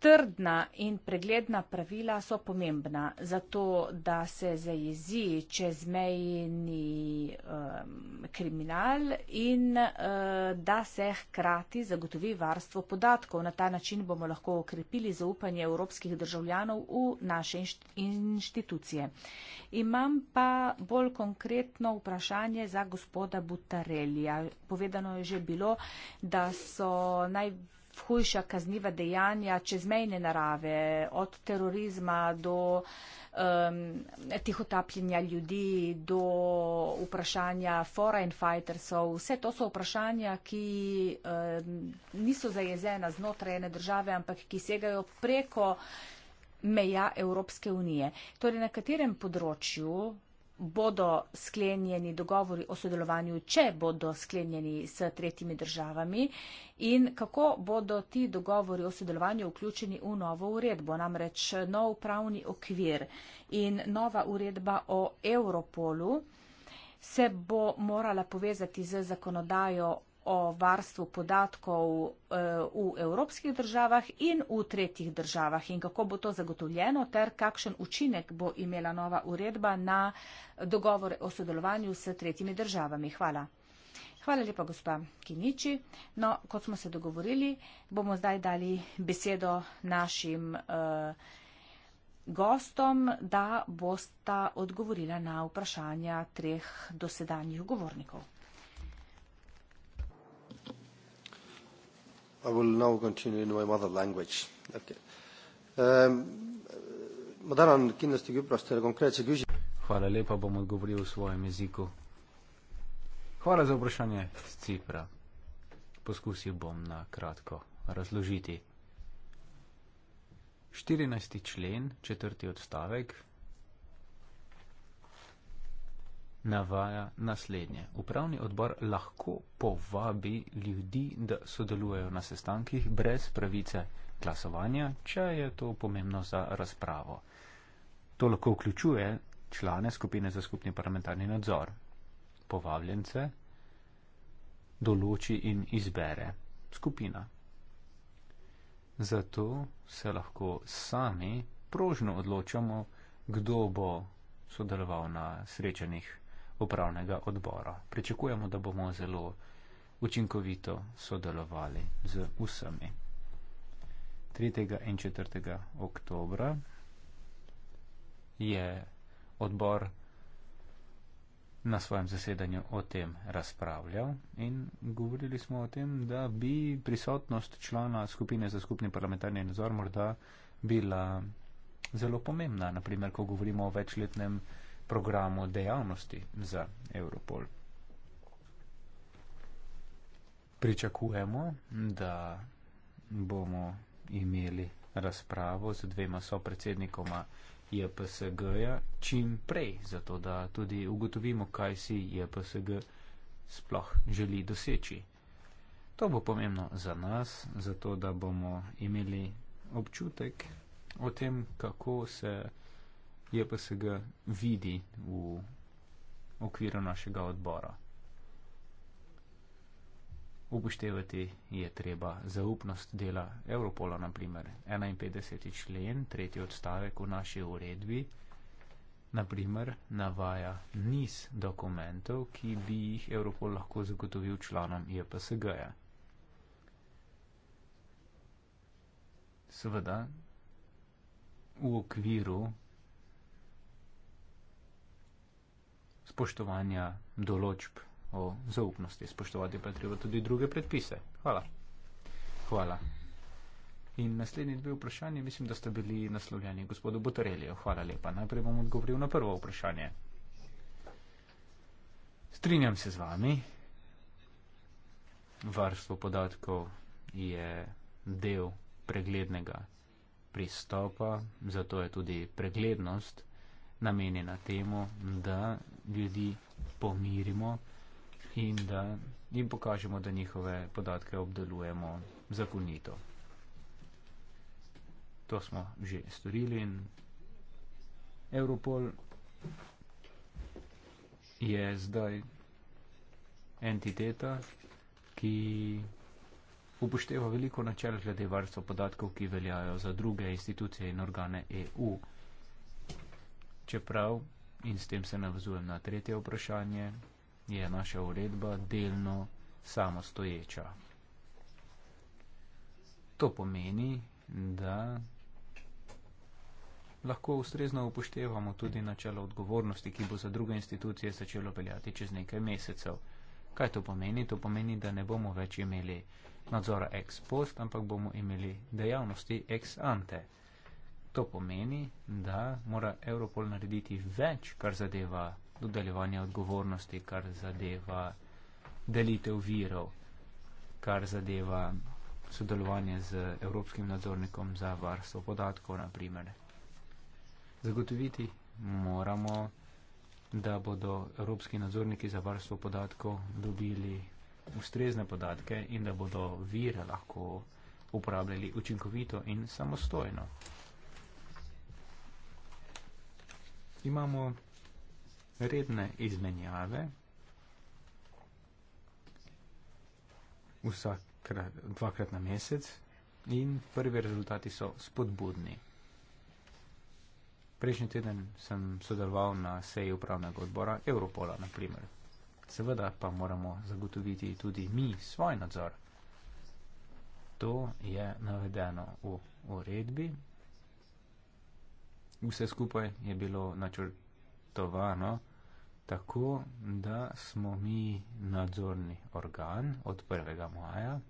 Trdna in pregledna pravila so pomembna za to, da se zajezi čezmejni um, kriminal in uh, da se hkrati zagotovi varstvo podatkov. Na ta način bomo lahko okrepili zaupanje evropskih državljanov v naše inštitucije. Imam pa bolj konkretno vprašanje za gospoda Butarelija. Povedano je že bilo, da so največji hujša kazniva dejanja čezmejne narave, od terorizma do um, tihotapljenja ljudi, do vprašanja foreign fightersov. Vse to so vprašanja, ki um, niso zajezena znotraj ene države, ampak ki segajo preko meja Evropske unije. Torej, na katerem področju bodo sklenjeni dogovori o sodelovanju, če bodo sklenjeni s tretjimi državami in kako bodo ti dogovori o sodelovanju vključeni v novo uredbo, namreč nov pravni okvir in nova uredba o Europolu se bo morala povezati z zakonodajo o varstvu podatkov eh, v evropskih državah in v tretjih državah in kako bo to zagotovljeno ter kakšen učinek bo imela nova uredba na dogovor o sodelovanju s tretjimi državami. Hvala. Hvala lepa, gospa Kiniči. No, kot smo se dogovorili, bomo zdaj dali besedo našim uh, gostom, da bosta odgovorila na vprašanja treh dosedanjih govornikov. I will now continue in my mother language. Okay. Um, Hvala lepa, bom odgovoril v svojem jeziku. Hvala za vprašanje z Cipra. Poskusil bom na kratko razložiti. 14. člen, četrti odstavek, navaja naslednje. Upravni odbor lahko povabi ljudi, da sodelujejo na sestankih brez pravice glasovanja, če je to pomembno za razpravo. To lahko vključuje člane skupine za skupni parlamentarni nadzor. Povabljence določi in izbere skupina. Zato se lahko sami prožno odločamo, kdo bo sodeloval na srečanjih upravnega odbora. Pričakujemo, da bomo zelo učinkovito sodelovali z vsemi. 3. in 4. oktobra je odbor na svojem zasedanju o tem razpravljal in govorili smo o tem, da bi prisotnost člana skupine za skupni parlamentarni nadzor morda bila zelo pomembna, naprimer, ko govorimo o večletnem programu dejavnosti za Europol. Pričakujemo, da bomo imeli razpravo z dvema sopredsednikoma JPSG-ja čim prej, zato da tudi ugotovimo, kaj si JPSG sploh želi doseči. To bo pomembno za nas, zato da bomo imeli občutek o tem, kako se je pa se ga vidi v okviru našega odbora. Upoštevati je treba zaupnost dela Europola, naprimer 51. člen, tretji odstavek v naši uredbi, naprimer navaja niz dokumentov, ki bi jih Europol lahko zagotovil članom JPSG-ja. Seveda, v okviru spoštovanja določb o zaupnosti. Spoštovati pa je treba tudi druge predpise. Hvala. Hvala. In naslednji dve vprašanje, mislim, da ste bili naslovljeni gospodu Botareljo. Hvala lepa. Najprej bom odgovoril na prvo vprašanje. Strinjam se z vami. Varstvo podatkov je del preglednega pristopa, zato je tudi preglednost namenjena temu, da ljudi pomirimo in da jim pokažemo, da njihove podatke obdelujemo zakonito. To smo že storili in Europol je zdaj entiteta, ki upošteva veliko načel glede varstva podatkov, ki veljajo za druge institucije in organe EU. Čeprav in s tem se navzujem na tretje vprašanje, je naša uredba delno samostoječa. To pomeni, da lahko ustrezno upoštevamo tudi načelo odgovornosti, ki bo za druge institucije začelo veljati čez nekaj mesecev. Kaj to pomeni? To pomeni, da ne bomo več imeli nadzora ex post, ampak bomo imeli dejavnosti ex ante. To pomeni, da mora Europol narediti več, kar zadeva dodeljevanje odgovornosti, kar zadeva delitev virov, kar zadeva sodelovanje z Evropskim nadzornikom za varstvo podatkov, naprimer. Zagotoviti moramo, da bodo Evropski nadzorniki za varstvo podatkov dobili ustrezne podatke in da bodo vire lahko uporabljali učinkovito in samostojno. imamo redne izmenjave vsakrat, dvakrat na mesec in prvi rezultati so spodbudni. Prejšnji teden sem sodeloval na seji upravnega odbora Europola, na primer. Seveda pa moramo zagotoviti tudi mi svoj nadzor. To je navedeno v uredbi vse skupaj je bilo načrtovano tako, da smo mi nadzorni organ od 1. maja.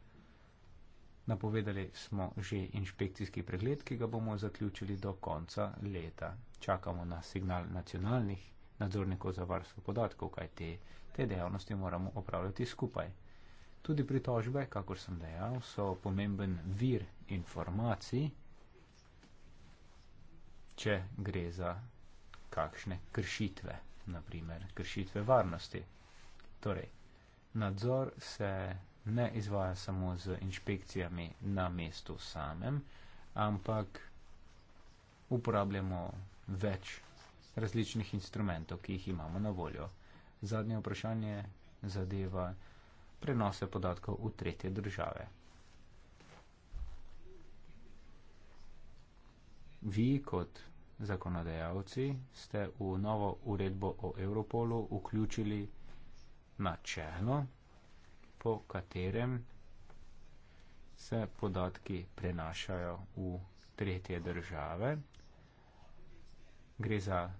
Napovedali smo že inšpekcijski pregled, ki ga bomo zaključili do konca leta. Čakamo na signal nacionalnih nadzornikov za varstvo podatkov, kaj te, te dejavnosti moramo opravljati skupaj. Tudi pritožbe, kakor sem dejal, so pomemben vir informacij če gre za kakšne kršitve, naprimer kršitve varnosti. Torej, nadzor se ne izvaja samo z inšpekcijami na mestu samem, ampak uporabljamo več različnih instrumentov, ki jih imamo na voljo. Zadnje vprašanje zadeva prenose podatkov v tretje države. vi kot zakonodajalci ste v novo uredbo o Europolu vključili načelo, po katerem se podatki prenašajo v tretje države. Gre za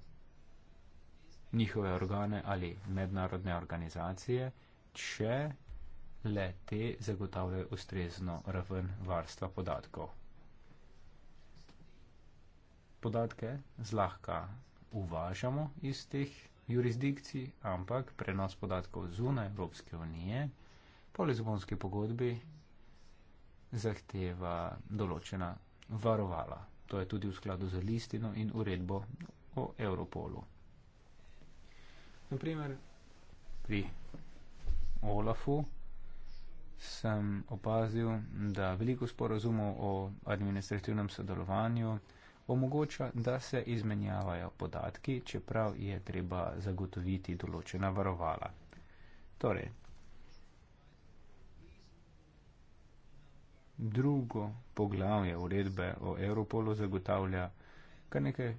njihove organe ali mednarodne organizacije, če le te zagotavljajo ustrezno raven varstva podatkov podatke zlahka uvažamo iz teh jurisdikcij, ampak prenos podatkov zunaj Evropske unije po Lizbonski pogodbi zahteva določena varovala. To je tudi v skladu z listino in uredbo o Europolu. Naprimer, pri Olafu sem opazil, da veliko sporozumov o administrativnem sodelovanju omogoča, da se izmenjavajo podatki, čeprav je treba zagotoviti določena varovala. Torej, drugo poglavje uredbe o Europolu zagotavlja kar nekaj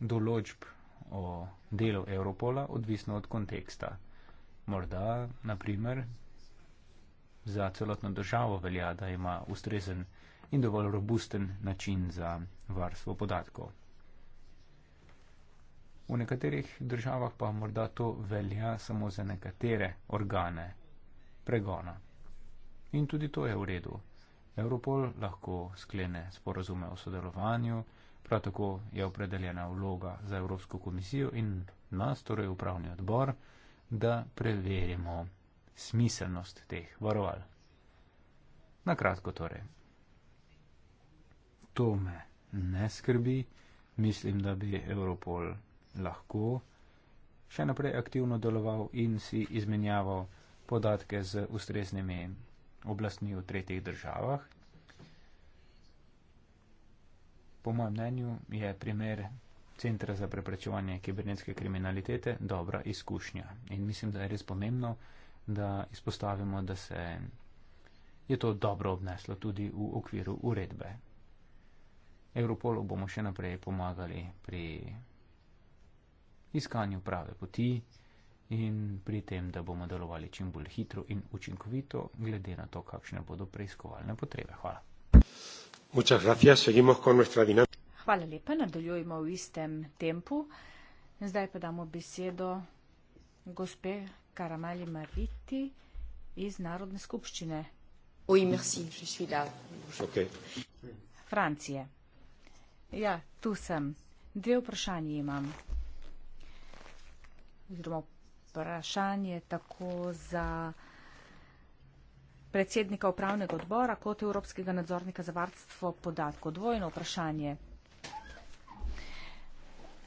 določb o delu Europola, odvisno od konteksta. Morda, naprimer, za celotno državo velja, da ima ustrezen in dovolj robusten način za varstvo podatkov. V nekaterih državah pa morda to velja samo za nekatere organe pregona. In tudi to je v redu. Europol lahko sklene sporozume o sodelovanju, prav tako je opredeljena vloga za Evropsko komisijo in nas, torej upravni odbor, da preverimo smiselnost teh varoval. Na kratko torej to me ne skrbi. Mislim, da bi Europol lahko še naprej aktivno deloval in si izmenjaval podatke z ustreznimi oblastmi v tretjih državah. Po mojem mnenju je primer Centra za preprečevanje kibernetske kriminalitete dobra izkušnja in mislim, da je res pomembno, da izpostavimo, da se je to dobro obneslo tudi v okviru uredbe. Europolu bomo še naprej pomagali pri iskanju prave poti in pri tem, da bomo delovali čim bolj hitro in učinkovito, glede na to, kakšne bodo preiskovalne potrebe. Hvala. Hvala lepa, nadaljujemo v istem tempu. Zdaj pa damo besedo gospe Karamali Mariti iz Narodne skupščine. Oui, merci, je suis là. Okay. Francije. Ja, tu sem. Dve vprašanje imam. Oziroma vprašanje tako za predsednika upravnega odbora kot Evropskega nadzornika za varstvo podatkov. Dvojno vprašanje.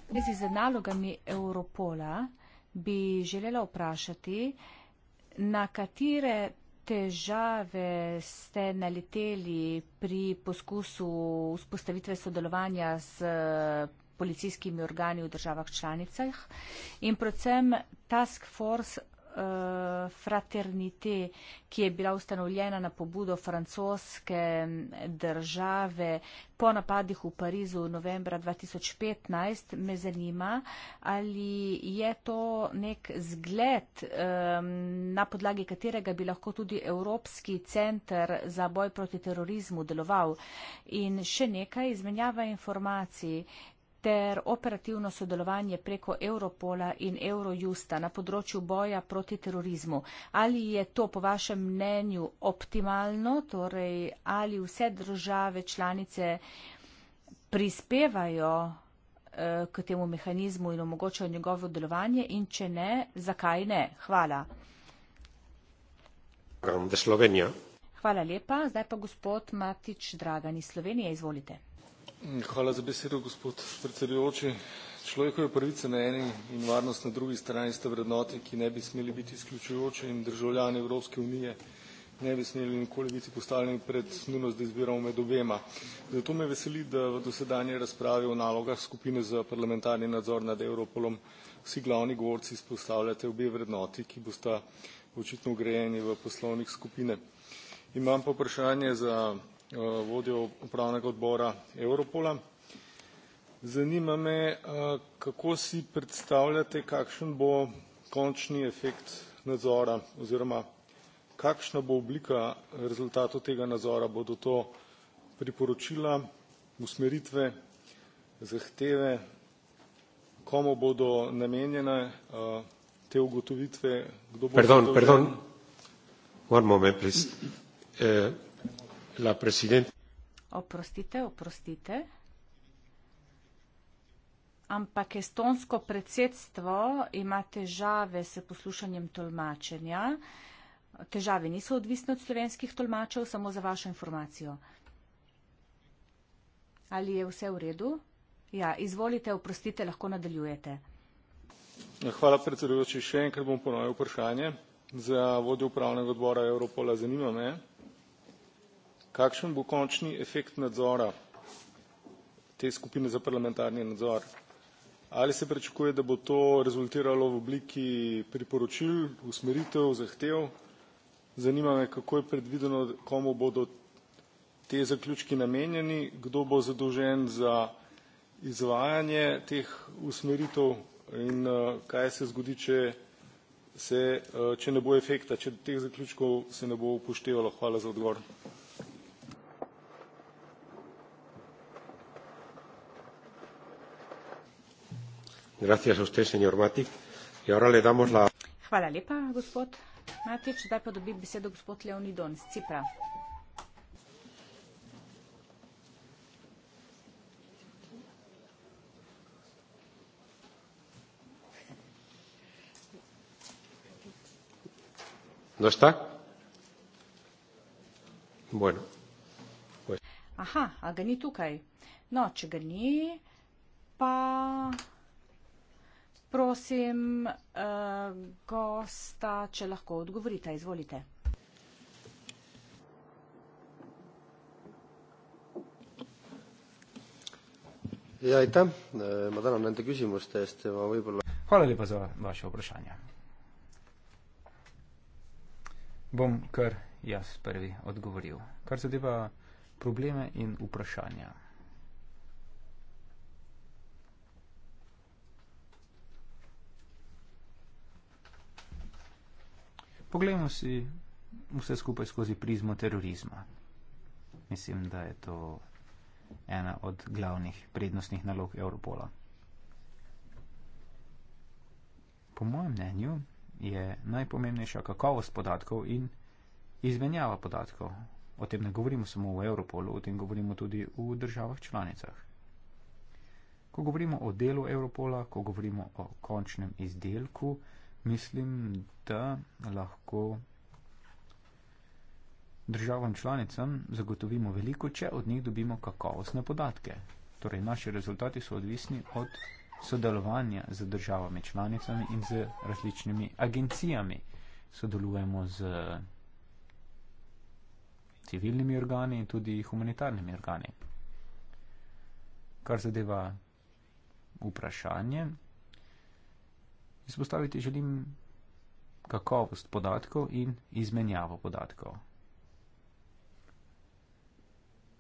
Vezi z nalogami Europola bi želela vprašati, na katere težave ste naleteli pri poskusu vzpostavitve sodelovanja z eh, policijskimi organi v državah članicah in predvsem task force Eh, Fraternité, ki je bila ustanovljena na pobudo francoske države po napadih v Parizu novembra 2015, me zanima, ali je to nek zgled, na podlagi katerega bi lahko tudi Evropski centr za boj proti terorizmu deloval. In še nekaj izmenjava informacij ter operativno sodelovanje preko Europola in Eurojusta na področju boja proti terorizmu. Ali je to po vašem mnenju optimalno, torej ali vse države članice prispevajo eh, k temu mehanizmu in omogočajo njegovo delovanje in če ne, zakaj ne? Hvala. Hvala lepa. Zdaj pa gospod Matič Dragan iz Slovenije, izvolite. Hvala za besedo, gospod predsedujoči. Človekove pravice na eni in varnost na drugi strani sta vrednoti, ki ne bi smeli biti izključujoče in državljani Evropske unije ne bi smeli nikoli biti postavljeni pred nujnost, da izbiramo med obema. Zato me veseli, da v dosedanje razprave o nalogah skupine za parlamentarni nadzor nad Europolom vsi glavni govorci izpostavljate obe vrednoti, ki bosta očitno grejeni v poslovnik skupine. Imam pa vprašanje za Eh, vodjo upravnega odbora europola zanima me eh, kako si predstavljate kakšen bo končni efekt nadzora oziroma kakšna bo oblika rezultatov tega nadzora bodo to priporočila usmeritve zahteve komu bodo namenjene eh, te ugotovitve kdo bo la presidente. Oprostite, oprostite. Ampak estonsko predsedstvo ima težave s poslušanjem tolmačenja. Težave niso odvisne od slovenskih tolmačev, samo za vašo informacijo. Ali je vse v redu? Ja, izvolite, oprostite, lahko nadaljujete. Hvala predsedujoči. Še enkrat bom ponovil vprašanje. Za vodjo upravnega odbora Europola zanima me, kakšen bo končni efekt nadzora te skupine za parlamentarni nadzor? Ali se pričakuje, da bo to rezultiralo v obliki priporočil, usmeritev, zahtev? Zanima me, kako je predvideno, komu bodo te zaključki namenjeni, kdo bo zadolžen za izvajanje teh usmeritev in uh, kaj se zgodi, če, se, uh, če ne bo efekta, če teh zaključkov se ne bo upoštevalo. Hvala za odgovor. Hvala lepa, gospod Matič. Zdaj pa dobi besedo gospod Leonidon z Cipra. No está? Bueno. Pues. Aha, a ga ni tukaj. No, če ga ni, pa prosim uh, gosta, če lahko odgovorite. Izvolite. Ja, aitäh eh,, ma tänan nende küsimuste eest ja ma võib-olla. Hvala lepa za vaše vprašanje. bom kar jaz prvi odgovoril, kar zadeva probleme in vprašanja Poglejmo si vse skupaj skozi prizmo terorizma. Mislim, da je to ena od glavnih prednostnih nalog Evropola. Po mojem mnenju je najpomembnejša kakovost podatkov in izmenjava podatkov. O tem ne govorimo samo v Evropolu, o tem govorimo tudi v državah članicah. Ko govorimo o delu Evropola, ko govorimo o končnem izdelku, mislim, da lahko državam članicam zagotovimo veliko, če od njih dobimo kakovostne podatke. Torej, naši rezultati so odvisni od sodelovanja z državami članicami in z različnimi agencijami. Sodelujemo z civilnimi organi in tudi humanitarnimi organi. Kar zadeva vprašanje, Izpostaviti želim kakovost podatkov in izmenjavo podatkov.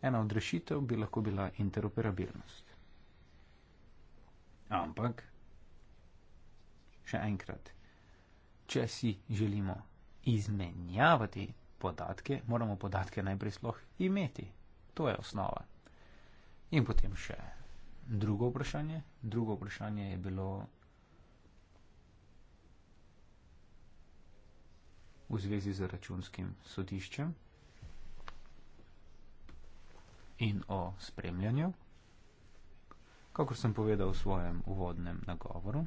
Ena od rešitev bi lahko bila interoperabilnost. Ampak, še enkrat, če si želimo izmenjavati podatke, moramo podatke najprej sploh imeti. To je osnova. In potem še drugo vprašanje. Drugo vprašanje je bilo v zvezi z računskim sodiščem in o spremljanju. Kako sem povedal v svojem uvodnem nagovoru,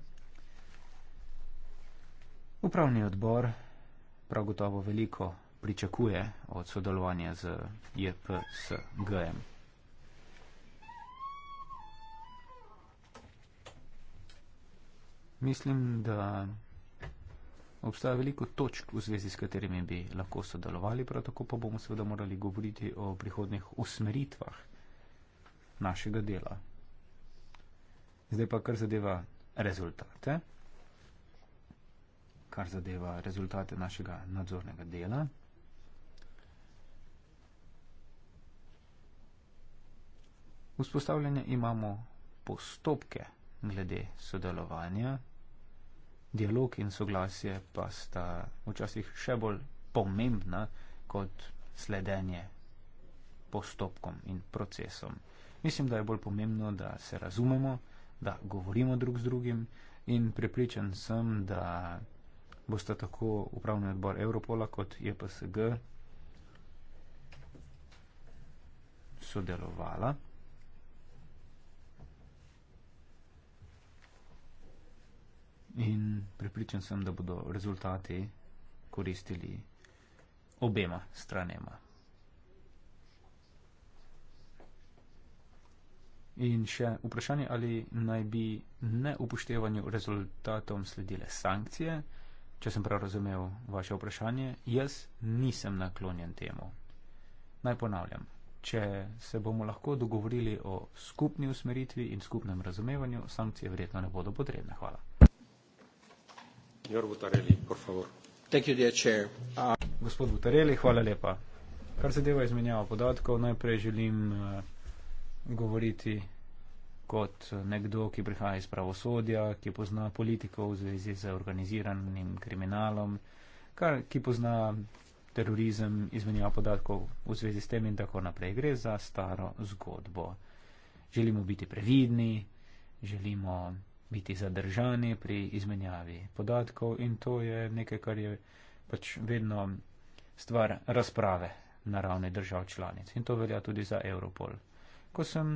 upravni odbor prav gotovo veliko pričakuje od sodelovanja z JPSG-em. Mislim, da obstaja veliko točk, v zvezi s katerimi bi lahko sodelovali, prav tako pa bomo seveda morali govoriti o prihodnih usmeritvah našega dela. Zdaj pa, kar zadeva rezultate, kar zadeva rezultate našega nadzornega dela. Vzpostavljanje imamo postopke glede sodelovanja dialog in soglasje pa sta včasih še bolj pomembna kot sledenje postopkom in procesom. Mislim, da je bolj pomembno, da se razumemo, da govorimo drug z drugim in prepričan sem, da boste tako upravni odbor Europola kot JPSG e sodelovala. in pripričan sem, da bodo rezultati koristili obema stranema. In še vprašanje, ali naj bi ne upoštevanju rezultatom sledile sankcije. Če sem prav razumel vaše vprašanje, jaz nisem naklonjen temu. Naj ponavljam, če se bomo lahko dogovorili o skupni usmeritvi in skupnem razumevanju, sankcije vredno ne bodo potrebne. Hvala. Uh, Gospod Butareli, hvala lepa. Kar se deva izmenjava podatkov, najprej želim uh, govoriti kot uh, nekdo, ki prihaja iz pravosodja, ki pozna politiko v zvezi z organiziranim kriminalom, kar, ki pozna terorizem, izmenjava podatkov v zvezi s tem in tako naprej. Gre za staro zgodbo. Želimo biti previdni, želimo biti zadržani pri izmenjavi podatkov in to je nekaj, kar je pač vedno stvar razprave na ravni držav članic. In to velja tudi za Europol. Ko sem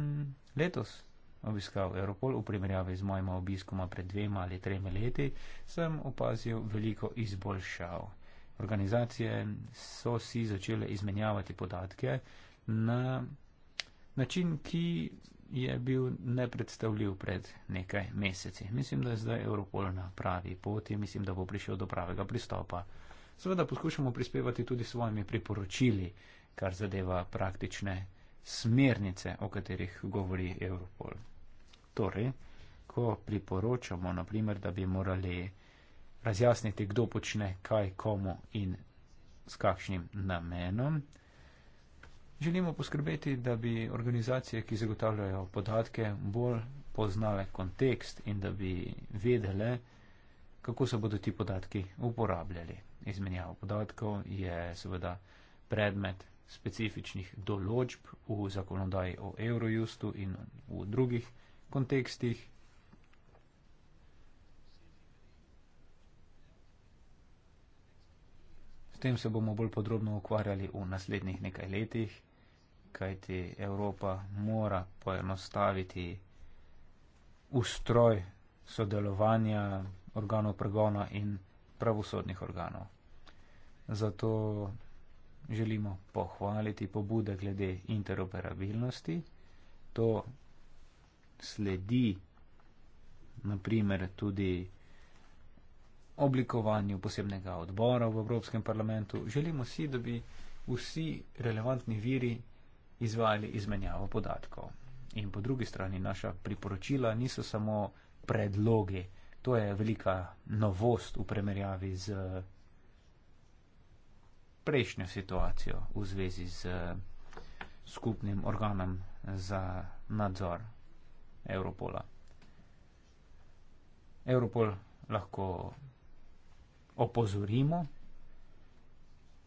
letos obiskal Europol v primerjavi z mojima obiskoma pred dvema ali trema leti, sem opazil veliko izboljšav. Organizacije so si začele izmenjavati podatke na način, ki je bil nepredstavljiv pred nekaj meseci. Mislim, da je zdaj Europol na pravi poti, mislim, da bo prišel do pravega pristopa. Seveda poskušamo prispevati tudi svojimi priporočili, kar zadeva praktične smernice, o katerih govori Europol. Torej, ko priporočamo, naprimer, da bi morali razjasniti, kdo počne kaj komu in s kakšnim namenom, Želimo poskrbeti, da bi organizacije, ki zagotavljajo podatke, bolj poznale kontekst in da bi vedele, kako se bodo ti podatki uporabljali. Izmenjava podatkov je seveda predmet specifičnih določb v zakonodaji o Eurojustu in v drugih kontekstih. S tem se bomo bolj podrobno ukvarjali v naslednjih nekaj letih, kajti Evropa mora poenostaviti ustroj sodelovanja organov pregona in pravosodnih organov. Zato želimo pohvaliti pobude glede interoperabilnosti. To sledi naprimer tudi oblikovanju posebnega odbora v Evropskem parlamentu. Želimo si, da bi vsi relevantni viri izvajali izmenjavo podatkov. In po drugi strani naša priporočila niso samo predlogi. To je velika novost v primerjavi z prejšnjo situacijo v zvezi z eh, skupnim organom za nadzor Europola. Europol lahko opozorimo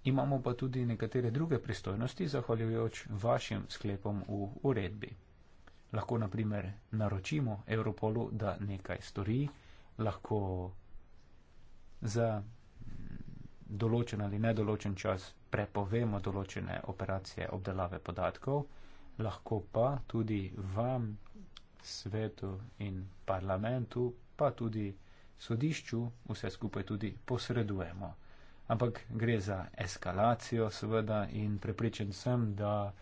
imamo pa tudi nekatere druge pristojnosti, zahvaljujoč vašim sklepom v uredbi. Lahko naprimer naročimo Europolu, da nekaj stori, lahko za določen ali nedoločen čas prepovemo določene operacije obdelave podatkov, lahko pa tudi vam, svetu in parlamentu, pa tudi sodišču vse skupaj tudi posredujemo ampak gre za eskalacijo, seveda, in prepričan sem, da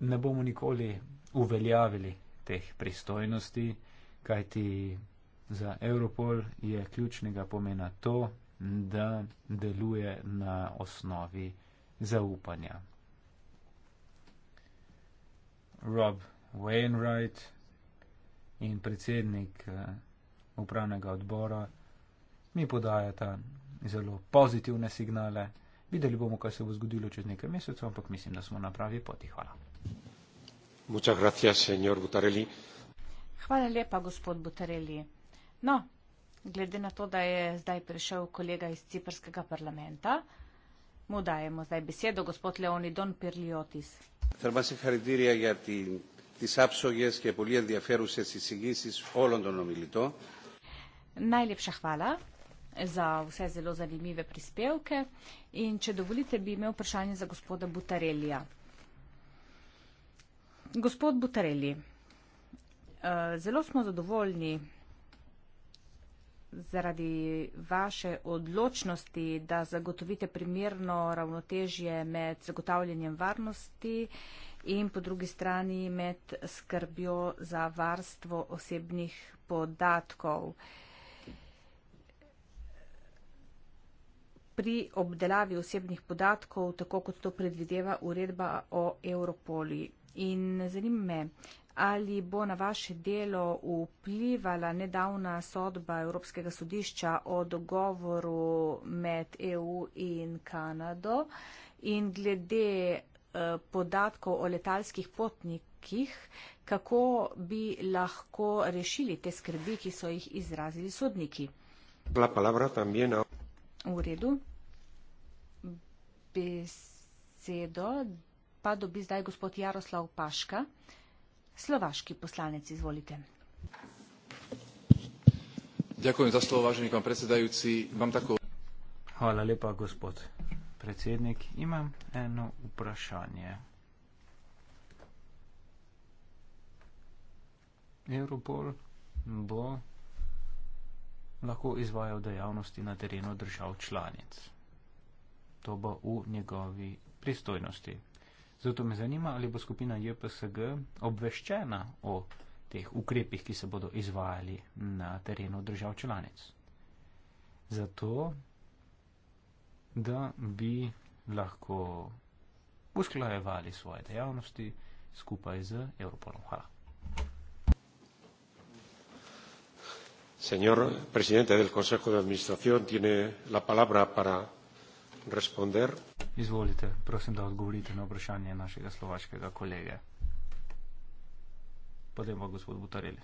ne bomo nikoli uveljavili teh pristojnosti, kajti za Europol je ključnega pomena to, da deluje na osnovi zaupanja. Rob Wainwright in predsednik eh, upravnega odbora mi podajata zelo pozitivne signale. Videli bomo, kaj se bo zgodilo čez nekaj mesecev, ampak mislim, da smo na pravi poti. Hvala. Hvala lepa, gospod Butareli. No, glede na to, da je zdaj prišel kolega iz ciprskega parlamenta, mu dajemo zdaj besedo, gospod Leoni Don Pirliotis. Najlepša hvala za vse zelo zanimive prispevke. In če dovolite, bi imel vprašanje za gospoda Butarelija. Gospod Butareli, eh, zelo smo zadovoljni zaradi vaše odločnosti, da zagotovite primerno ravnotežje med zagotavljanjem varnosti in po drugi strani med skrbjo za varstvo osebnih podatkov. pri obdelavi osebnih podatkov, tako kot to predvideva uredba o Europoli. In zanima me, ali bo na vaše delo vplivala nedavna sodba Evropskega sodišča o dogovoru med EU in Kanado in glede eh, podatkov o letalskih potnikih, kako bi lahko rešili te skrbi, ki so jih izrazili sodniki. La palabra también a V redu. Besedo pa dobi zdaj gospod Jaroslav Paška, slovaški poslanec, izvolite. Ďakujem za slovo, vážený pán predsedajúci. Mám takú... Hvala lepa, gospod predsednik. Imam eno vprašanje. Europol bo lahko izvajal dejavnosti na terenu držav članic. To bo v njegovi pristojnosti. Zato me zanima, ali bo skupina JPSG obveščena o teh ukrepih, ki se bodo izvajali na terenu držav članic. Zato, da bi lahko usklajevali svoje dejavnosti skupaj z Evropolom. Hvala señor presidente del consejo de administración tiene la palabra para responder izvolite prosim da odgovorite na vprašanje našega slovaškega kolege potem pa gospod butarelli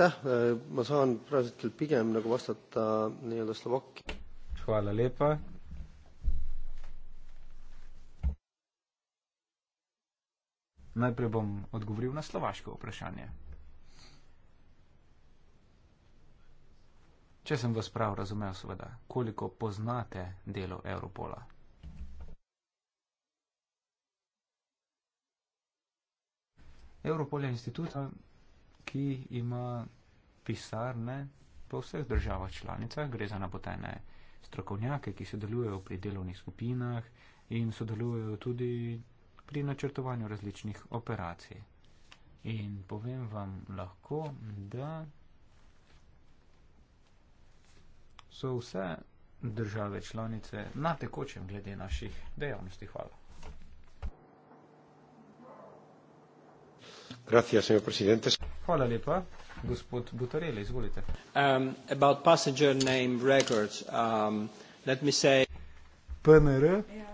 aitäh äh,, ma saan praegusel hetkel pigem nagu vastata nii-öelda Slovakki. Hvala lepa. najprej bom odgovoril na slovaško vprašanje. Če sem vas prav razumel, seveda, koliko poznate delo Europola? Europol je institut, ki ima pisarne po vseh državah članicah. Gre za napotene strokovnjake, ki sodelujejo pri delovnih skupinah in sodelujejo tudi pri načrtovanju različnih operacij. In povem vam lahko, da so vse države članice na tekočem glede naših dejavnosti. Hvala. Gracias, señor presidente. Hvala lepa. Gospod Butarele, izvolite. Um, about passenger name records, um, let me say... PNR? Yeah.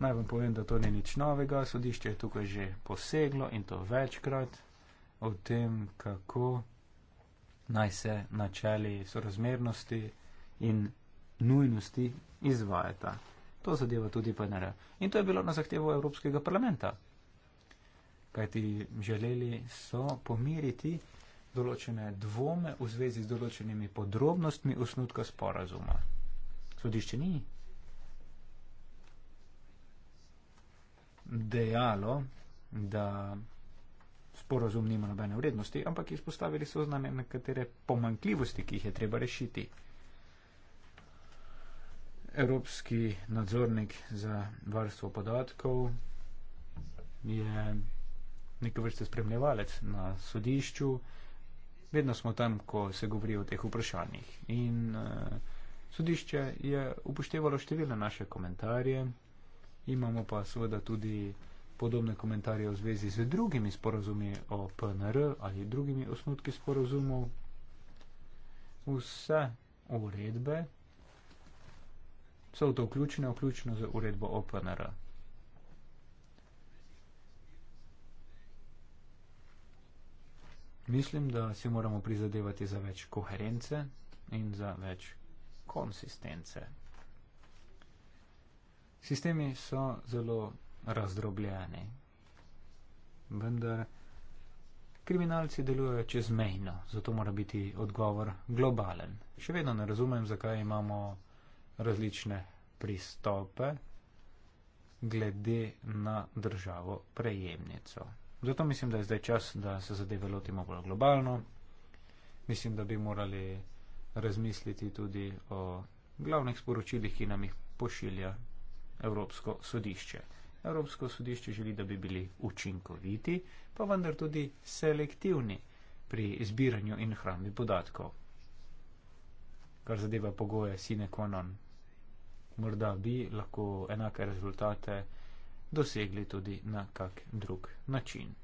Naj vam povem, da to ni nič novega. Sodišče je tukaj že poseglo in to večkrat o tem, kako naj se načeli sorazmernosti in nujnosti izvajata. To zadeva tudi PNR. In to je bilo na zahtevo Evropskega parlamenta kajti želeli so pomiriti določene dvome v zvezi z določenimi podrobnostmi osnutka sporazuma. Sodišče ni dejalo, da sporazum nima nobene vrednosti, ampak izpostavili so znane nekatere pomankljivosti, ki jih je treba rešiti. Evropski nadzornik za varstvo podatkov je neke vrste spremljevalec na sodišču. Vedno smo tam, ko se govori o teh vprašanjih. In uh, sodišče je upoštevalo številne naše komentarje, imamo pa seveda tudi podobne komentarje v zvezi z drugimi sporozumi o PNR ali drugimi osnutki sporozumov. Vse uredbe so v to vključene, vključno z uredbo o PNR. -a. Mislim, da si moramo prizadevati za več koherence in za več konsistence. Sistemi so zelo razdrobljeni, vendar kriminalci delujejo čezmejno, zato mora biti odgovor globalen. Še vedno ne razumem, zakaj imamo različne pristope glede na državo prejemnico. Zato mislim, da je zdaj čas, da se zadeve lotimo bolj globalno. Mislim, da bi morali razmisliti tudi o glavnih sporočilih, ki nam jih pošilja Evropsko sodišče. Evropsko sodišče želi, da bi bili učinkoviti, pa vendar tudi selektivni pri izbiranju in hrambi podatkov. Kar zadeva pogoje sine qua non. Morda bi lahko enake rezultate dosegli tudi na kak drug način.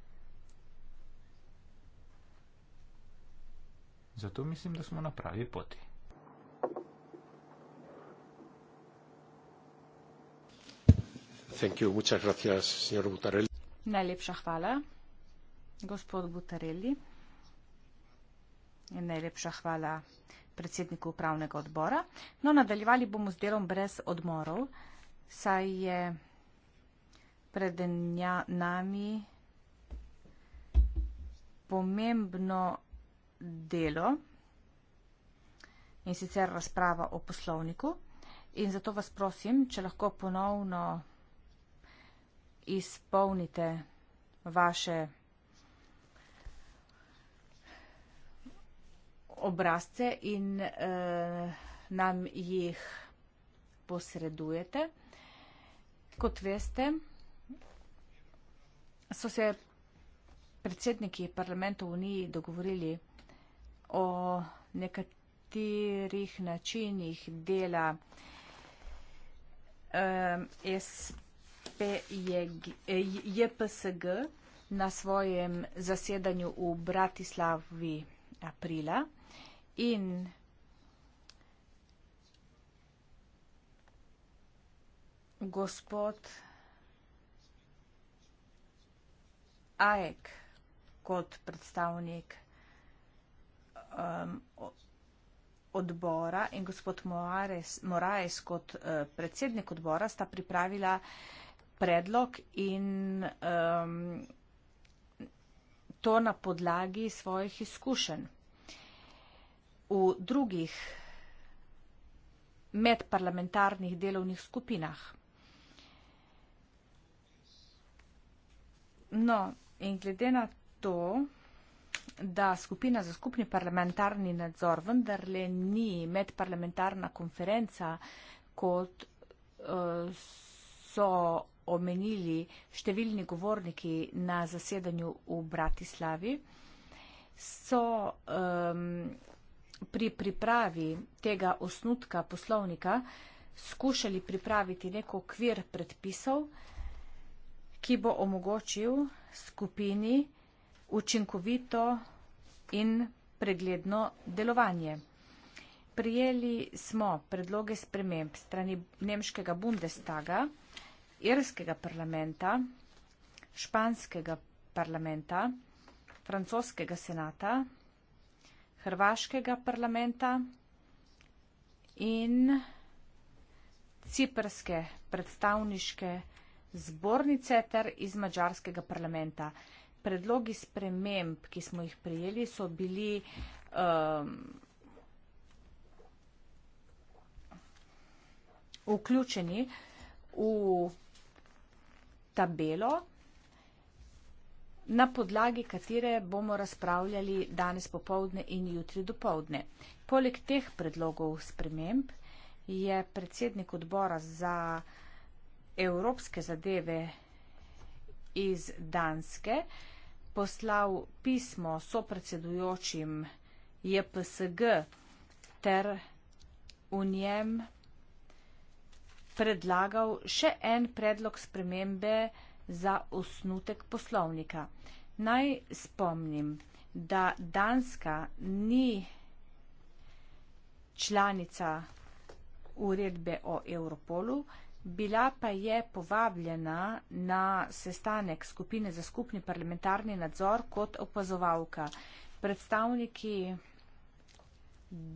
Zato mislim, da smo na pravi poti. You, gracias, najlepša hvala, gospod Butarelli. In najlepša hvala predsedniku upravnega odbora. No, nadaljevali bomo z delom brez odmorov, saj je pred nami pomembno delo in sicer razprava o poslovniku. In zato vas prosim, če lahko ponovno izpolnite vaše obrazce in eh, nam jih posredujete. Kot veste, so se predsedniki parlamentov v Uniji dogovorili o nekaterih načinih dela JPSG na svojem zasedanju v Bratislavi aprila in gospod AEK kot predstavnik um, odbora in gospod Moares, Moraes kot uh, predsednik odbora sta pripravila predlog in um, to na podlagi svojih izkušenj. V drugih medparlamentarnih delovnih skupinah. No, In glede na to, da skupina za skupni parlamentarni nadzor vendarle ni medparlamentarna konferenca, kot eh, so omenili številni govorniki na zasedanju v Bratislavi, so um, pri pripravi tega osnutka poslovnika skušali pripraviti neko okvir predpisov, ki bo omogočil, skupini učinkovito in pregledno delovanje. Prijeli smo predloge sprememb strani Nemškega Bundestaga, Irskega parlamenta, Španskega parlamenta, Francoskega senata, Hrvaškega parlamenta in Ciprske predstavniške parlamenta zbornice ter iz mađarskega parlamenta. Predlogi sprememb, ki smo jih prijeli, so bili um, vključeni v tabelo, na podlagi katere bomo razpravljali danes popovdne in jutri dopovdne. Poleg teh predlogov sprememb je predsednik odbora za evropske zadeve iz Danske poslal pismo so predsedujočim JPSG ter v njem predlagal še en predlog spremembe za osnutek poslovnika. Naj spomnim, da Danska ni članica uredbe o Europolu, Bila pa je povabljena na sestanek skupine za skupni parlamentarni nadzor kot opazovalka. Predstavniki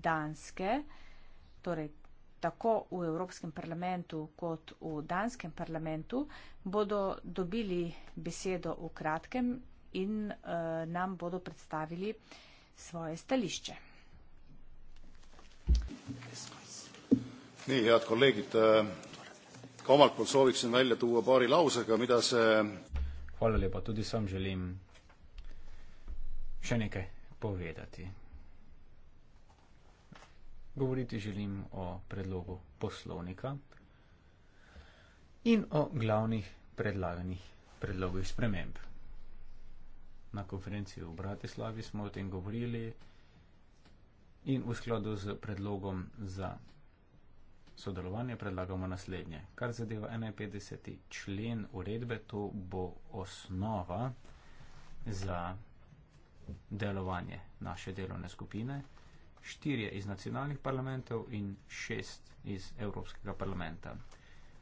Danske, torej tako v Evropskem parlamentu kot v Danskem parlamentu, bodo dobili besedo v kratkem in uh, nam bodo predstavili svoje stališče. Ne, ja, kolegi, ka omalt poolt sooviksin välja tuua paari lausega, mida see Govorite želim o predlogu poslovnika in o glavnih predlaganih predlogih sprememb. Na konferenci v Bratislavi smo o tem govorili in v skladu z predlogom za sodelovanje predlagamo naslednje. Kar zadeva 51. člen uredbe, to bo osnova za delovanje naše delovne skupine. Štirje iz nacionalnih parlamentov in šest iz Evropskega parlamenta.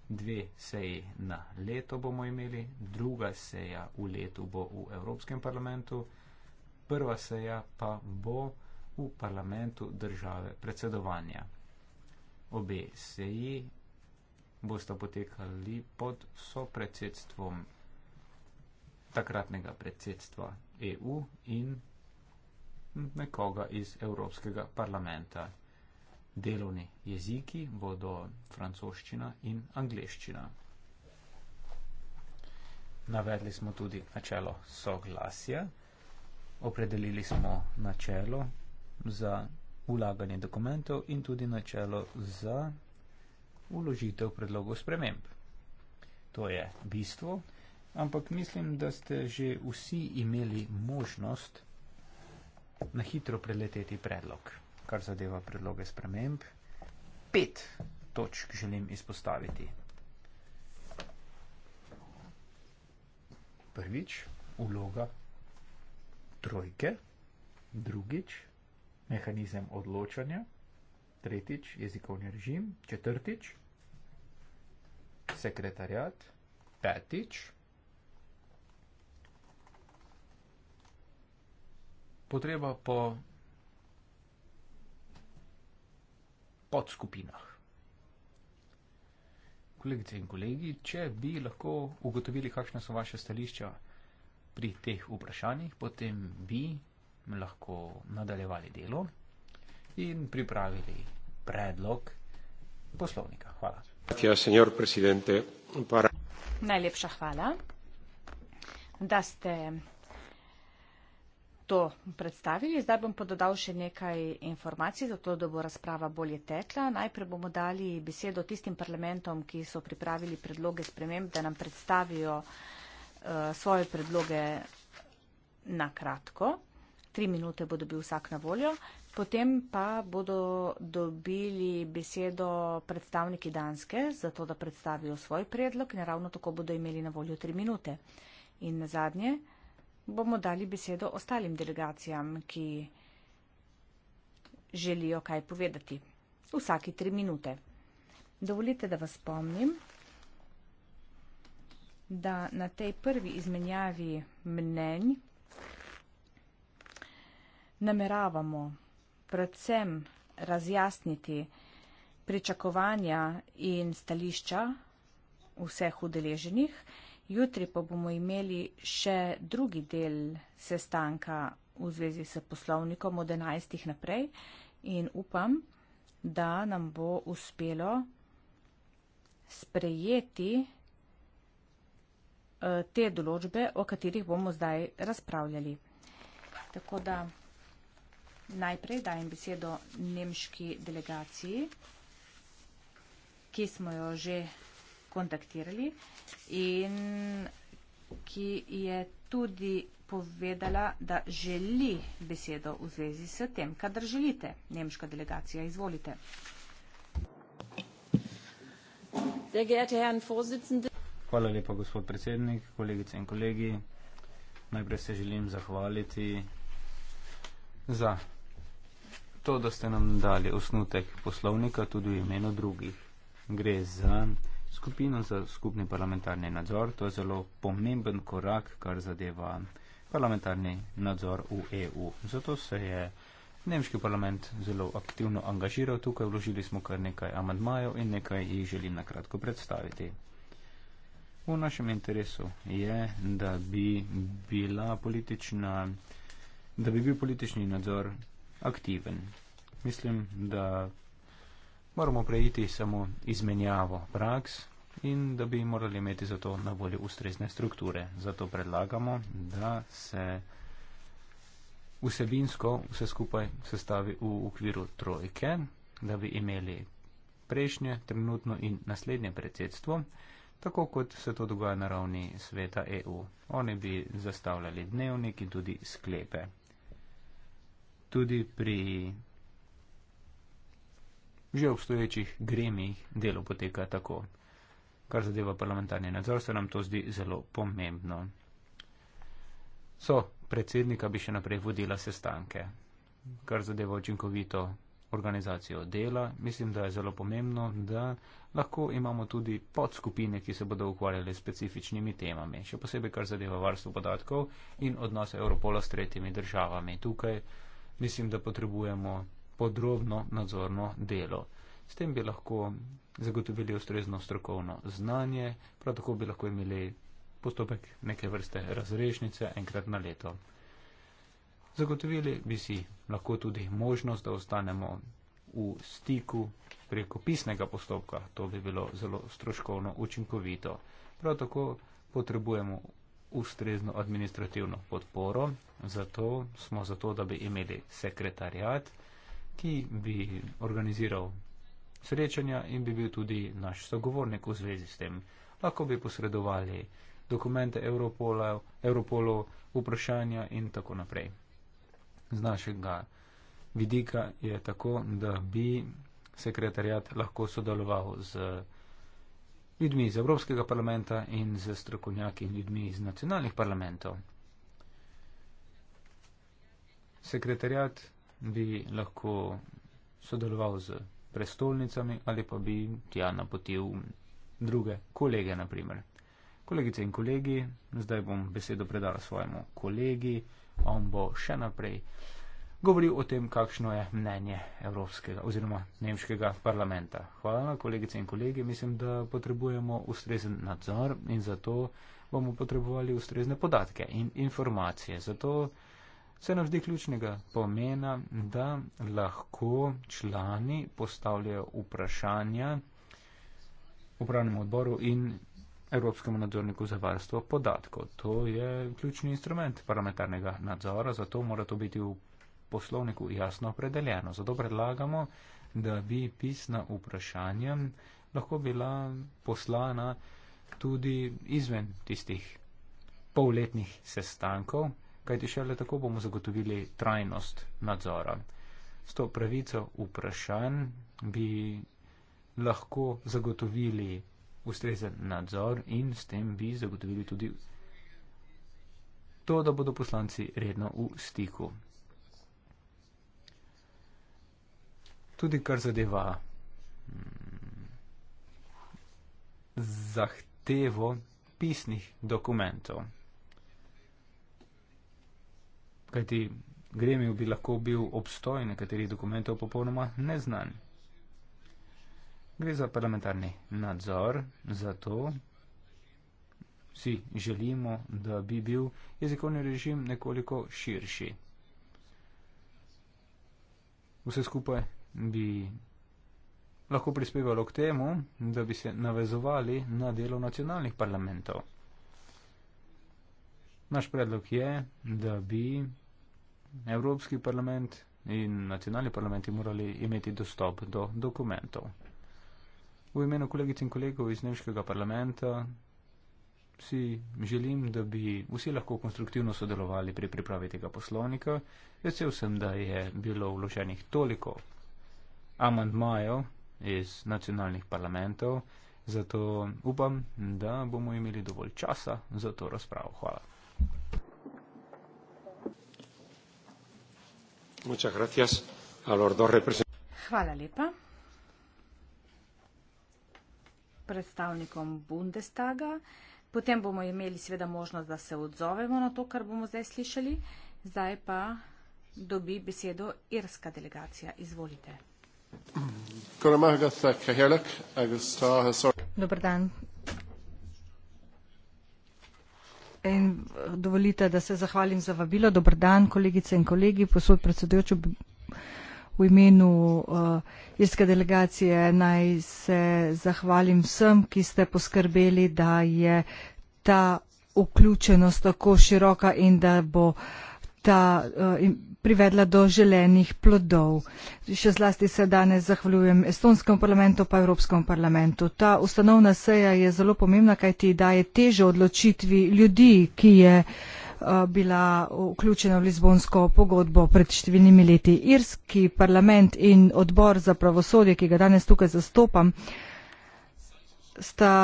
Dve seji na leto bomo imeli, druga seja v letu bo v Evropskem parlamentu, prva seja pa bo v parlamentu države predsedovanja. Obe seji bosta potekali pod sopredsedstvom takratnega predsedstva EU in nekoga iz Evropskega parlamenta. Delovni jeziki bodo francoščina in angliščina. Navedli smo tudi načelo soglasja, opredelili smo načelo za vlaganje dokumentov in tudi načelo za uložitev predlogov sprememb. To je bistvo, ampak mislim, da ste že vsi imeli možnost na hitro preleteti predlog, kar zadeva predloge sprememb. Pet točk želim izpostaviti. Prvič, uloga trojke, drugič, mehanizem odločanja, tretjič jezikovni režim, četrtič sekretarjat, petič potreba po podskupinah. Kolegice in kolegi, če bi lahko ugotovili, kakšne so vaše stališča pri teh vprašanjih, potem bi lahko nadaljevali delo in pripravili predlog poslovnika. Hvala. Ja, para... Najlepša hvala, da ste to predstavili. Zdaj bom pododal še nekaj informacij, zato da bo razprava bolje tekla. Najprej bomo dali besedo tistim parlamentom, ki so pripravili predloge sprememb, da nam predstavijo uh, svoje predloge na kratko tri minute bo dobil vsak na voljo, potem pa bodo dobili besedo predstavniki Danske, zato da predstavijo svoj predlog in ravno tako bodo imeli na voljo tri minute. In na zadnje bomo dali besedo ostalim delegacijam, ki želijo kaj povedati. Vsaki tri minute. Dovolite, da vas spomnim, da na tej prvi izmenjavi mnenj nameravamo predvsem razjasniti pričakovanja in stališča vseh udeleženih. Jutri pa bomo imeli še drugi del sestanka v zvezi s poslovnikom od 11. naprej in upam, da nam bo uspelo sprejeti eh, te določbe, o katerih bomo zdaj razpravljali. Tako da. Najprej dajem besedo nemški delegaciji, ki smo jo že kontaktirali in ki je tudi povedala, da želi besedo v zvezi s tem, kadar želite. Nemška delegacija, izvolite. Hvala lepa, gospod predsednik, kolegice in kolegi. Najprej se želim zahvaliti za to, da ste nam dali osnutek poslovnika tudi v imenu drugih. Gre za skupino za skupni parlamentarni nadzor. To je zelo pomemben korak, kar zadeva parlamentarni nadzor v EU. Zato se je nemški parlament zelo aktivno angažiral. Tukaj vložili smo kar nekaj amadmajev in nekaj jih želim na kratko predstaviti. V našem interesu je, da bi bila politična. Da bi bil politični nadzor aktiven. Mislim, da moramo preiti samo izmenjavo praks in da bi morali imeti za to na voljo ustrezne strukture. Zato predlagamo, da se vsebinsko vse skupaj sestavi v okviru trojke, da bi imeli prejšnje, trenutno in naslednje predsedstvo, tako kot se to dogaja na ravni sveta EU. Oni bi zastavljali dnevnik in tudi sklepe tudi pri že obstoječih gremijih delo poteka tako. Kar zadeva parlamentarni nadzor, se nam to zdi zelo pomembno. So, predsednika bi še naprej vodila sestanke. Kar zadeva učinkovito organizacijo dela, mislim, da je zelo pomembno, da lahko imamo tudi podskupine, ki se bodo ukvarjali specifičnimi temami. Še posebej, kar zadeva varstvo podatkov in odnose Europola s tretjimi državami. Tukaj mislim, da potrebujemo podrobno nadzorno delo. S tem bi lahko zagotovili ustrezno strokovno znanje, prav tako bi lahko imeli postopek neke vrste razrešnice enkrat na leto. Zagotovili bi si lahko tudi možnost, da ostanemo v stiku preko pisnega postopka. To bi bilo zelo stroškovno učinkovito. Prav tako potrebujemo ustrezno administrativno podporo. Zato smo zato, da bi imeli sekretarjat, ki bi organiziral srečanja in bi bil tudi naš sogovornik v zvezi s tem. Lahko bi posredovali dokumente Europolu, vprašanja in tako naprej. Z našega vidika je tako, da bi sekretarjat lahko sodeloval z ljudmi iz Evropskega parlamenta in z strokovnjaki in ljudmi iz nacionalnih parlamentov. Sekretarjat bi lahko sodeloval z prestolnicami ali pa bi tja napotil druge kolege, naprimer. Kolegice in kolegi, zdaj bom besedo predala svojemu kolegi, on bo še naprej govori o tem, kakšno je mnenje Evropskega oziroma Nemškega parlamenta. Hvala, kolegice in kolegi, mislim, da potrebujemo ustrezen nadzor in zato bomo potrebovali ustrezne podatke in informacije. Zato se nam zdi ključnega pomena, da lahko člani postavljajo vprašanja upravnemu odboru in Evropskemu nadzorniku za varstvo podatkov. To je ključni instrument parlamentarnega nadzora, zato mora to biti v poslovniku jasno opredeljeno. Zato predlagamo, da bi pisna vprašanja lahko bila poslana tudi izven tistih polletnih sestankov, kajti šele tako bomo zagotovili trajnost nadzora. S to pravico vprašanj bi lahko zagotovili ustrezen nadzor in s tem bi zagotovili tudi to, da bodo poslanci redno v stiku. tudi kar zadeva mm, zahtevo pisnih dokumentov. Kajti gremiju bi lahko bil obstoj nekaterih dokumentov popolnoma neznan. Gre za parlamentarni nadzor, zato si želimo, da bi bil jezikovni režim nekoliko širši. Vse skupaj bi lahko prispevalo k temu, da bi se navezovali na delo nacionalnih parlamentov. Naš predlog je, da bi Evropski parlament in nacionalni parlamenti morali imeti dostop do dokumentov. V imenu kolegic in kolegov iz Nemškega parlamenta si želim, da bi vsi lahko konstruktivno sodelovali pri pripravi tega poslovnika. Vesel sem, da je bilo vloženih toliko amantmajev iz nacionalnih parlamentov, zato upam, da bomo imeli dovolj časa za to razpravo. Hvala. Hvala lepa. Predstavnikom Bundestaga. Potem bomo imeli seveda možnost, da se odzovemo na to, kar bomo zdaj slišali. Zdaj pa dobi besedo irska delegacija. Izvolite dovolite da se zahvalim za vabilo dober dan kolegice in kolegi gospod predsedujoči v imenu eh, irske delegacije naj se zahvalim vsem ki ste poskrbeli da je ta vključenost tako široka in da bo ta uh, privedla do želenih plodov. Še zlasti se danes zahvaljujem Estonskemu parlamentu pa Evropskemu parlamentu. Ta ustanovna seja je zelo pomembna, kaj ti daje težo odločitvi ljudi, ki je eh, bila vključena v Lizbonsko pogodbo pred številnimi leti. Irski parlament in odbor za pravosodje, ki ga danes tukaj zastopam, sta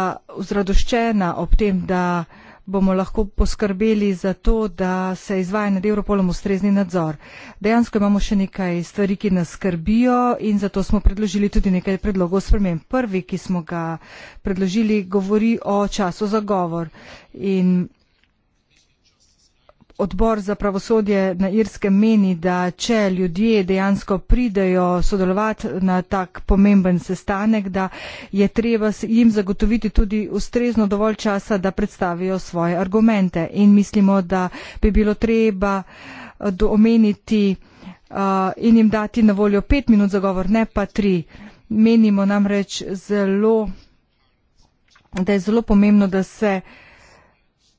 vzradoščena ob tem, da uh, bomo lahko poskrbeli za to, da se izvaja nad Europolom ustrezni nadzor. Dejansko imamo še nekaj stvari, ki nas skrbijo in zato smo predložili tudi nekaj predlogov sprememb. Prvi, ki smo ga predložili, govori o času za govor in Odbor za pravosodje na Irskem meni, da če ljudje dejansko pridejo sodelovati na tak pomemben sestanek, da je treba jim zagotoviti tudi ustrezno dovolj časa, da predstavijo svoje argumente. In mislimo, da bi bilo treba eh, omeniti eh, in jim dati na voljo pet minut zagovor, ne pa tri. Menimo namreč zelo, da je zelo pomembno, da se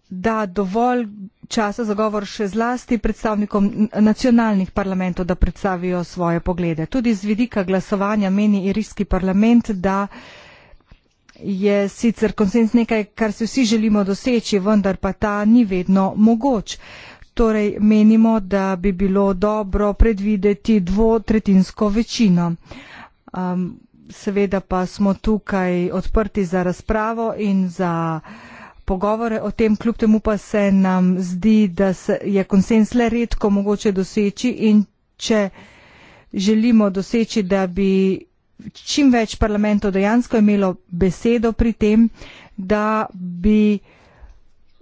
da dovolj časa za govor še zlasti predstavnikom nacionalnih parlamentov, da predstavijo svoje poglede. Tudi z vidika glasovanja meni irijski parlament, da je sicer konsens nekaj, kar si vsi želimo doseči, vendar pa ta ni vedno mogoč. Torej menimo, da bi bilo dobro predvideti dvotretinsko večino. Um, seveda pa smo tukaj odprti za razpravo in za pogovore o tem, kljub temu pa se nam zdi, da se je konsens le redko mogoče doseči in če želimo doseči, da bi čim več parlamentov dejansko imelo besedo pri tem, da bi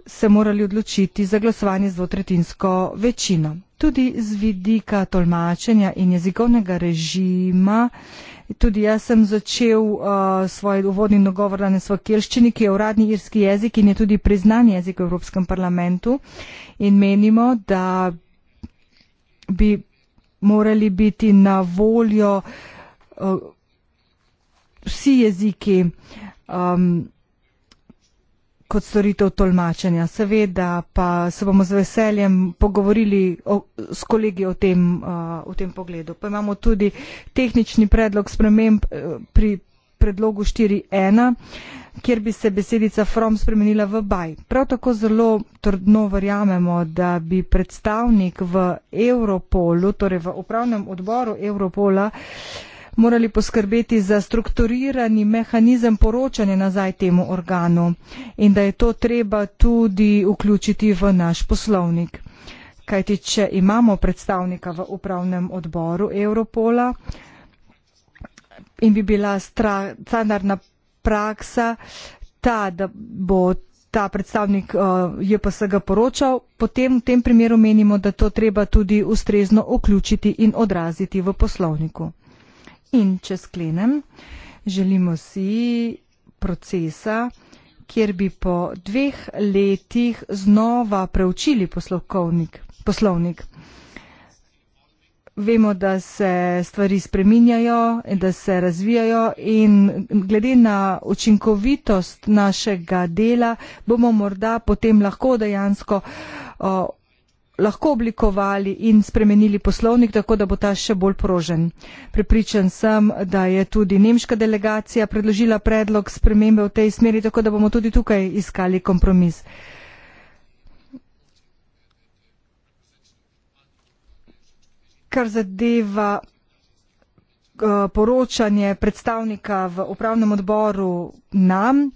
se morali odločiti za glasovanje z dvotretinsko večino. Tudi z vidika tolmačenja in jezikovnega režima Tudi jaz sem začel uh, svoj uvodni nagovor danes v Kelščini, ki je uradni irski jezik in je tudi priznan jezik v Evropskem parlamentu. In menimo, da bi morali biti na voljo uh, vsi jeziki. Um, kot storitev tolmačenja. Seveda pa se bomo z veseljem pogovorili o, s kolegi o tem, uh, v tem pogledu. Pa imamo tudi tehnični predlog sprememb uh, pri predlogu 4.1, kjer bi se besedica from spremenila v baj. Prav tako zelo trdno verjamemo, da bi predstavnik v Europolu, torej v upravnem odboru Europola, uh, morali poskrbeti za strukturirani mehanizem poročanja nazaj temu organu in da je to treba tudi vključiti v naš poslovnik. Kajti, če imamo predstavnika v upravnem odboru Europola in bi bila standardna praksa ta, da bo ta predstavnik uh, eh, JPS ga poročal, potem v tem primeru menimo, da to treba tudi ustrezno vključiti in odraziti v poslovniku. In če sklenem, želimo si procesa, kjer bi po dveh letih znova preučili poslovnik. Vemo, da se stvari spreminjajo, da se razvijajo in glede na učinkovitost našega dela bomo morda potem lahko dejansko lahko oblikovali in spremenili poslovnik, tako da bo ta še bolj prožen. Pripričan sem, da je tudi nemška delegacija predložila predlog spremembe v tej smeri, tako da bomo tudi tukaj iskali kompromis. Kar zadeva eh, poročanje predstavnika v upravnem odboru nam,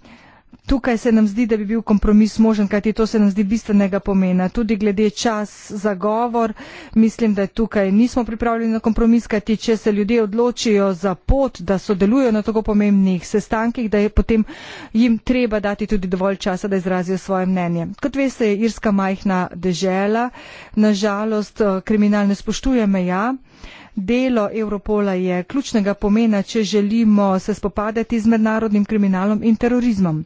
Tukaj se nam zdi, da bi bil kompromis možen, kajti to se nam zdi bistvenega pomena. Tudi glede čas za govor, mislim, da tukaj nismo pripravljeni na kompromis, kajti če se ljudje odločijo za pot, da sodelujo na tako pomembnih sestankih, da je potem jim treba dati tudi dovolj časa, da izrazijo svoje mnenje. Kot veste, je Irska majhna dežela, nažalost eh, kriminal ne spoštuje meja delo Europola je ključnega pomena, če želimo se spopadati z mednarodnim kriminalom in terorizmom.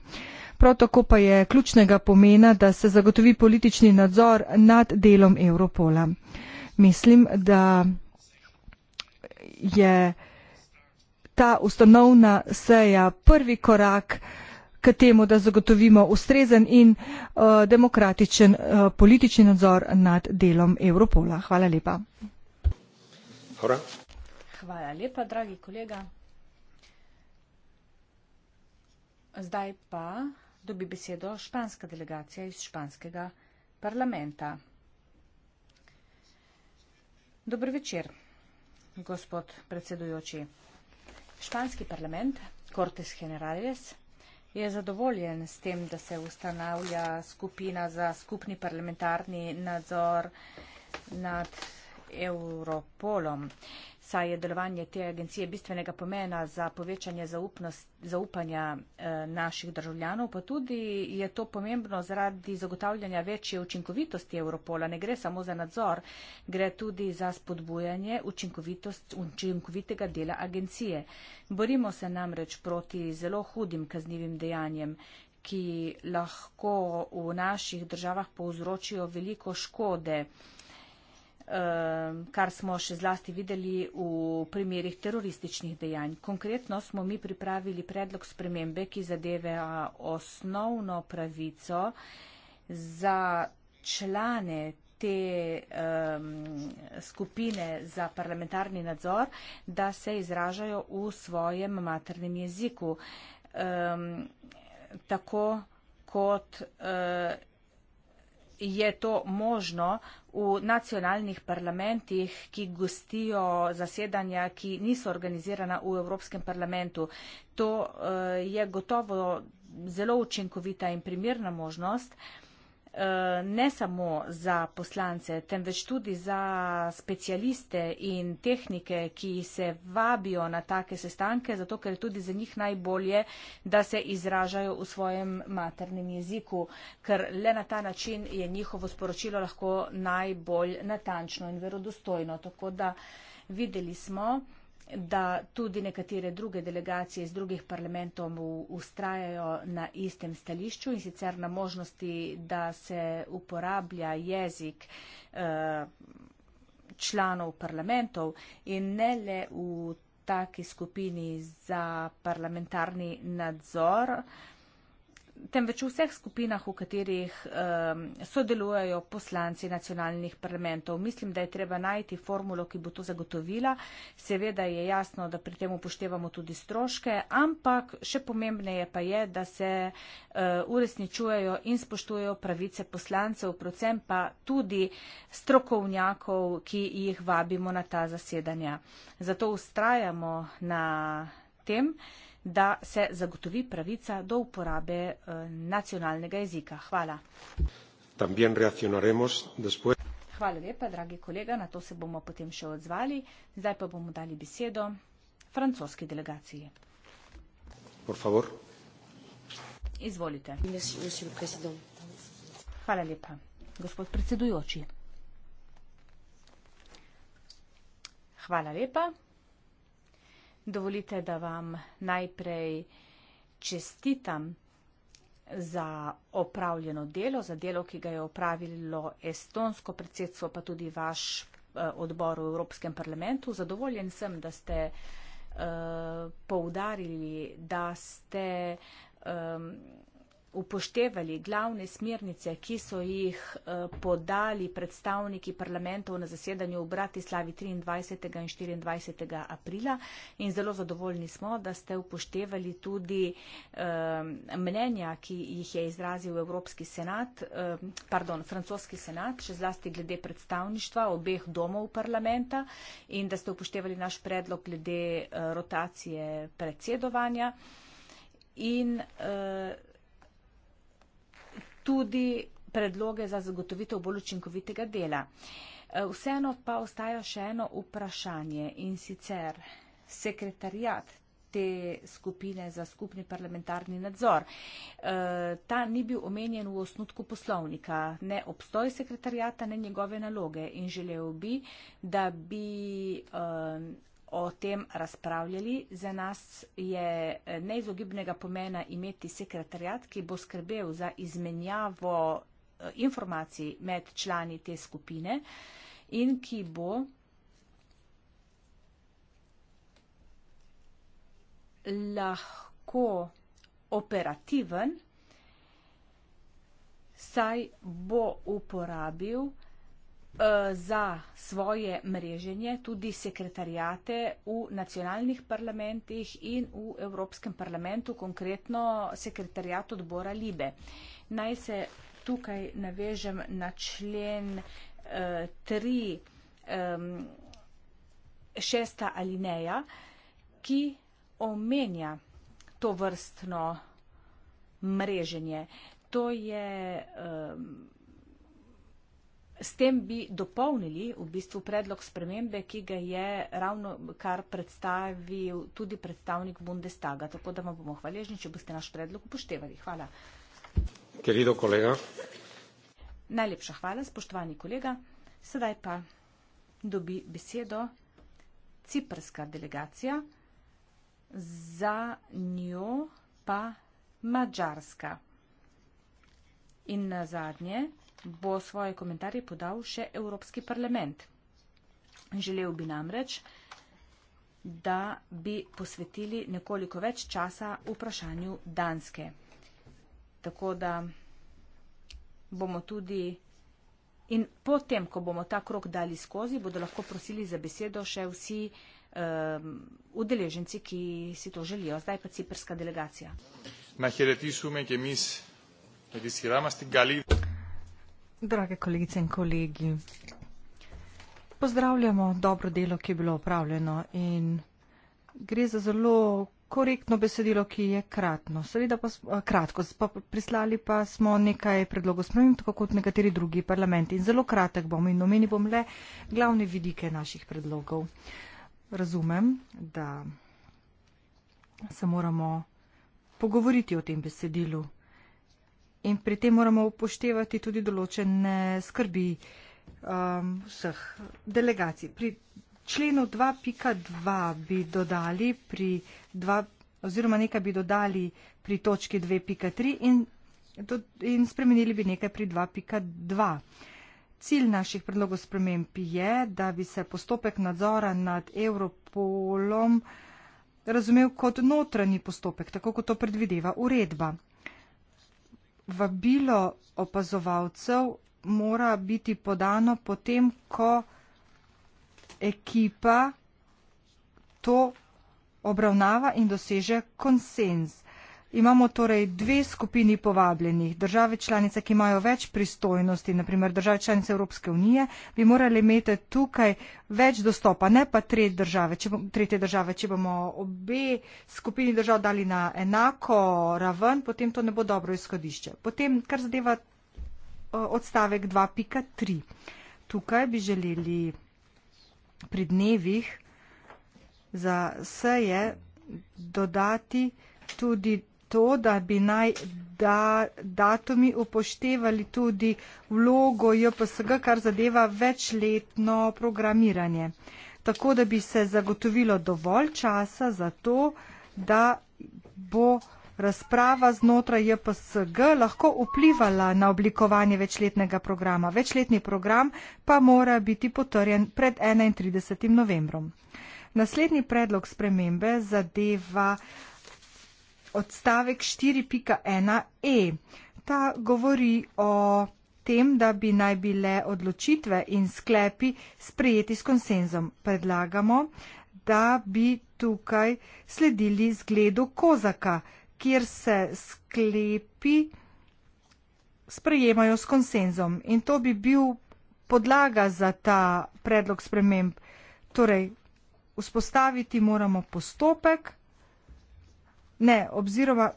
Prav tako pa je ključnega pomena, da se zagotovi politični nadzor nad delom Europola. Mislim, da je ta ustanovna seja prvi korak k temu, da zagotovimo ustrezen in uh, demokratičen uh, politični nadzor nad delom Europola. Hvala lepa. Hora. Hvala lepa, dragi kolega. Zdaj pa dobi besedo španska delegacija iz španskega parlamenta. Dobro večer, gospod predsedujoči. Španski parlament, Cortes Generales, je zadovoljen s tem, da se ustanavlja skupina za skupni parlamentarni nadzor nad Europolom. Saj je delovanje te agencije bistvenega pomena za povečanje zaupnost, zaupanja eh, naših državljanov, pa tudi je to pomembno zaradi zagotavljanja večje učinkovitosti Europola. Ne gre samo za nadzor, gre tudi za spodbujanje učinkovitega dela agencije. Borimo se namreč proti zelo hudim kaznivim dejanjem ki lahko v naših državah povzročijo veliko škode. Ehm, kar smo še zlasti videli v primerih terorističnih dejanj. Konkretno smo mi pripravili predlog spremembe, ki zadeve osnovno pravico za člane te um, skupine za parlamentarni nadzor, da se izražajo v svojem maternem jeziku. Um, tako kot uh, je to možno, v nacionalnih parlamentih, ki gostijo zasedanja, ki niso organizirana v Evropskem parlamentu. To eh, je gotovo zelo učinkovita in primerna možnost. Eh, ne samo za poslance, temveč tudi za specialiste in tehnike, ki se vabijo na take sestanke, zato ker je tudi za njih najbolje, da se izražajo v svojem maternem jeziku, ker le na ta način je njihovo sporočilo lahko najbolj natančno in verodostojno. Tako da videli smo, da tudi nekatere druge delegacije iz drugih parlamentov ustrajajo na istem stališču in sicer na možnosti, da se uporablja jezik eh, članov parlamentov in ne le v taki skupini za parlamentarni nadzor, temveč v vseh skupinah, v katerih um, sodelujejo poslanci nacionalnih parlamentov. Mislim, da je treba najti formulo, ki bo to zagotovila. Seveda je jasno, da pri tem upoštevamo tudi stroške, ampak še pomembneje pa je, da se uh, uresničujejo in spoštujejo pravice poslancev, predvsem pa tudi strokovnjakov, ki jih vabimo na ta zasedanja. Zato ustrajamo na tem. Uh, da se zagotovi pravica do uporabe eh, nacionalnega jezika. Hvala. Hvala lepa, dragi kolega, na to se bomo potem še odzvali. Zdaj pa bomo dali besedo francoski delegaciji. Por favor. Izvolite. Hvala lepa. Gospod predsedujoči. Hvala lepa. Dovolite, da vam najprej čestitam za opravljeno delo, za delo, ki ga je opravilo estonsko predsedstvo, pa tudi vaš eh, odbor v Evropskem parlamentu. Zadovoljen sem, da ste uh, poudarili, da ste um, upoštevali glavne smernice, ki so jih eh, podali predstavniki parlamentov na zasedanju v Bratislavi 23. in 24. aprila. In zelo zadovoljni smo, da ste upoštevali tudi eh, mnenja, ki jih je izrazil Evropski senat, eh, pardon, Francoski senat, še zlasti glede predstavništva obeh domov parlamenta in da ste upoštevali naš predlog glede rotacije predsedovanja. In uh, tudi predloge za zagotovitev bolj učinkovitega dela. E, vseeno pa ostaja še eno vprašanje in sicer sekretarijat te skupine za skupni parlamentarni nadzor. E, ta ni bil omenjen v osnutku poslovnika, ne obstoj sekretarijata, ne njegove naloge in želel bi, da bi e, o tem razpravljali. Za nas je eh, neizogibnega pomena imeti sekretarjat, ki bo skrbel za izmenjavo eh, informacij med člani te skupine in ki bo lahko operativen, saj bo uporabil Eh, za svoje mreženje tudi sekretarijate v nacionalnih parlamentih in v Evropskem parlamentu, konkretno sekretarijat odbora Libe. Naj se tukaj navežem na člen 3 eh, šesta alineja, ki omenja to vrstno mreženje. To je um, S tem bi dopolnili v bistvu predlog spremembe, ki ga je ravno kar predstavil tudi predstavnik Bundestaga. Tako da vam bomo hvaležni, če boste naš predlog upoštevali. Hvala. Kerido kolega. Najlepša hvala, spoštovani kolega. Sedaj pa dobi besedo ciprska delegacija, za njo pa mađarska. In na zadnje bo svoje komentarje podal še Evropski parlament. Želel bi namreč, da bi posvetili nekoliko več časa vprašanju Danske. Tako da bomo tudi in potem, ko bomo ta krok dali skozi, bodo lahko prosili za besedo še vsi um, udeleženci, ki si to želijo. Zdaj pa ciprska delegacija. Na hiretisu me je mis, da si ramasti galiv. Drage kolegice in kolegi, pozdravljamo dobro delo, ki je bilo opravljeno in gre za zelo korektno besedilo, ki je kratno. Seveda pa eh, kratko, pa prislali pa smo nekaj predlogov sprememb, tako kot nekateri drugi parlamenti. In zelo kratek bom in omeni bom le glavne vidike naših predlogov. Razumem, da se moramo pogovoriti o tem besedilu in pri tem moramo upoštevati tudi določene skrbi um, vseh delegacij. Pri členu 2.2 bi dodali pri 2 oziroma nekaj bi dodali pri točki 2.3 in, in spremenili bi nekaj pri 2.2. Cilj naših predlogov sprememb je, da bi se postopek nadzora nad Europolom razumel kot notranji postopek, tako kot to predvideva uredba vabilo opazovalcev mora biti podano potem, ko ekipa to obravnava in doseže konsens. Imamo torej dve skupini povabljenih. Države članice, ki imajo več pristojnosti, naprimer države članice Evropske unije, bi morali imeti tukaj več dostopa, ne pa tretje države. Če, tretje države. če bomo obe skupini držav dali na enako raven, potem to ne bo dobro izhodišče. Potem, kar zadeva eh, odstavek 2.3. Tukaj bi želeli pri dnevih za seje dodati tudi to, da bi naj da, datumi upoštevali tudi vlogo JPSG, kar zadeva večletno programiranje. Tako da bi se zagotovilo dovolj časa za to, da bo razprava znotraj JPSG lahko vplivala na oblikovanje večletnega programa. Večletni program pa mora biti potrjen pred 31. novembrom. Naslednji predlog spremembe zadeva odstavek 4.1e. Ta govori o tem, da bi naj bile odločitve in sklepi sprejeti s konsenzom. Predlagamo, da bi tukaj sledili zgledu kozaka, kjer se sklepi sprejemajo s konsenzom. In to bi bil podlaga za ta predlog sprememb. Torej, vzpostaviti moramo postopek, Ne, oziroma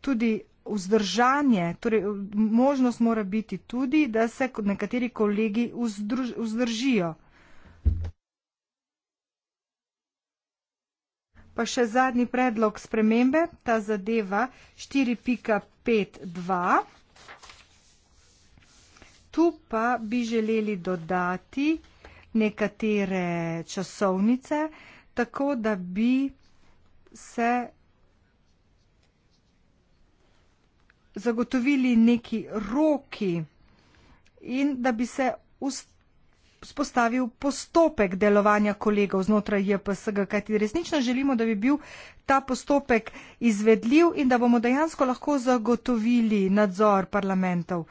tudi vzdržanje, torej možnost mora biti tudi, da se nekateri kolegi vzdrž, vzdržijo. Pa še zadnji predlog spremembe, ta zadeva 4.5.2. Tu pa bi želeli dodati nekatere časovnice, tako da bi se zagotovili neki roki in da bi se spostavil postopek delovanja kolegov znotraj JPSG, kajti resnično želimo, da bi bil ta postopek izvedljiv in da bomo dejansko lahko zagotovili nadzor parlamentov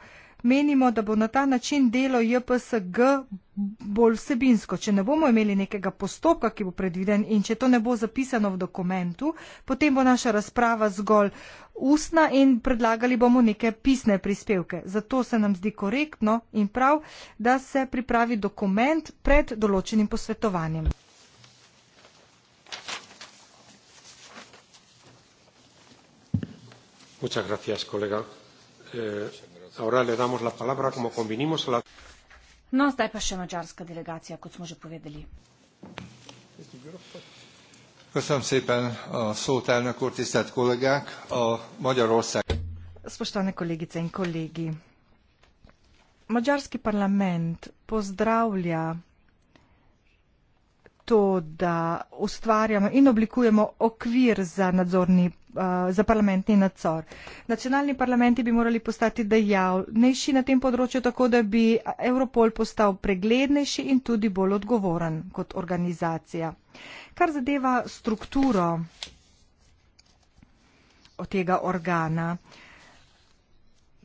menimo, da bo na ta način delo JPSG bolj vsebinsko. Če ne bomo imeli nekega postopka, ki bo predviden in če to ne bo zapisano v dokumentu, potem bo naša razprava zgolj ustna in predlagali bomo neke pisne prispevke. Zato se nam zdi korektno in prav, da se pripravi dokument pred določenim posvetovanjem. Muchas gracias, colega. Eh, Ahora le damos la palabra como convinimos a la... No, zdaj pa še mađarska delegacija, kot smo že povedali. Köszönöm szépen a szót, elnök úr, tisztelt kollégák. A Magyarország... Spostane kollégice in kollégi. Magyarski parlament pozdravlja to, da ustvarjamo in oblikujemo okvir za nadzorni, uh, za parlamentni nadzor. Nacionalni parlamenti bi morali postati dejavnejši na tem področju, tako da bi Europol postal preglednejši in tudi bolj odgovoren kot organizacija. Kar zadeva strukturo od tega organa,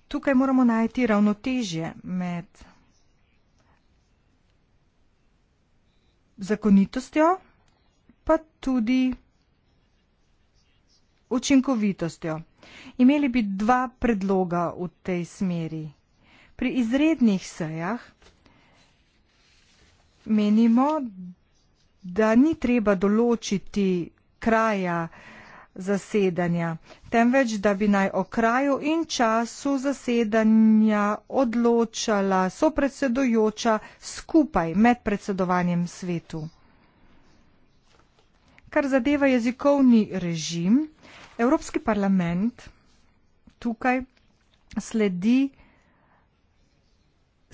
tukaj moramo najti ravnotežje med zakonitostjo, pa tudi učinkovitostjo. Imeli bi dva predloga v tej smeri. Pri izrednih sejah menimo, da ni treba določiti kraja, zasedanja, temveč da bi naj o kraju in času zasedanja odločala sopredsedujoča skupaj med predsedovanjem svetu. Kar zadeva jezikovni režim, Evropski parlament tukaj sledi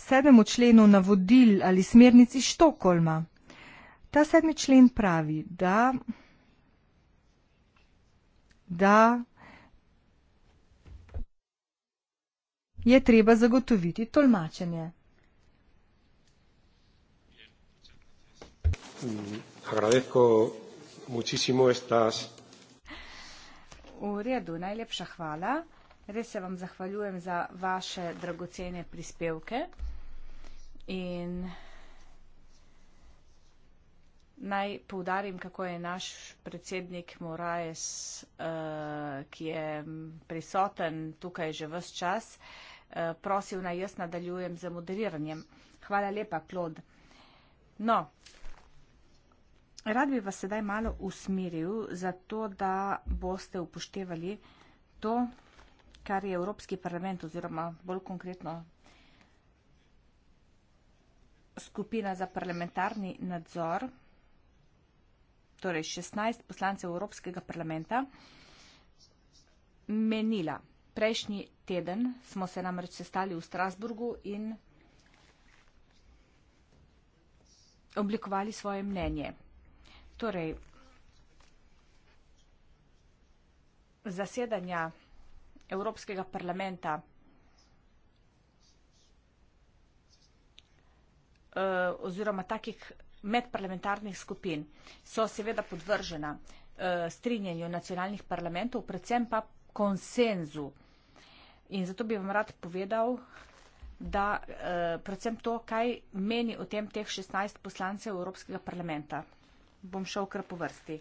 sedmemu členu navodil ali smernici Štokolma. Ta sedmi člen pravi, da da je treba zagotoviti tolmačenje. Mm, v redu, najlepša hvala. Res se vam zahvaljujem za vaše dragocene prispevke. In Naj povdarim, kako je naš predsednik Moraes, uh, ki je prisoten tukaj že vse čas, uh, prosil naj jaz nadaljujem z moderiranjem. Hvala lepa, Klod. No, rad bi vas sedaj malo usmiril, zato da boste upoštevali to, kar je Evropski parlament oziroma bolj konkretno skupina za parlamentarni nadzor torej 16 poslancev Evropskega parlamenta, menila. Prejšnji teden smo se namreč sestali v Strasburgu in oblikovali svoje mnenje. Torej, zasedanja Evropskega parlamenta eh, oziroma takih medparlamentarnih skupin so seveda podvržena eh, strinjanju nacionalnih parlamentov, predvsem pa konsenzu. In zato bi vam rad povedal, da eh, predvsem to, kaj meni o tem teh 16 poslancev Evropskega parlamenta. Bom šel kar po vrsti.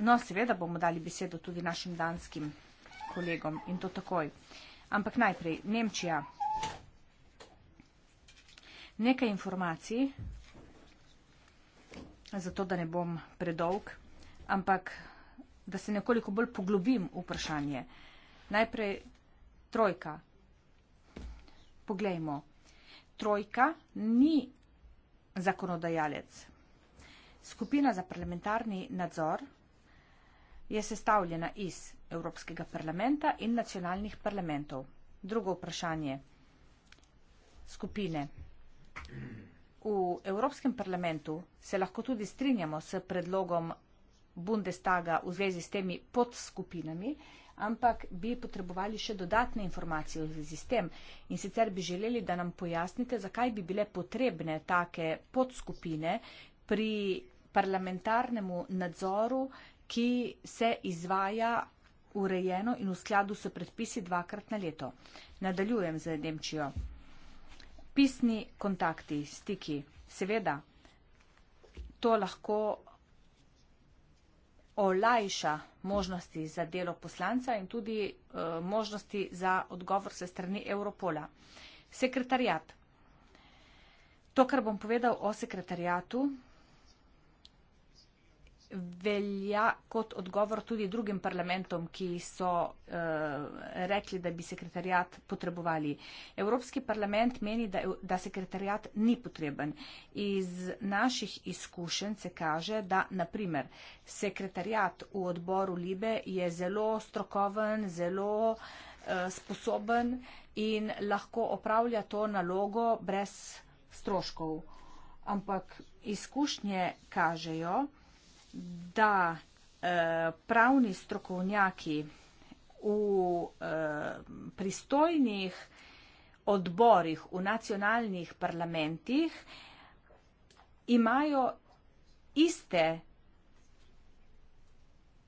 No, seveda bomo dali besedo tudi našim danskim kolegom in to takoj. Ampak najprej, Nemčija. Nekaj informacij, zato da ne bom predolg, ampak da se nekoliko bolj poglobim v vprašanje. Najprej trojka. Poglejmo. Trojka ni zakonodajalec. Skupina za parlamentarni nadzor je sestavljena iz Evropskega parlamenta in nacionalnih parlamentov. Drugo vprašanje skupine. V Evropskem parlamentu se lahko tudi strinjamo s predlogom Bundestaga v zvezi s temi podskupinami, ampak bi potrebovali še dodatne informacije v zvezi s tem. In sicer bi želeli, da nam pojasnite, zakaj bi bile potrebne take podskupine pri parlamentarnemu nadzoru, ki se izvaja urejeno in v skladu s predpisi dvakrat na leto. Nadaljujem z Nemčijo pisni kontakti, stiki. Seveda, to lahko olajša možnosti za delo poslanca in tudi uh, možnosti za odgovor se strani Europola. Sekretarjat. To, kar bom povedal o sekretarjatu, velja kot odgovor tudi drugim parlamentom, ki so uh, rekli, da bi sekretarijat potrebovali. Evropski parlament meni, da, da sekretarijat ni potreben. Iz naših izkušenj se kaže, da naprimer sekretarijat v odboru Libe je zelo strokoven, zelo uh, sposoben in lahko opravlja to nalogo brez stroškov. Ampak izkušnje kažejo, da eh, pravni strokovnjaki v eh, pristojnih odborih v nacionalnih parlamentih imajo iste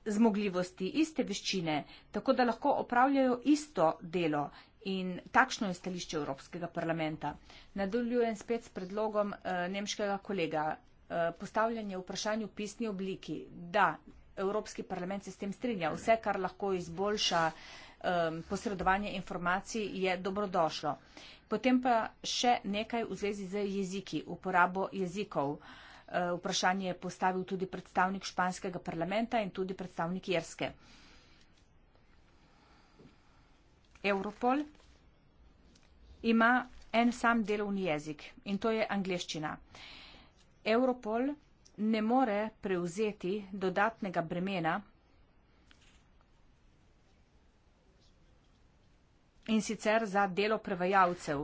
zmogljivosti, iste veščine, tako da lahko opravljajo isto delo. In takšno je stališče Evropskega parlamenta. Nadaljujem spet s predlogom eh, nemškega kolega. Eh, postavljanje vprašanj v pisni obliki. Da, Evropski parlament se s tem strinja. Vse, kar lahko izboljša posredovanje informacij, je dobrodošlo. Potem pa še nekaj v zvezi z jeziki, uporabo jezikov. Eh, vprašanje je postavil tudi predstavnik španskega parlamenta in tudi predstavnik Jerske. Europol ima en sam delovni jezik in to je angliščina. Europol ne more prevzeti dodatnega bremena in sicer za delo prevajalcev.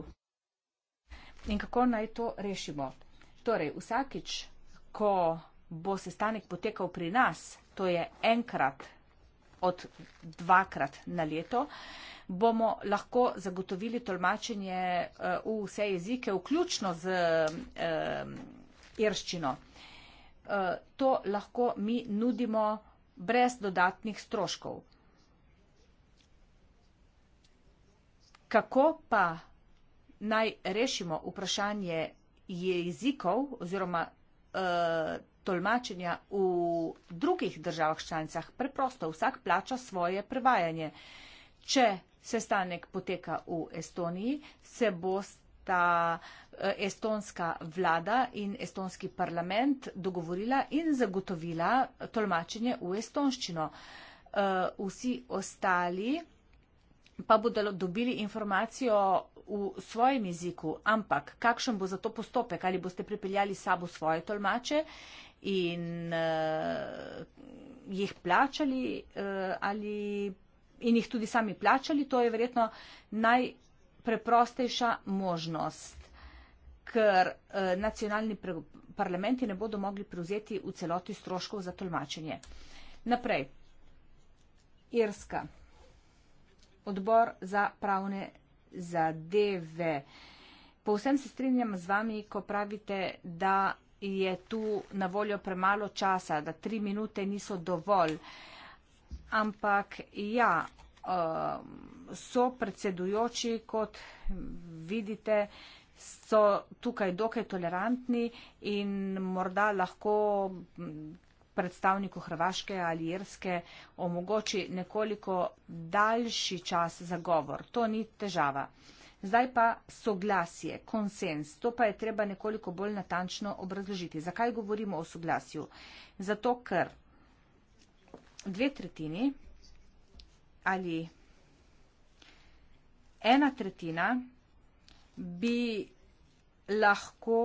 In kako naj to rešimo? Torej, vsakič, ko bo sestanek potekal pri nas, to je enkrat od dvakrat na leto, bomo lahko zagotovili tolmačenje eh, v vse jezike, vključno z. Eh, irščino. E, to lahko mi nudimo brez dodatnih stroškov. Kako pa naj rešimo vprašanje jezikov oziroma e, tolmačenja v drugih državah članicah? Preprosto, vsak plača svoje prevajanje. Če sestanek poteka v Estoniji, se boste sta eh, estonska vlada in estonski parlament dogovorila in zagotovila tolmačenje v estonščino. Eh, vsi ostali pa bodo dobili informacijo v svojem jeziku, ampak kakšen bo za to postopek, ali boste pripeljali sabo svoje tolmače in uh, jih plačali uh, ali, in jih tudi sami plačali, to je verjetno naj, preprostejša možnost, ker eh, nacionalni parlamenti ne bodo mogli prevzeti v celoti stroškov za tolmačenje. Naprej. Irska. Odbor za pravne zadeve. Povsem se strinjam z vami, ko pravite, da je tu na voljo premalo časa, da tri minute niso dovolj. Ampak ja. Um, so predsedujoči, kot vidite, so tukaj dokaj tolerantni in morda lahko predstavniku Hrvaške ali Irske omogoči nekoliko daljši čas za govor. To ni težava. Zdaj pa soglasje, konsens. To pa je treba nekoliko bolj natančno obrazložiti. Zakaj govorimo o soglasju? Zato, ker dve tretjini ali ena tretjina bi lahko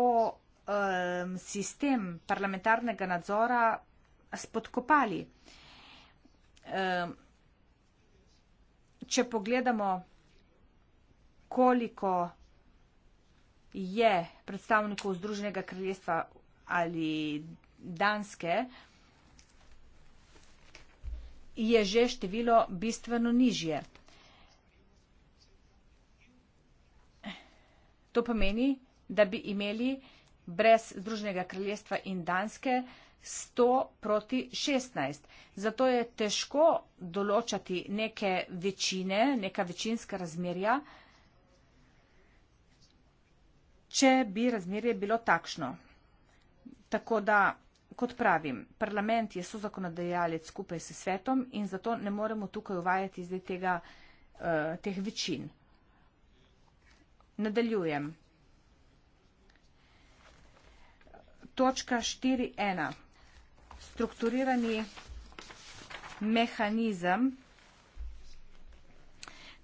um, sistem parlamentarnega nadzora spodkopali. Um, če pogledamo, koliko je predstavnikov Združenega kraljestva ali Danske, je že število bistveno nižje. To pomeni, da bi imeli brez Združenega kraljestva in Danske 100 proti 16. Zato je težko določati neke večine, neka večinska razmerja, če bi razmerje bilo takšno. Tako da, kot pravim, parlament je sozakonodajalec skupaj s svetom in zato ne moremo tukaj uvajati zdaj tega, eh, teh večin. Nadaljujem. Točka 4.1. Strukturirani mehanizem.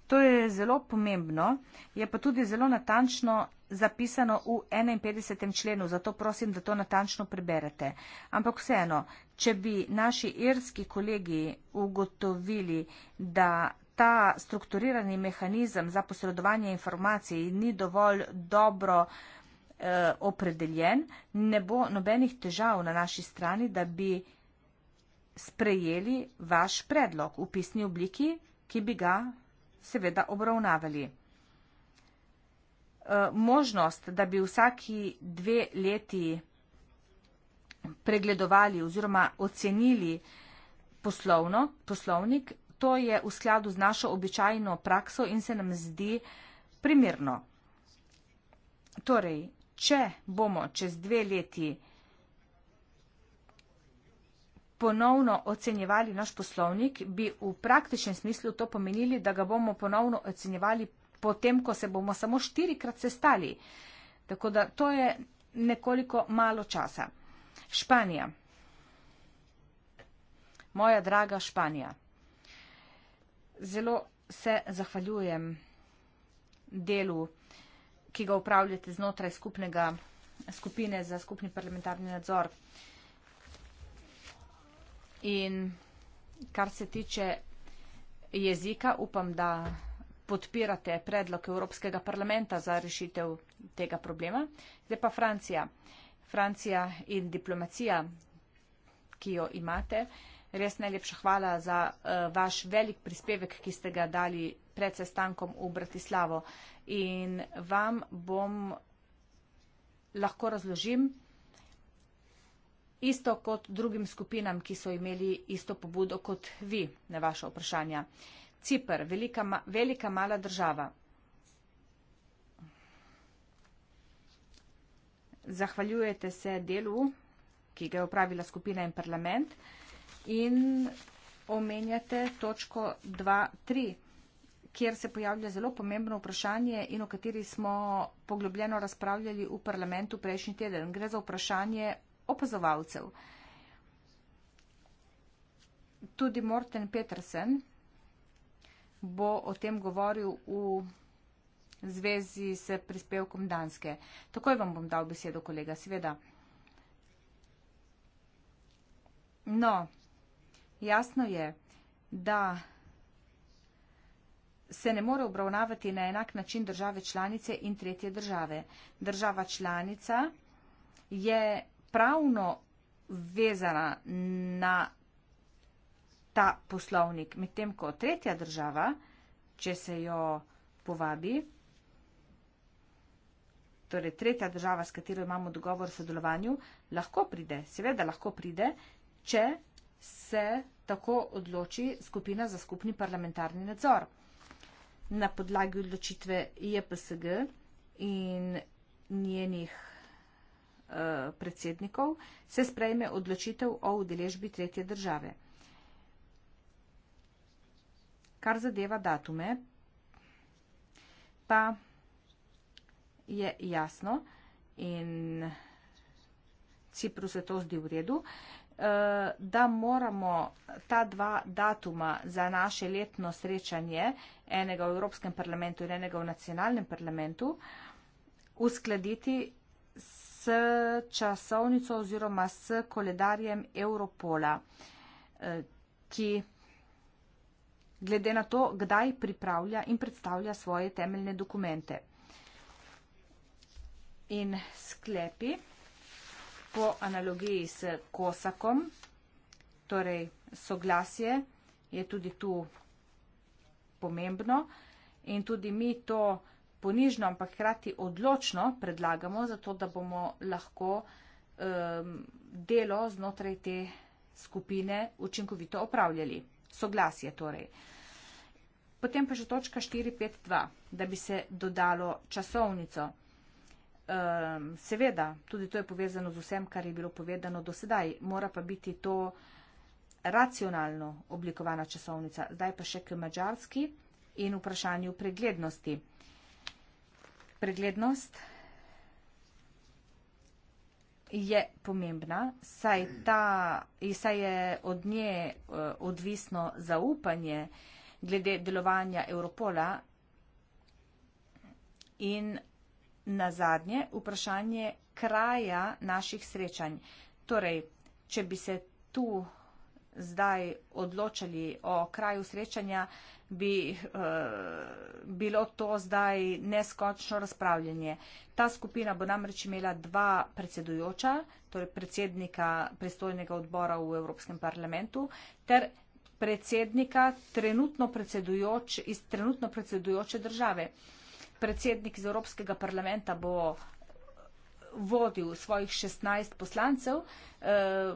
To je zelo pomembno, je pa tudi zelo natančno zapisano v 51. členu, zato prosim, da to natančno preberete. Ampak vseeno, če bi naši irski kolegi ugotovili, da ta strukturirani mehanizem za posredovanje informacij ni dovolj dobro eh, opredeljen, ne bo nobenih težav na naši strani, da bi sprejeli vaš predlog v pisni obliki, ki bi ga seveda obravnavali. Eh, možnost, da bi vsaki dve leti pregledovali oziroma ocenili poslovno, poslovnik to je v skladu z našo običajno prakso in se nam zdi primerno. Torej, če bomo čez dve leti ponovno ocenjevali naš poslovnik, bi v praktičnem smislu to pomenili, da ga bomo ponovno ocenjevali potem, ko se bomo samo štirikrat sestali. Tako da to je nekoliko malo časa. Španija. Moja draga Španija zelo se zahvaljujem delu, ki ga upravljate znotraj skupnega skupine za skupni parlamentarni nadzor. In kar se tiče jezika, upam, da podpirate predlog Evropskega parlamenta za rešitev tega problema. Zdaj pa Francija. Francija in diplomacija, ki jo imate. Uh, Res najlepša hvala za uh, vaš velik prispevek, ki ste ga dali pred sestankom v Bratislavo. In vam bom lahko razložim isto kot drugim skupinam, ki so imeli isto pobudo kot vi na vaše vprašanje. Cipr, velika, ma, velika mala država. Zahvaljujete se delu, ki ga je upravila skupina in parlament. Uh, in omenjate točko 2.3, kjer se pojavlja zelo pomembno vprašanje in o kateri smo poglobljeno razpravljali v parlamentu prejšnji teden. Gre za vprašanje opazovalcev. Tudi Morten Petersen bo o tem govoril v zvezi s prispevkom Danske. Takoj vam bom dal besedo, kolega, seveda. No, Jasno je, da se ne more obravnavati na enak način države članice in tretje države. Država članica je pravno vezana na ta poslovnik, medtem ko tretja država, če se jo povabi, torej tretja država, s katero imamo dogovor o sodelovanju, lahko pride, seveda lahko pride, če se tako odloči skupina za skupni parlamentarni nadzor. Na podlagi odločitve JPSG in njenih eh, predsednikov se sprejme odločitev o udeležbi tretje države. Kar zadeva datume, pa je jasno in Cipru se to zdi v redu. Eh, da moramo ta dva datuma za naše letno srečanje, enega v Evropskem parlamentu in enega v nacionalnem parlamentu, uskladiti s časovnico oziroma s koledarjem Europola, eh, ki glede na to, kdaj pripravlja in predstavlja svoje temeljne dokumente. In sklepi po analogiji s kosakom, torej soglasje je tudi tu pomembno in tudi mi to ponižno, ampak hkrati odločno predlagamo, zato da bomo lahko um, delo znotraj te skupine učinkovito opravljali. Soglasje torej. Potem pa še točka 4.5.2, da bi se dodalo časovnico um, seveda, tudi to je povezano z vsem, kar je bilo povedano do sedaj, mora pa biti to racionalno oblikovana časovnica. Zdaj pa še k mađarski in vprašanju preglednosti. Preglednost je pomembna, saj, ta, saj je od nje uh, odvisno zaupanje glede delovanja Europola in na zadnje vprašanje kraja naših srečanj. Torej, če bi se tu zdaj odločali o kraju srečanja, bi uh, bilo to zdaj neskončno razpravljanje. Ta skupina bo namreč imela dva predsedujoča, torej predsednika pristojnega odbora v Evropskem parlamentu ter predsednika trenutno, predsedujoč, trenutno predsedujoče države. Uh, predsednik iz Evropskega parlamenta bo eh, vodil svojih 16 poslancev, eh,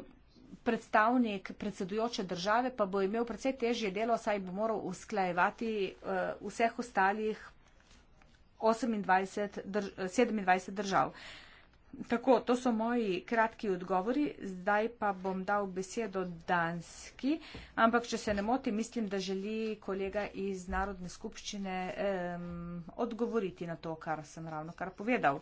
predstavnik predsedujoče države pa bo imel predvsej težje delo, saj bo moral usklajevati eh, vseh ostalih 28, 27 držav. Tako, to so moji kratki odgovori, zdaj pa bom dal besedo Danski, ampak če se ne moti, mislim, da želi kolega iz Narodne skupščine um, odgovoriti na to, kar sem ravno kar povedal.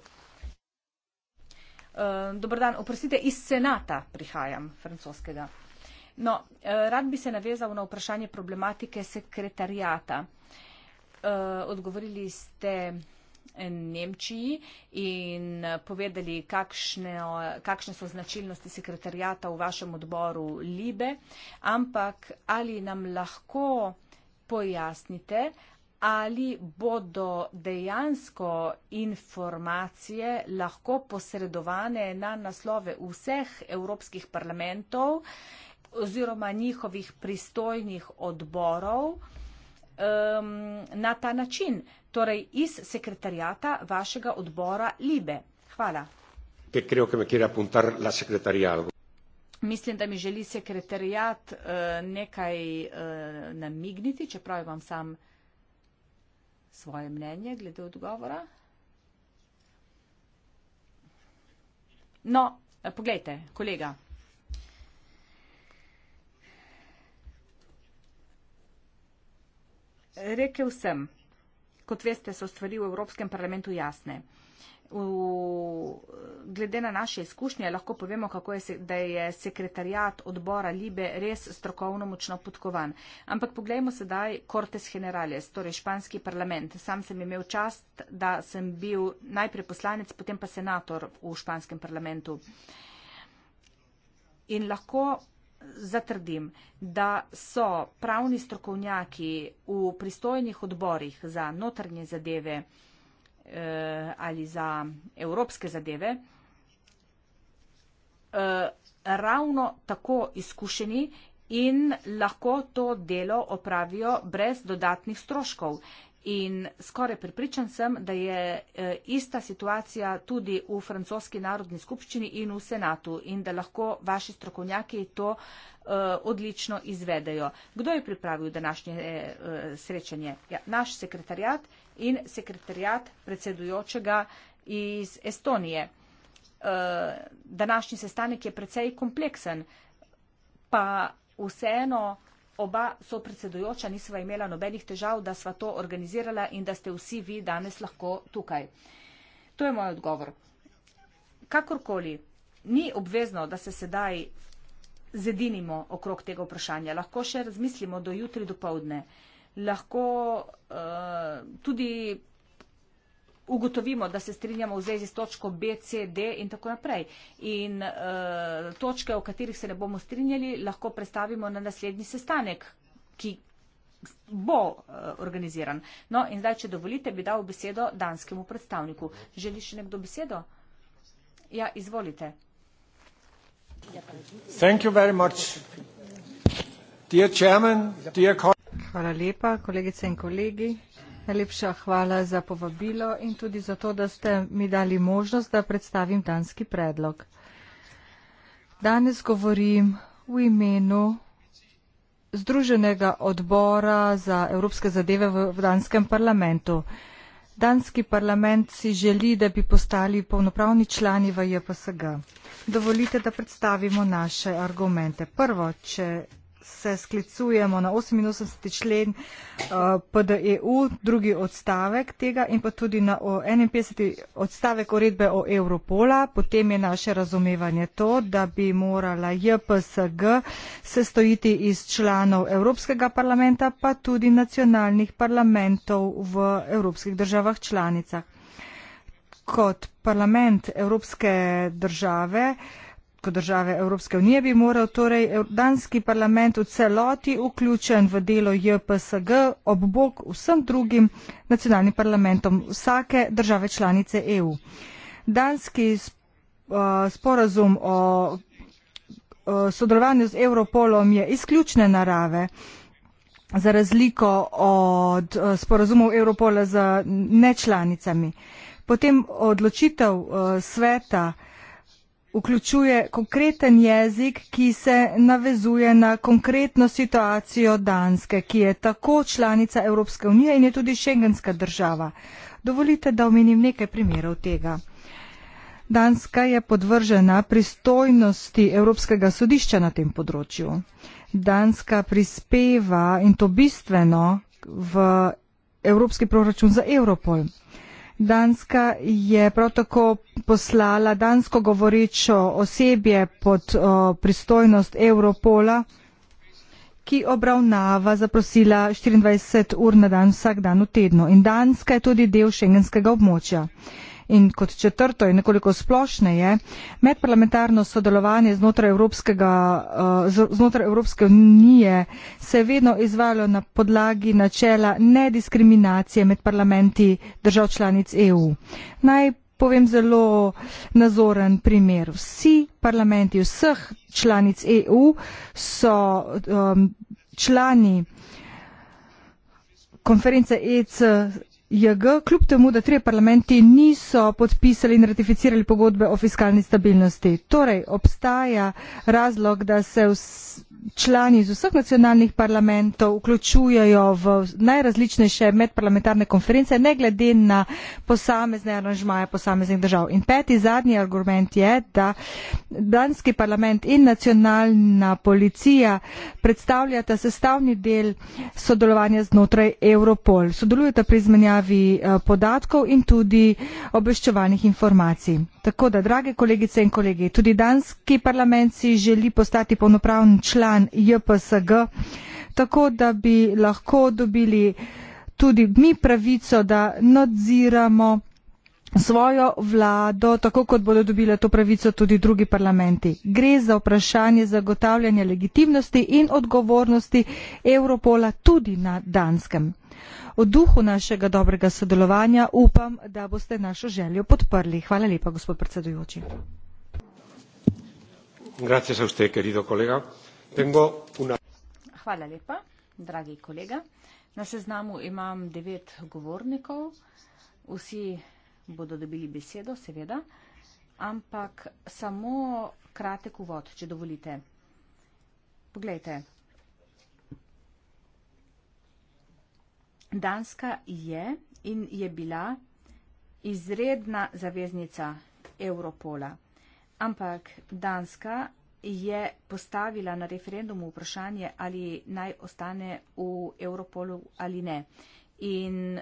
Um, dobar dan, oprostite, iz senata prihajam francoskega. No, e, rad bi se navezal na vprašanje problematike sekretarijata. Uh, e, odgovorili ste. Nemčiji in eh, povedali, kakšne, kakšne so značilnosti sekretarjata v vašem odboru Libe, ampak ali nam lahko pojasnite, ali bodo dejansko informacije lahko posredovane na naslove vseh evropskih parlamentov oziroma njihovih pristojnih odborov um, na ta način, torej iz sekretarijata vašega odbora Libe. Hvala. Mislim, da mi želi sekretarijat uh, nekaj uh, namigniti, čeprav imam sam svoje mnenje glede odgovora. No, pogledajte, kolega. Rekel sem, kot veste, so stvari v Evropskem parlamentu jasne. V, glede na naše izkušnje lahko povemo, kako je, da je sekretarjat odbora Libe res strokovno močno podkovan. Ampak poglejmo sedaj Cortes Generales, torej španski parlament. Sam sem imel čast, da sem bil najprej poslanec, potem pa senator v španskem parlamentu. In lahko zatrdim, da so pravni strokovnjaki v pristojnih odborih za notrnje zadeve eh, ali za evropske zadeve eh, ravno tako izkušeni in lahko to delo opravijo brez dodatnih stroškov. In skoraj pripričan sem, da je e, ista situacija tudi v francoski narodni skupščini in v senatu in da lahko vaši strokovnjaki to e, odlično izvedejo. Kdo je pripravil današnje e, srečanje? Ja, naš sekretarjat in sekretarjat predsedujočega iz Estonije. Današnji sestanek je precej kompleksen, pa vseeno oba so predsedujoča, nisva imela nobenih težav, da sva to organizirala in da ste vsi vi danes lahko tukaj. To je moj odgovor. Kakorkoli, ni obvezno, da se sedaj zedinimo okrog tega vprašanja. Lahko še razmislimo do jutri, do povdne. Lahko uh, tudi ugotovimo, da se strinjamo v zvezi s točko B, C, D in tako naprej. In uh, točke, o katerih se ne bomo strinjali, lahko predstavimo na naslednji sestanek, ki bo uh, organiziran. No in zdaj, če dovolite, bi dal besedo danskemu predstavniku. Želi še nekdo besedo? Ja, izvolite. Thank you very much. Dear chairman, dear Hvala lepa, kolegice in kolegi. Najlepša hvala za povabilo in tudi za to, da ste mi dali možnost, da predstavim danski predlog. Danes govorim v imenu Združenega odbora za evropske zadeve v danskem parlamentu. Danski parlament si želi, da bi postali polnopravni člani v JPSG. Dovolite, da predstavimo naše argumente. Prvo, če se sklicujemo na 88. člen eh, PDEU, drugi odstavek tega in pa tudi na 51. odstavek uredbe o Europola. Potem je naše razumevanje to, da bi morala JPSG sestojiti iz članov Evropskega parlamenta, pa tudi nacionalnih parlamentov v evropskih državah članicah. Kot parlament Evropske države, kot države Evropske unije bi moral torej danski parlament v celoti vključen v delo JPSG ob bok vsem drugim nacionalnim parlamentom vsake države članice EU. Danski uh, sporazum o uh, sodelovanju z Europolom je izključne narave za razliko od uh, sporazumov Europola z nečlanicami. Potem odločitev sveta vključuje konkreten jezik, ki se navezuje na konkretno situacijo Danske, ki je tako članica Evropske unije in je tudi šengenska država. Dovolite, da omenim nekaj primerov tega. Danska je podvržena pristojnosti Evropskega sodišča na tem področju. Danska prispeva in to bistveno v Evropski proračun za Evropol danska je prav tako poslala dansko govorečo osebje pod o, pristojnost Europola, ki obravnava zaprosila 24 ur na dan vsak dan v tednu. In danska je tudi del šengenskega območja. In kot četrto in nekoliko splošneje, medparlamentarno sodelovanje znotraj, eh, znotraj Evropske unije se je vedno izvalo na podlagi načela nediskriminacije med parlamenti držav članic EU. Naj povem zelo nazoren primer. Vsi parlamenti vseh članic EU so um, člani konference ECE. JG, kljub temu, da trije parlamenti niso podpisali in ratificirali pogodbe o fiskalni stabilnosti. Torej, obstaja razlog, da se vse člani iz vseh nacionalnih parlamentov vključujejo v najrazličnejše medparlamentarne konference, ne glede na posamezne aranžmaje posameznih držav. In peti zadnji argument je, da danski parlament in nacionalna policija predstavljata sestavni del sodelovanja znotraj Europol. Sodelujete pri izmenjavi eh, podatkov in tudi obveščevalnih informacij. Tako da, drage kolegice in kolegi, tudi danski parlament si želi postati polnopravn član JPSG, tako da bi lahko dobili tudi mi pravico, da nadziramo svojo vlado, tako kot bodo dobile to pravico tudi drugi parlamenti. Gre za vprašanje zagotavljanja legitimnosti in odgovornosti Europola tudi na Danskem. V duhu našega dobrega sodelovanja upam, da boste našo željo podprli. Hvala lepa, gospod predsedujoči. Hvala lepa, dragi kolega. Na seznamu imam devet govornikov. Vsi bodo dobili besedo, seveda. Ampak samo kratek uvod, če dovolite. Poglejte, Danska je in je bila izredna zaveznica Evropola, ampak Danska je postavila na referendumu vprašanje, ali naj ostane v Evropolu ali ne. In uh,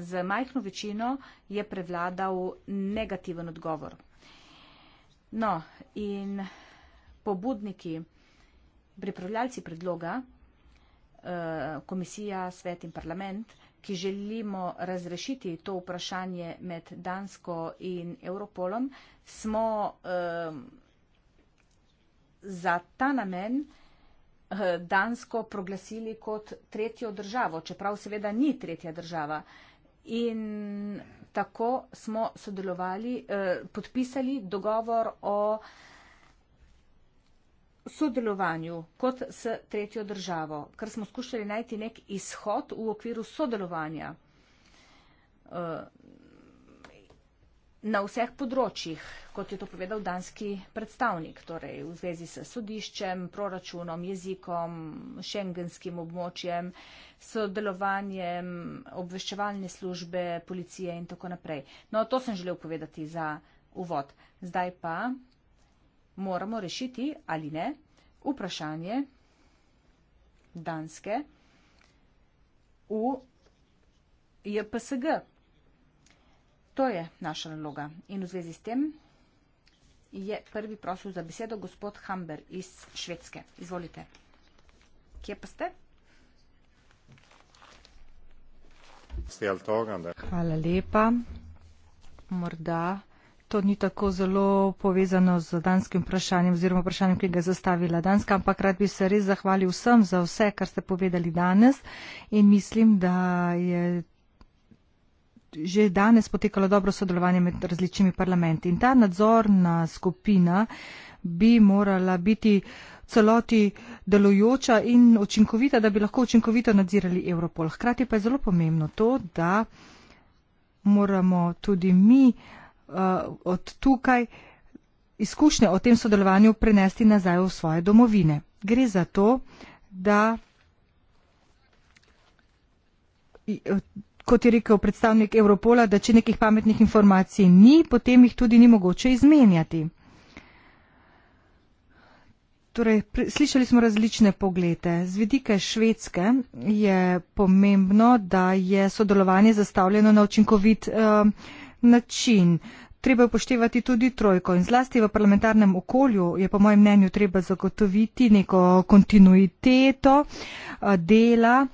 z majhno večino je prevladal negativen odgovor. No, in pobudniki, pripravljalci predloga Eh, komisija, svet in parlament, ki želimo razrešiti to vprašanje med Dansko in Europolom, smo eh, za ta namen eh, Dansko proglasili kot tretjo državo, čeprav seveda ni tretja država. In tako smo sodelovali, eh, podpisali dogovor o eh, sodelovanju kot s tretjo državo, ker smo skušali najti nek izhod v okviru sodelovanja eh, na vseh področjih, kot je to povedal danski predstavnik, torej v zvezi s sodiščem, proračunom, jezikom, šengenskim območjem, sodelovanjem obveščevalne službe, policije in tako naprej. No, to sem želel povedati za uvod. Zdaj pa moramo rešiti ali ne vprašanje Danske v JPSG. To je naša naloga. In v zvezi s tem je prvi prosil za besedo gospod Hamber iz Švedske. Izvolite. Kje pa ste? Hvala lepa. Morda to ni tako zelo povezano z danskim vprašanjem oziroma vprašanjem, ki ga je zastavila Danska, ampak rad bi se res zahvalil vsem za vse, kar ste povedali danes in mislim, da je že danes potekalo dobro sodelovanje med različnimi parlamenti. In ta nadzorna skupina bi morala biti celoti delujoča in učinkovita, da bi lahko učinkovito nadzirali Europol. Hkrati pa je zelo pomembno to, da moramo tudi mi uh, od tukaj izkušnje o tem sodelovanju prenesti nazaj v svoje domovine. Gre za to, da, eh, kot je rekel predstavnik Evropola, da če nekih pametnih informacij ni, potem jih tudi ni mogoče izmenjati. Torej, slišali smo različne poglede. Z vidike švedske je pomembno, da je sodelovanje zastavljeno na učinkovit. Uh, način. Treba je upoštevati tudi trojko in zlasti v parlamentarnem okolju je po mojem mnenju treba zagotoviti neko kontinuiteto eh, dela,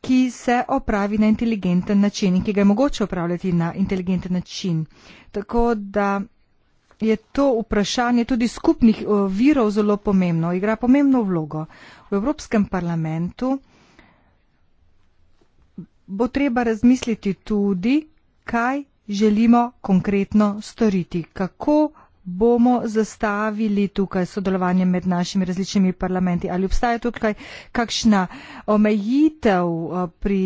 ki se opravi na inteligenten način in ki ga je mogoče opravljati na inteligenten način. Tako da je to vprašanje tudi skupnih eh, virov zelo pomembno, igra pomembno vlogo. V Evropskem parlamentu bo treba razmisliti tudi, kaj želimo konkretno storiti? Kako bomo zastavili tukaj sodelovanje med našimi različnimi parlamenti? Ali obstaja tukaj kakšna omejitev eh, pri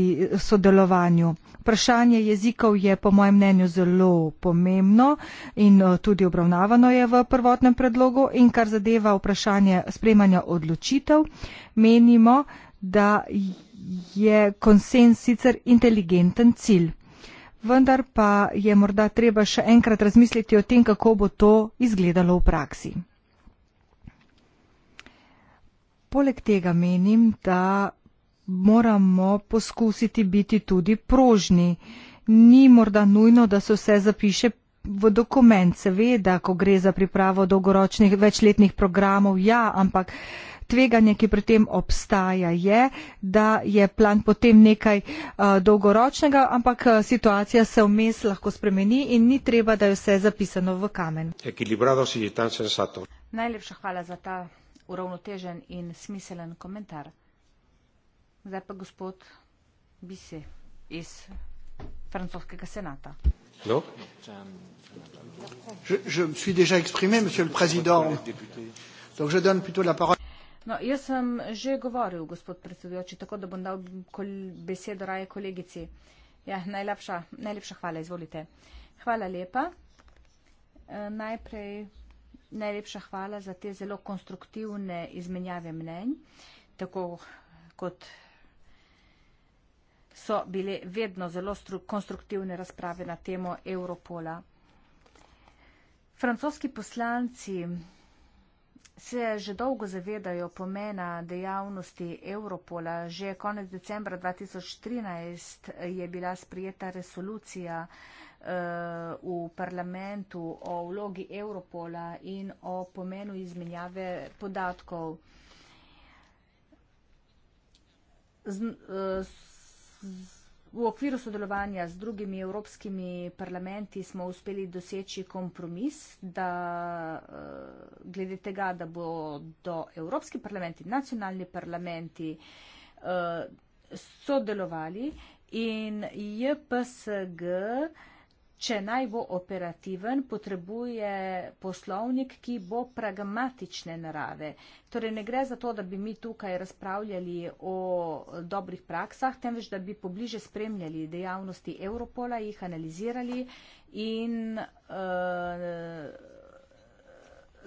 sodelovanju? Vprašanje jezikov je po mojem mnenju zelo pomembno in eh, tudi obravnavano je v prvotnem predlogu in kar zadeva vprašanje sprejmanja odločitev, menimo, da je konsens sicer inteligenten cilj vendar pa je morda treba še enkrat razmisliti o tem, kako bo to izgledalo v praksi. Poleg tega menim, da moramo poskusiti biti tudi prožni. Ni morda nujno, da se vse zapiše v dokument. Seveda, ko gre za pripravo dolgoročnih večletnih programov, ja, ampak tveganje, ki pri tem obstaja, je, da je plan potem nekaj eh, dolgoročnega, ampak eh, situacija se vmes lahko spremeni in ni treba, da je vse zapisano v kamen. Najlepša hvala za ta uravnotežen in smiselen komentar. Zdaj pa gospod Bise iz francoskega senata. No? Je, je me suis déjà exprimé, monsieur le président. Donc je donne plutôt la parole. No, jaz sem že govoril, gospod predsedujoči, tako da bom dal kol besedo raje kolegici. Ja, najlepša, najlepša hvala, izvolite. Hvala lepa. E, najprej najlepša hvala za te zelo konstruktivne izmenjave mnenj, tako kot so bile vedno zelo konstruktivne razprave na temo Europola. Francoski poslanci se že dolgo zavedajo pomena dejavnosti Europola. Že konec decembra 2013 je bila sprijeta resolucija eh, v parlamentu o vlogi Europola in o pomenu izmenjave podatkov. Z, eh, z, V okviru sodelovanja z drugimi evropskimi parlamenti smo uspeli doseči kompromis, da eh, glede tega, da bo do evropski parlamenti, nacionalni parlamenti eh, sodelovali in JPSG Če naj bo operativen, potrebuje poslovnik, ki bo pragmatične narave. Torej ne gre za to, da bi mi tukaj razpravljali o dobrih praksah, temveč da bi pobliže spremljali dejavnosti Europola, jih analizirali in uh,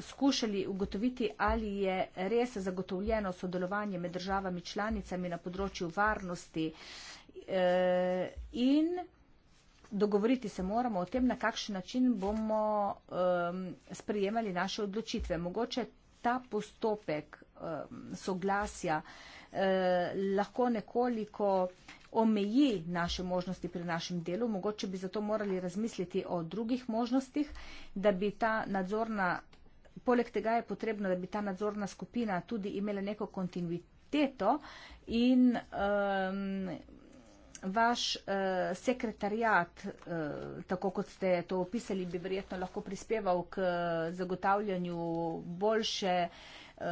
skušali ugotoviti, ali je res zagotovljeno sodelovanje med državami članicami na področju varnosti uh, in dogovoriti se moramo o tem, na kakšen način bomo um, sprejemali naše odločitve. Mogoče ta postopek um, soglasja uh, lahko nekoliko omeji naše možnosti pri našem delu. Mogoče bi zato morali razmisliti o drugih možnostih, da bi ta nadzorna. Poleg tega je potrebno, da bi ta nadzorna skupina tudi imela neko kontinuiteto in um, vaš uh, eh, sekretarjat, uh, eh, tako kot ste to opisali, bi verjetno lahko prispeval k eh, zagotavljanju boljše uh,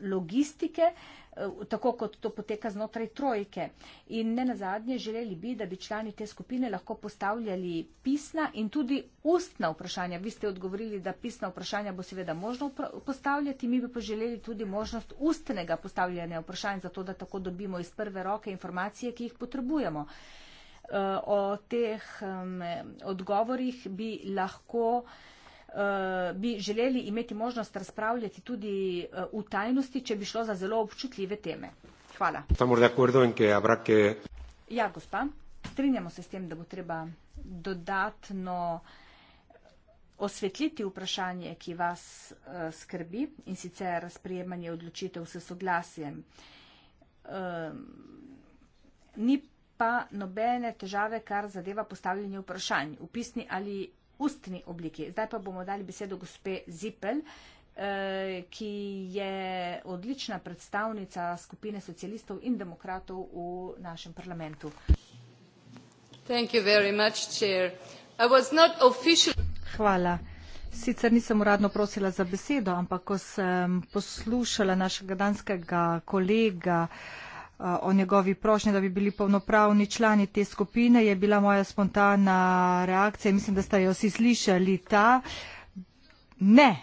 logistike. Uh, Eh, tako kot to poteka znotraj trojke. In ne nazadnje, želeli bi, da bi člani te skupine lahko postavljali pisna in tudi ustna vprašanja. Vi ste odgovorili, da pisna vprašanja bo seveda možno postavljati, mi bi pa želeli tudi možnost ustnega postavljanja vprašanj, zato da tako dobimo iz prve roke informacije, ki jih potrebujemo. Eh, o teh um, odgovorih bi lahko. Eh, bi želeli imeti možnost razpravljati tudi eh, v tajnosti, če bi šlo za zelo občutljive teme. Hvala. Ja, gospa, strinjamo se s tem, da bo treba dodatno osvetliti vprašanje, ki vas eh, skrbi in sicer sprejemanje odločitev s soglasjem. Ehm, ni pa nobene težave, kar zadeva postavljanje vprašanj. Upisni ali ustni obliki. Zdaj pa bomo dali besedo gospe Zipel, eh, ki je odlična predstavnica skupine socialistov in demokratov v našem parlamentu. Hvala. Sicer nisem uradno prosila za besedo, ampak ko sem poslušala našega danskega kolega, Eh, o njegovi prošnji, da bi bili polnopravni člani te skupine, je bila moja spontana reakcija. Mislim, da ste jo vsi slišali ta. Ne.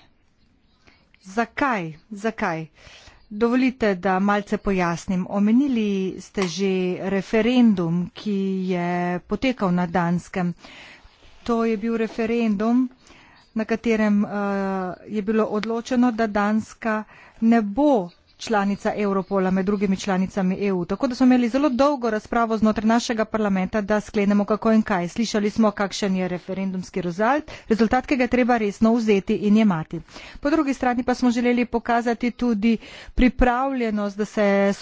Zakaj? Zakaj? Dovolite, da malce pojasnim. Omenili ste že referendum, ki je potekal na Danskem. To je bil referendum, na katerem uh, je bilo odločeno, da Danska ne bo članica Europola, med drugimi članicami EU. Tako da smo imeli zelo dolgo razpravo znotraj našega parlamenta, da sklenemo kako in kaj. Slišali smo, kakšen je referendumski rezultat, rezultat, ki ga je treba resno vzeti in jemati. Po drugi strani pa smo želeli pokazati tudi pripravljenost, da se,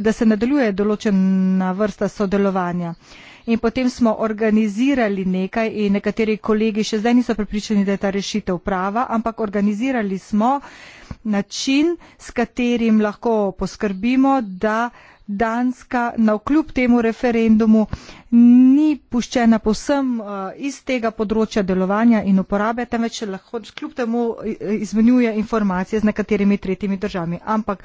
da se nadaljuje določena vrsta sodelovanja in potem smo organizirali nekaj in nekateri kolegi še zdaj niso pripričani, da je ta rešitev prava, ampak organizirali smo način, s katerim lahko poskrbimo, da Danska na vkljub temu referendumu ni puščena povsem eh, iz tega področja delovanja in uporabe, temveč lahko kljub temu eh, izmenjuje informacije z nekaterimi tretjimi državami. Ampak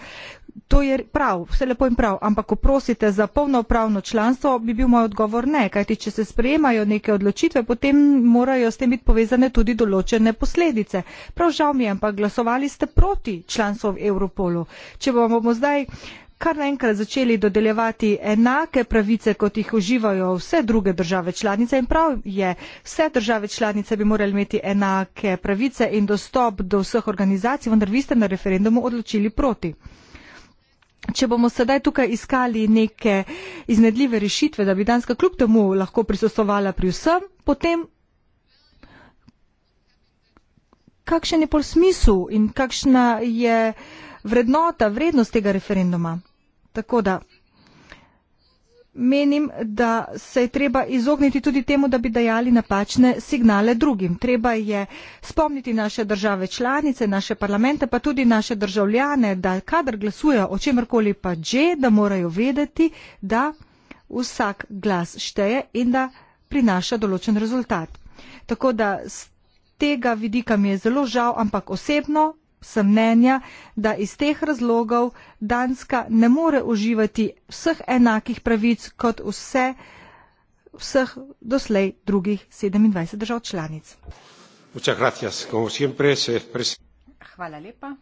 to je prav, vse lepo in prav, ampak ko prosite za polnopravno članstvo, bi bil moj odgovor ne, kajti če se sprejemajo neke odločitve, potem morajo s tem biti povezane tudi določene posledice. Prav žal mi je, ampak glasovali ste proti članstvu v Europolu. Če bomo zdaj uh, kar naenkrat začeli dodeljevati enake pravice, kot jih uživajo vse druge države članice. In prav je, vse države članice bi morali imeti enake pravice in dostop do vseh organizacij, vendar vi ste na referendumu odločili proti. Če bomo sedaj tukaj iskali neke iznedljive rešitve, da bi Danska kljub temu lahko prisostovala pri vsem, potem kakšen je pol smisel in kakšna je. Uh, vrednota, vrednost tega referenduma. Tako da menim, da se je treba izogniti tudi temu, da bi dajali napačne signale drugim. Treba je spomniti naše države članice, naše parlamente, pa tudi naše državljane, da kadar glasujejo o čemrkoli pa že, da morajo vedeti, da vsak glas šteje in da prinaša določen rezultat. Tako da z tega vidika mi je zelo žal, ampak osebno sem mnenja, da iz teh razlogov Danska ne more uživati vseh enakih pravic kot vse, vseh doslej drugih 27 držav članic. Hvala lepa.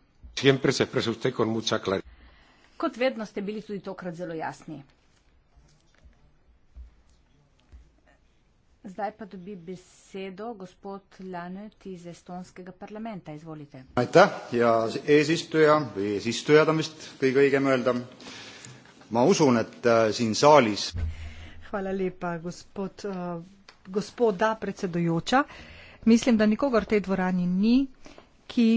Kot vedno ste bili tudi tokrat zelo jasni. Zdaj pa dobi besedo gospod Lanet iz Estonskega parlamenta, izvolite. Aitäh, hea ja eesistuja või eesistujad on vist kõige õigem öelda. ma usun, et äh, siin saalis. Hvala lepa, gospod, uh, gospoda predsedujoča. Mislim, da nikogar tej dvorani ni, ki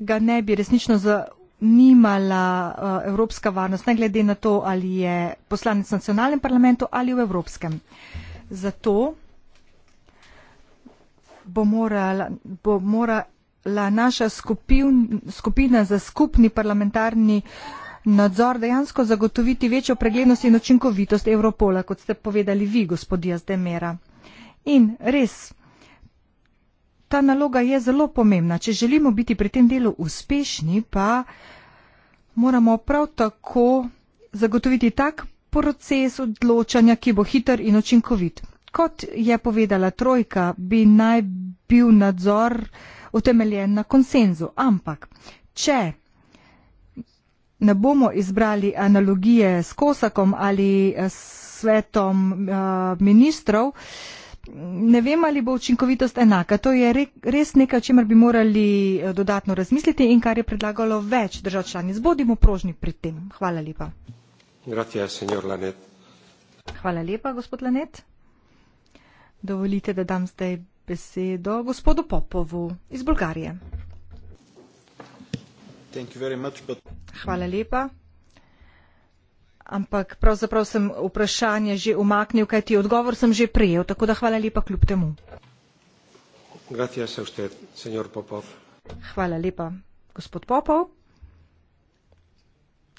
ga ne bi resnično za nimala uh, evropska varnost, ne glede na to, ali je poslanec v nacionalnem parlamentu ali v evropskem. Zato bo morala, bo morala naša skupin, skupina za skupni parlamentarni nadzor dejansko zagotoviti večjo preglednost in učinkovitost Evropola, kot ste povedali vi, gospod Jazdemera. In res, ta naloga je zelo pomembna. Če želimo biti pri tem delu uspešni, pa moramo prav tako zagotoviti tak proces odločanja, ki bo hiter in učinkovit. Kot je povedala trojka, bi naj bil nadzor utemeljen na konsenzu. Ampak, če ne bomo izbrali analogije s Kosakom ali s svetom uh, ministrov, uh, ne vem, ali bo učinkovitost enaka. To je re, res nekaj, o čemer bi morali eh, dodatno razmisliti in kar je predlagalo več držav članic. Bodimo prožni pri tem. Hvala lepa. Gratia, Hvala lepa, gospod Lanet. Dovolite, da dam zdaj besedo gospodu Popovu iz Bulgarije. Much, but... Hvala lepa ampak pravzaprav sem vprašanje že umaknil, kajti odgovor sem že prejel, tako da hvala lepa kljub temu. Gracias a usted, señor Popov. Hvala lepa, gospod Popov.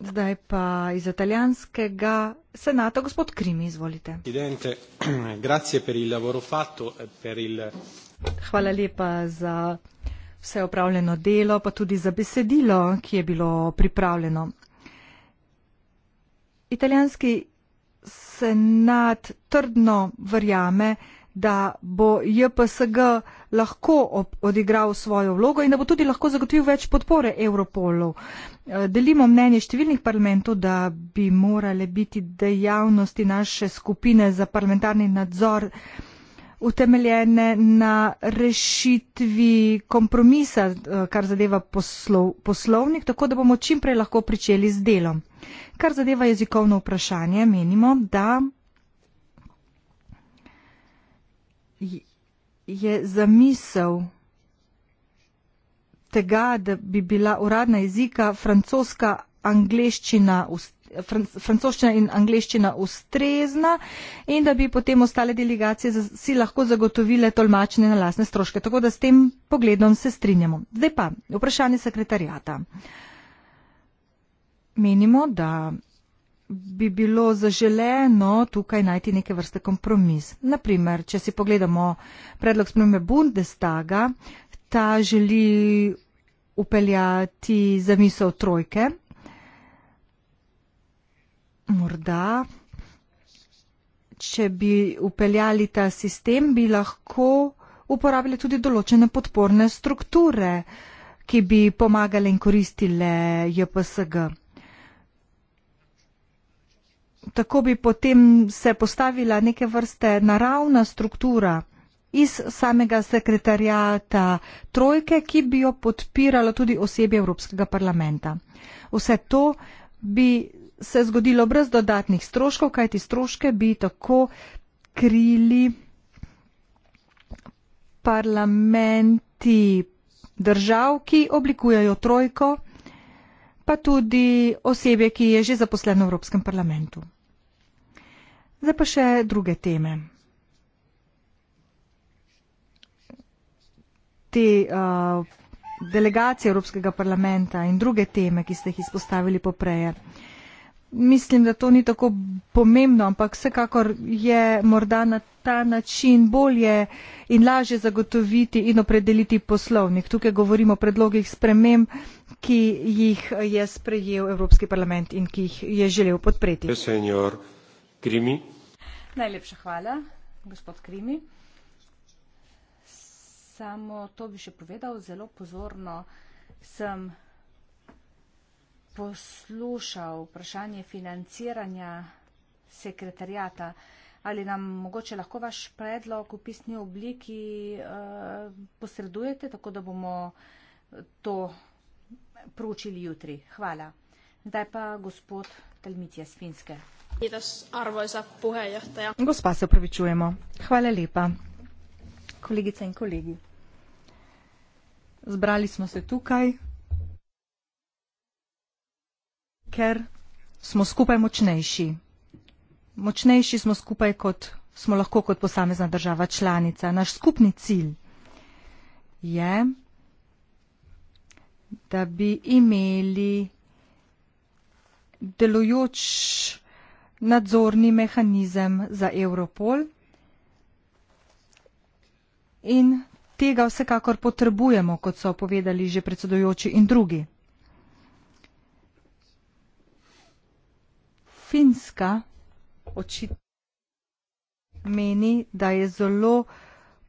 Zdaj pa iz italijanskega senata, gospod Krimi, izvolite. E hvala lepa za vse opravljeno delo, pa tudi za besedilo, ki je bilo pripravljeno. Italijanski senat trdno verjame, da bo JPSG lahko odigral svojo vlogo in da bo tudi lahko zagotovil več podpore Europolov. Eh, delimo mnenje številnih parlamentov, da bi morale biti dejavnosti naše skupine za parlamentarni nadzor utemeljene na rešitvi kompromisa, eh, kar zadeva poslov, poslovnik, tako da bomo čimprej lahko pričeli z delom. Kar zadeva jezikovno vprašanje, menimo, da je zamisel tega, da bi bila uradna jezika francoska, angliščina, francoščina in angliščina ustrezna in da bi potem ostale delegacije si lahko zagotovile tolmačenje na lasne stroške. Tako da s tem pogledom se strinjamo. Zdaj pa vprašanje sekretarjata. Uh, menimo, da bi bilo zaželeno tukaj najti neke vrste kompromis. Naprimer, če si pogledamo predlog spremembe Bundestaga, ta želi upeljati zamisel trojke. Morda, če bi upeljali ta sistem, bi lahko uporabili tudi določene podporne strukture, ki bi pomagale in koristile JPSG tako bi potem se postavila neke vrste naravna struktura iz samega sekretarjata trojke, ki bi jo podpiralo tudi osebje Evropskega parlamenta. Vse to bi se zgodilo brez dodatnih stroškov, kajti stroške bi tako krili parlamenti držav, ki oblikujejo trojko pa tudi osebje, ki je že zaposleno v Evropskem parlamentu. Zdaj pa še druge teme. Te uh, delegacije Evropskega parlamenta in druge teme, ki ste jih izpostavili poprej. Uh, mislim, da to ni tako pomembno, ampak vsekakor je morda na ta način bolje in lažje zagotoviti in opredeliti poslovnik. Tukaj govorimo o predlogih sprememb, ki jih je sprejel Evropski parlament in ki jih je želel podpreti. Najlepša hvala, gospod Krimi. Samo to bi še povedal, zelo pozorno sem poslušal vprašanje financiranja sekretarjata. Ali nam mogoče lahko vaš predlog v pisni obliki uh, posredujete, tako da bomo to pručili jutri? Hvala. Zdaj pa gospod Telmitija Svinske. Gospa se opravičujemo. Hvala lepa. Kolegice in kolegi. Zbrali smo se tukaj, ker smo skupaj močnejši. Močnejši smo skupaj, kot smo lahko kot posamezna država članica. Naš skupni cilj je, da bi imeli delujoč nadzorni mehanizem za Europol in tega vsekakor potrebujemo, kot so povedali že predsedujoči in drugi. Finska očitno meni, da je zelo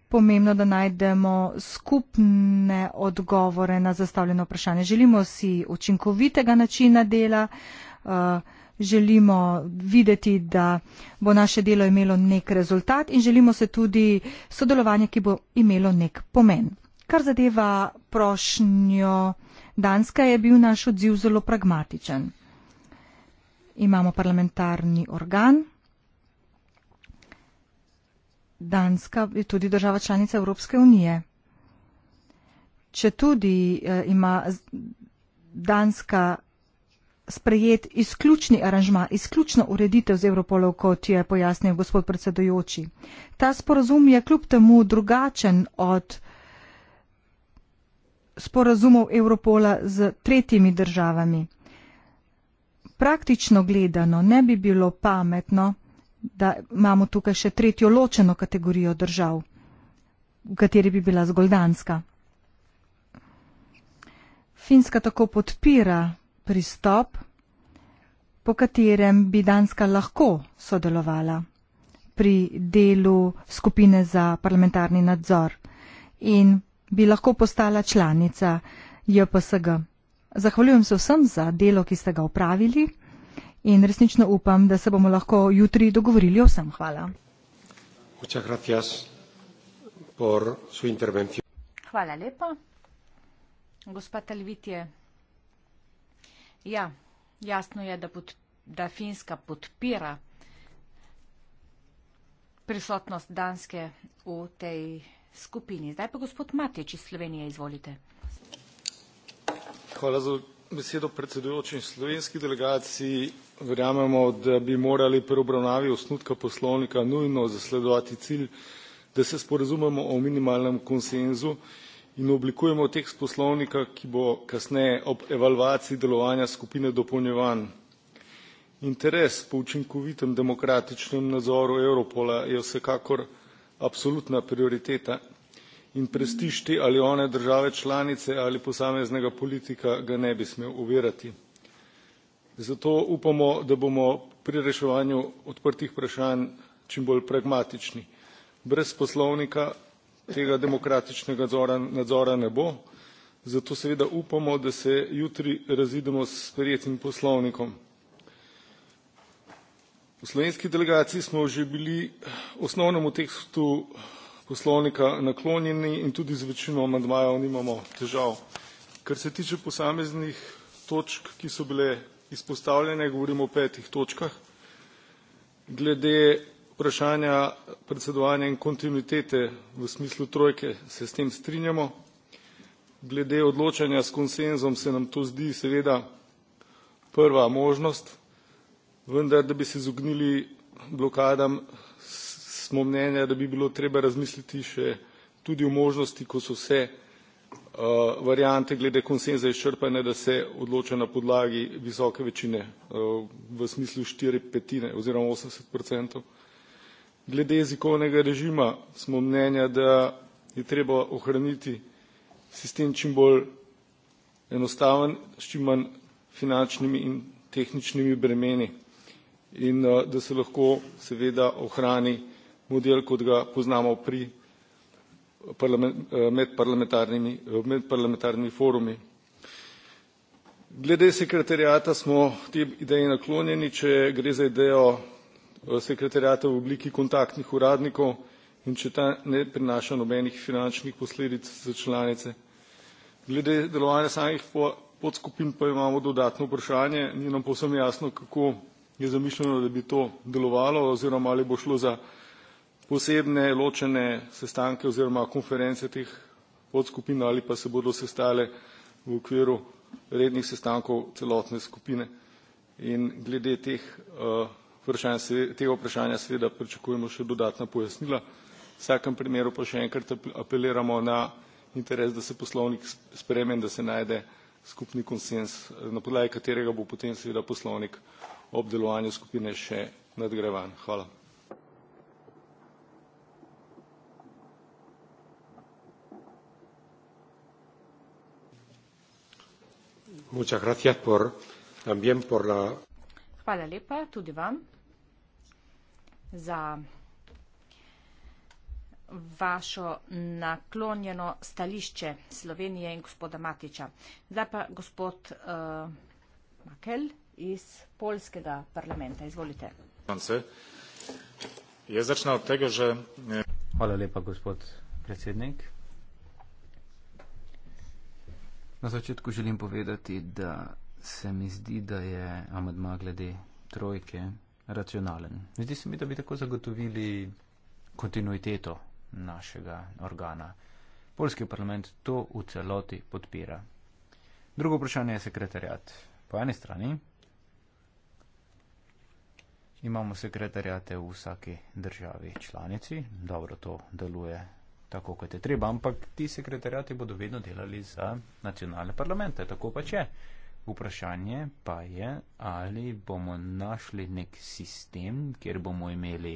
pomembno, da najdemo skupne odgovore na zastavljeno vprašanje. Želimo si učinkovitega načina dela, eh, želimo videti, da bo naše delo imelo nek rezultat in želimo se tudi sodelovanje, ki bo imelo nek pomen. Kar zadeva prošnjo Danska, je bil naš odziv zelo pragmatičen imamo parlamentarni organ. Danska je tudi država članica Evropske unije. Če tudi eh, ima Danska sprejet izključni aranžma, izključno ureditev z Evropolov, kot je pojasnil gospod predsedojoči. Ta sporazum je kljub temu drugačen od sporazumov Evropola z tretjimi državami praktično gledano ne bi bilo pametno, da imamo tukaj še tretjo ločeno kategorijo držav, v kateri bi bila zgolj Danska. Finska tako podpira pristop, po katerem bi Danska lahko sodelovala pri delu skupine za parlamentarni nadzor in bi lahko postala članica JPSG. Zahvaljujem se vsem za delo, ki ste ga upravili in resnično upam, da se bomo lahko jutri dogovorili o vsem. Hvala. Hvala lepa. Gospa Talvit je. Ja, jasno je, da, pod, da Finska podpira prisotnost Danske v tej skupini. Zdaj pa gospod Matič iz Slovenije, izvolite hvala za besedo predsedujoči. Slovenski delegaciji verjamemo, da bi morali pri obravnavi osnutka poslovnika nujno zasledovati cilj, da se sporazumemo o minimalnem konsenzu in oblikujemo tekst poslovnika, ki bo kasneje ob evalvaciji delovanja skupine dopolnjevan. Interes po učinkovitem demokratičnem nadzoru Europola je vsekakor absolutna prioriteta in prestiž te ali one države članice ali posameznega politika ga ne bi smel ovirati. Zato upamo, da bomo pri reševanju odprtih vprašanj čim bolj pragmatični. Brez poslovnika tega demokratičnega nadzora ne bo, zato seveda upamo, da se jutri razidemo s sprejetim poslovnikom. V slovenski delegaciji smo že bili osnovnemu tekstu poslovnika naklonjeni in tudi z večino amandmajev nimamo težav. Kar se tiče posameznih točk, ki so bile izpostavljene, govorimo o petih točkah, glede vprašanja predsedovanja in kontinuitete v smislu trojke se s tem strinjamo. Glede odločanja s konsenzom se nam to zdi seveda prva možnost, vendar da bi se izognili blokadam smo mnenja, da bi bilo treba razmisliti še tudi o možnosti, ko so vse uh, variante glede konsenza izčrpane, da se odloča na podlagi visoke večine uh, v smislu 4 petine oziroma 80 odstotkov. Glede jezikovnega režima smo mnenja, da je treba ohraniti sistem čim bolj enostaven, s čim manj finančnimi in tehničnimi bremeni in uh, da se lahko seveda ohrani model, kot ga poznamo pri eh, eh, med parlamentarnimi, eh, med parlamentarnimi forumi. Glede sekretarijata smo te ideje naklonjeni, če gre za idejo sekretarijata v obliki kontaktnih uradnikov in če ta ne prinaša nobenih finančnih posledic za članice. Glede delovanja samih podskupin pa imamo dodatno vprašanje, ni nam povsem jasno, kako je zamišljeno, da bi to delovalo oziroma ali bo šlo za posebne ločene sestanke oziroma konference teh podskupin ali pa se bodo sestale v okviru rednih sestankov celotne skupine. In glede teh eh, vprašanj, tega vprašanja seveda pričakujemo še dodatna pojasnila. V vsakem primeru pa še enkrat apeliramo na interes, da se poslovnik spremen, da se najde skupni konsens, eh, na podlagi katerega bo potem seveda poslovnik ob delovanju skupine še nadgrajevan. Hvala. Hvala lepa tudi vam za vašo naklonjeno stališče Slovenije in gospoda Matiča. Zdaj pa gospod uh, Makel iz polskega parlamenta. Izvolite. Eh, Hvala lepa, gospod predsednik. Na začetku želim povedati, da se mi zdi, da je amadma glede trojke racionalen. Zdi se mi, da bi tako zagotovili kontinuiteto našega organa. Polski parlament to v celoti podpira. Drugo vprašanje je sekretarjat. Po eni strani imamo sekretarjate v vsaki državi članici, dobro to deluje tako kot je treba, ampak ti sekretarjati bodo vedno delali za nacionalne parlamente, tako pa če. Vprašanje pa je, ali bomo našli nek sistem, kjer bomo imeli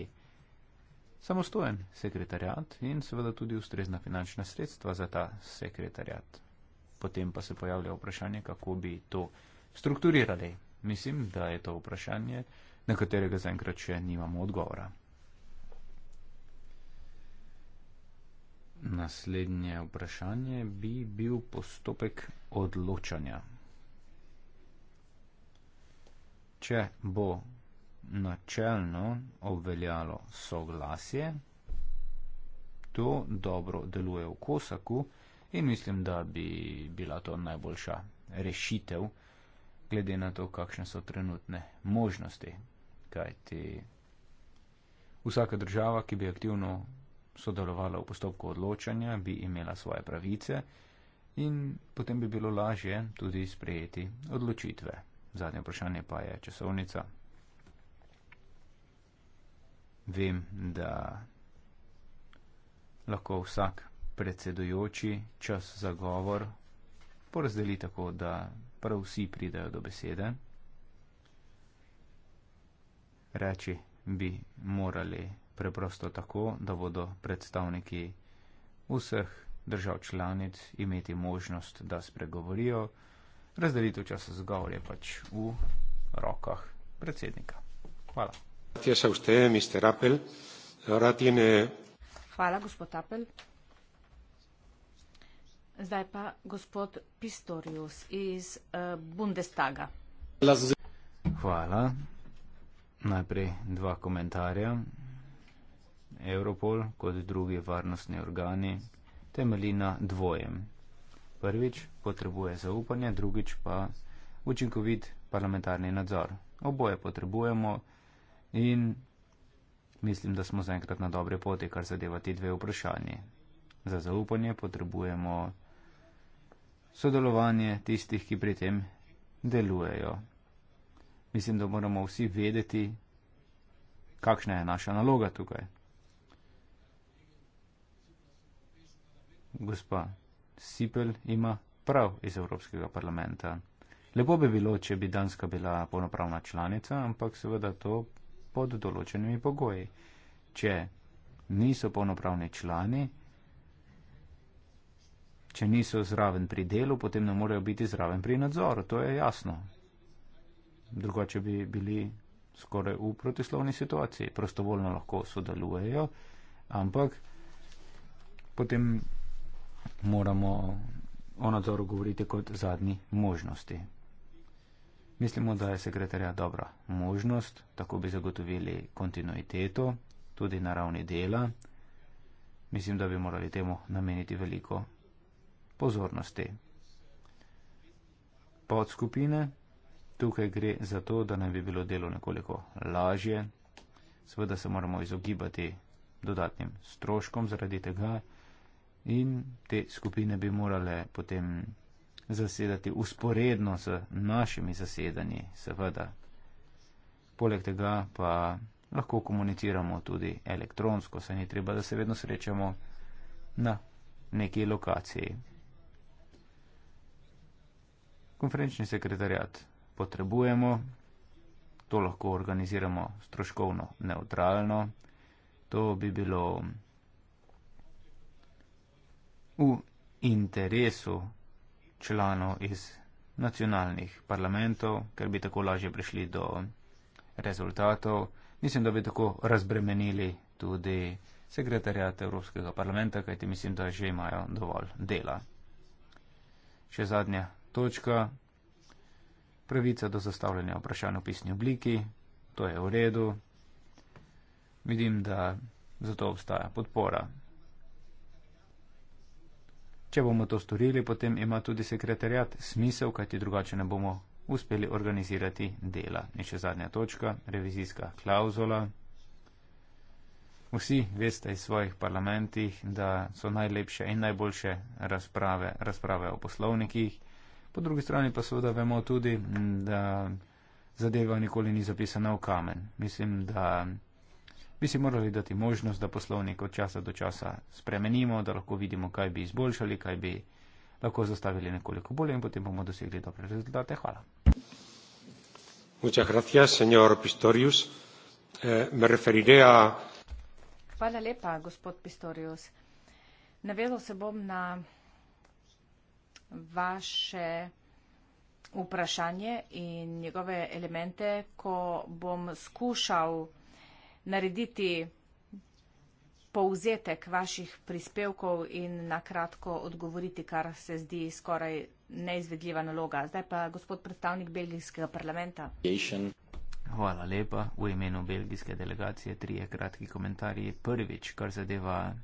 samostojen sekretarjat in seveda tudi ustrezna finančna sredstva za ta sekretarjat. Potem pa se pojavlja vprašanje, kako bi to strukturirali. Mislim, da je to vprašanje, na katerega zaenkrat še nimamo odgovora. Naslednje vprašanje bi bil postopek odločanja. Če bo načelno obveljalo soglasje, to dobro deluje v kosaku in mislim, da bi bila to najboljša rešitev, glede na to, kakšne so trenutne možnosti. Kajti vsaka država, ki bi aktivno sodelovala v postopku odločanja, bi imela svoje pravice in potem bi bilo lažje tudi sprejeti odločitve. Zadnje vprašanje pa je časovnica. Vem, da lahko vsak predsedujoči čas za govor porazdeli tako, da prav vsi pridajo do besede. Reči bi morali preprosto tako, da bodo predstavniki vseh držav članic imeti možnost, da spregovorijo. Razdelitev časa zgovor je pač v rokah predsednika. Hvala. Hvala, gospod Apel. Zdaj pa gospod Pistorius iz eh, Bundestaga. Hvala. Najprej dva komentarja. Europol kot drugi varnostni organi temelji na dvojem. Prvič potrebuje zaupanje, drugič pa učinkovit parlamentarni nadzor. Oboje potrebujemo in mislim, da smo zaenkrat na dobre poti, kar zadeva ti dve vprašanji. Za zaupanje potrebujemo sodelovanje tistih, ki pri tem delujejo. Mislim, da moramo vsi vedeti, kakšna je naša naloga tukaj. gospa Sipel ima prav iz Evropskega parlamenta. Lepo bi bilo, če bi Danska bila polnopravna članica, ampak seveda to pod določenimi pogoji. Če niso polnopravni člani, če niso zraven pri delu, potem ne morejo biti zraven pri nadzoru, to je jasno. Drugače bi bili skoraj v protislovni situaciji. Prostovoljno lahko sodelujejo, ampak potem moramo o nadzoru govoriti kot zadnji možnosti. Mislimo, da je sekretarja dobra možnost, tako bi zagotovili kontinuiteto tudi na ravni dela. Mislim, da bi morali temu nameniti veliko pozornosti. Podskupine. Tukaj gre za to, da naj bi bilo delo nekoliko lažje. Seveda se moramo izogibati dodatnim stroškom zaradi tega, in te skupine bi morale potem zasedati usporedno z našimi zasedanji, seveda. Poleg tega pa lahko komuniciramo tudi elektronsko, saj ni treba, da se vedno srečamo na neki lokaciji. Konferenčni sekretarjat potrebujemo, to lahko organiziramo stroškovno neutralno, to bi bilo v interesu članov iz nacionalnih parlamentov, ker bi tako lažje prišli do rezultatov. Mislim, da bi tako razbremenili tudi sekretarjate Evropskega parlamenta, kajti mislim, da že imajo dovolj dela. Še zadnja točka. Pravica do zastavljanja vprašanj v pisni obliki. To je v redu. Vidim, da zato obstaja podpora. Če bomo to storili, potem ima tudi sekretarjat smisel, kajti drugače ne bomo uspeli organizirati dela. In še zadnja točka, revizijska klauzula. Vsi veste iz svojih parlamentih, da so najlepše in najboljše razprave, razprave o poslovnikih. Po drugi strani pa seveda vemo tudi, da zadeva nikoli ni zapisana v kamen. Mislim, da bi si morali dati možnost, da poslovnik od časa do časa spremenimo, da lahko vidimo, kaj bi izboljšali, kaj bi lahko zastavili nekoliko bolje in potem bomo dosegli dobre rezultate. Hvala. Eh, Hvala lepa, gospod Pistorius. Navedal se bom na vaše vprašanje in njegove elemente, ko bom skušal narediti povzetek vaših prispevkov in na kratko odgovoriti, kar se zdi skoraj neizvedljiva naloga. Zdaj pa gospod predstavnik belgijskega parlamenta. Hvala lepa. V imenu belgijske delegacije trije kratki komentarji. Prvič, kar zadeva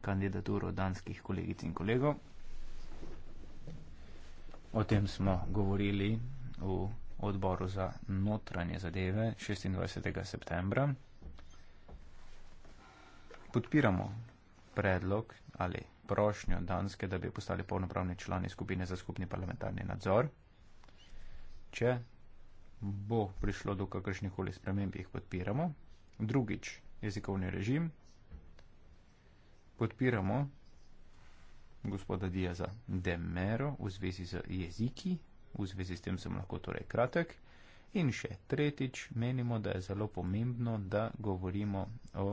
kandidaturo danskih kolegic in kolegov. O tem smo govorili v odboru za notranje zadeve 26. septembra podpiramo predlog ali prošnjo Danske, da bi postali polnopravni člani skupine za skupni parlamentarni nadzor. Če bo prišlo do kakršnih koli sprememb, jih podpiramo. Drugič, jezikovni režim. Podpiramo gospoda Diaza Demero v zvezi z jeziki, v zvezi s tem sem lahko torej kratek. In še tretjič, menimo, da je zelo pomembno, da govorimo o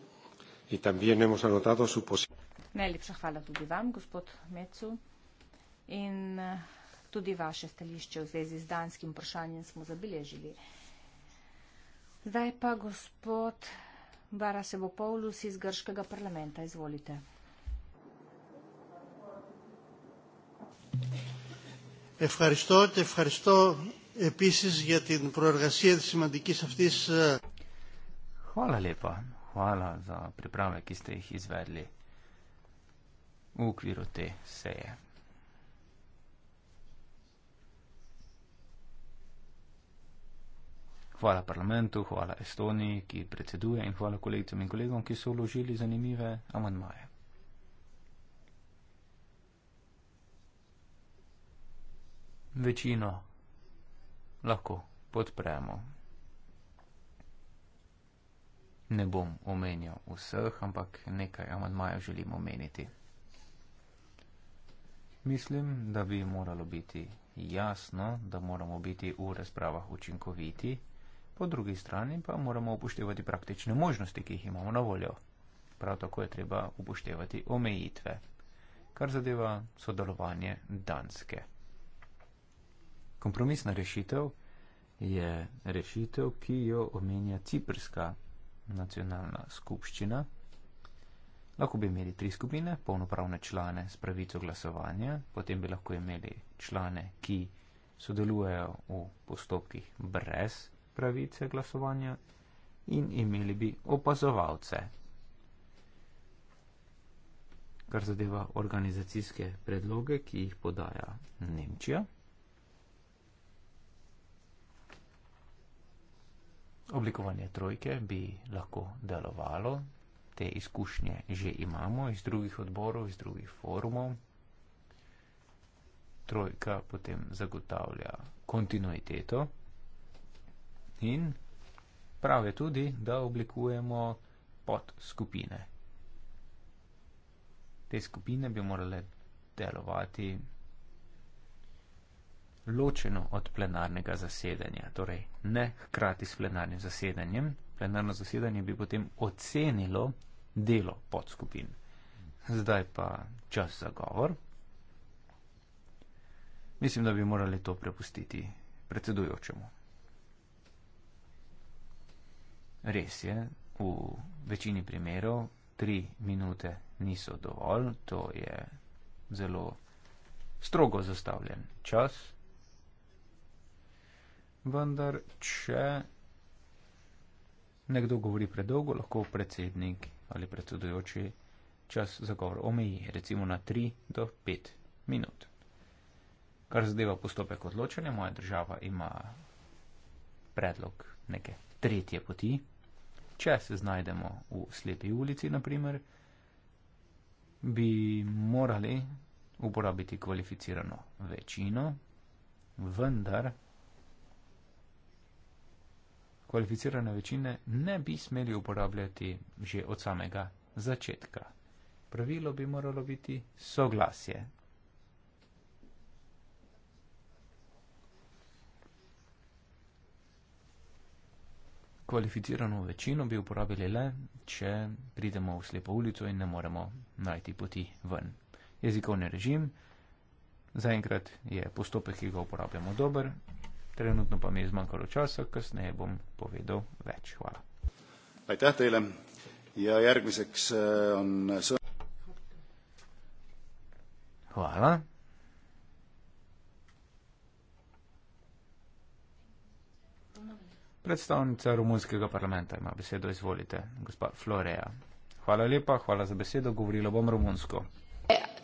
in tam vi ne boste notado su posebno. Najlepša hvala tudi vam, gospod Mecu. In eh, tudi vaše stališče v zvezi z danskim vprašanjem smo zabeležili. Zdaj pa gospod Barasevopoulos iz Grškega parlamenta. Izvolite. Hvala lepa hvala za priprave, ki ste jih izvedli v okviru te seje. Hvala parlamentu, hvala Estoniji, ki predseduje in hvala kolegicam in kolegom, ki so vložili zanimive amandmaje. Večino lahko podpremo ne bom omenjal vseh, ampak nekaj amadmajev želim omeniti. Mislim, da bi moralo biti jasno, da moramo biti v razpravah učinkoviti, po drugi strani pa moramo upoštevati praktične možnosti, ki jih imamo na voljo. Prav tako je treba upoštevati omejitve, kar zadeva sodelovanje Danske. Kompromisna rešitev je rešitev, ki jo omenja ciprska nacionalna skupščina. Lahko bi imeli tri skupine, polnopravne člane s pravico glasovanja, potem bi lahko imeli člane, ki sodelujejo v postopkih brez pravice glasovanja in imeli bi opazovalce. Kar zadeva organizacijske predloge, ki jih podaja Nemčija. oblikovanje trojke bi lahko delovalo, te izkušnje že imamo iz drugih odborov, iz drugih forumov. Trojka potem zagotavlja kontinuiteto in prav je tudi, da oblikujemo podskupine. Te skupine bi morale delovati ločeno od plenarnega zasedanja, torej ne hkrati s plenarnim zasedanjem. Plenarno zasedanje bi potem ocenilo delo podskupin. Zdaj pa čas za govor. Mislim, da bi morali to prepustiti predsedujočemu. Res je, v večini primerov tri minute niso dovolj, to je zelo strogo zastavljen čas vendar če nekdo govori predolgo, lahko predsednik ali predsedujoči čas za govor omeji, recimo na 3 do 5 minut. Kar zadeva postopek odločanja, moja država ima predlog neke tretje poti. Če se znajdemo v slepi ulici, naprimer, bi morali uporabiti kvalificirano večino, vendar kvalificirane večine ne bi smeli uporabljati že od samega začetka. Pravilo bi moralo biti soglasje. Kvalificirano večino bi uporabili le, če pridemo v slepo ulico in ne moremo najti poti ven. Jezikovni režim. Zaenkrat je postopek, ki ga uporabljamo, dober trenutno pa mi je zmanjkalo časa, kasneje bom povedal več. Hvala. Aitäh teile ja järgmiseks eh, on sõna. Hvala. Predstavnica Romunskega parlamenta ima besedo, izvolite, gospa Floreja. Hvala lepa, hvala za besedo, govorila bom romunsko.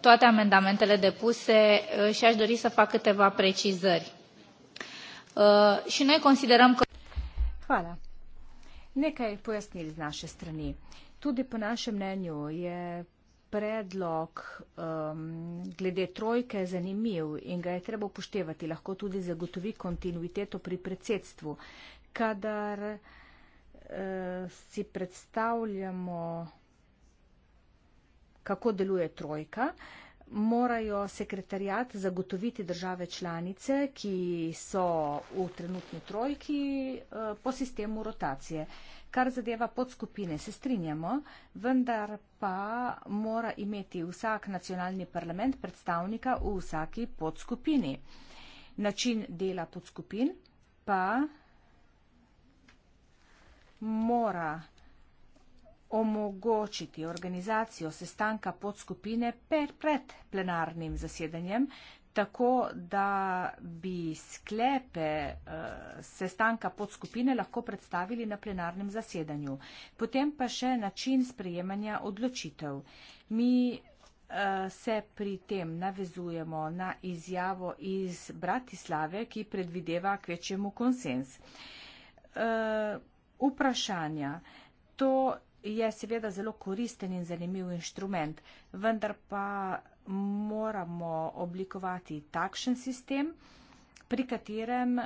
Toate amendamentele depuse eh, și aș dori să fac câteva precizări. Uh, noi considerăm că... Hvala. Nekaj pojasnili z naše strani. Tudi po našem mnenju je predlog um, glede trojke zanimiv in ga je treba upoštevati. Lahko tudi zagotovi kontinuiteto pri predsedstvu. Kadar uh, si predstavljamo, kako deluje trojka, uh, morajo sekretarjat zagotoviti države članice, ki so v trenutni trojki eh, po sistemu rotacije. Kar zadeva podskupine, se strinjamo, vendar pa mora imeti vsak nacionalni parlament predstavnika v vsaki podskupini. Način dela podskupin pa mora omogočiti organizacijo sestanka podskupine pred plenarnim zasedanjem, tako da bi sklepe eh, sestanka podskupine lahko predstavili na plenarnem zasedanju. Potem pa še način sprejemanja odločitev. Mi eh, se pri tem navezujemo na izjavo iz Bratislave, ki predvideva kvečjemu konsens. Uh, eh, vprašanja. To je seveda zelo koristen in zanimiv inštrument, vendar pa moramo oblikovati takšen sistem, pri katerem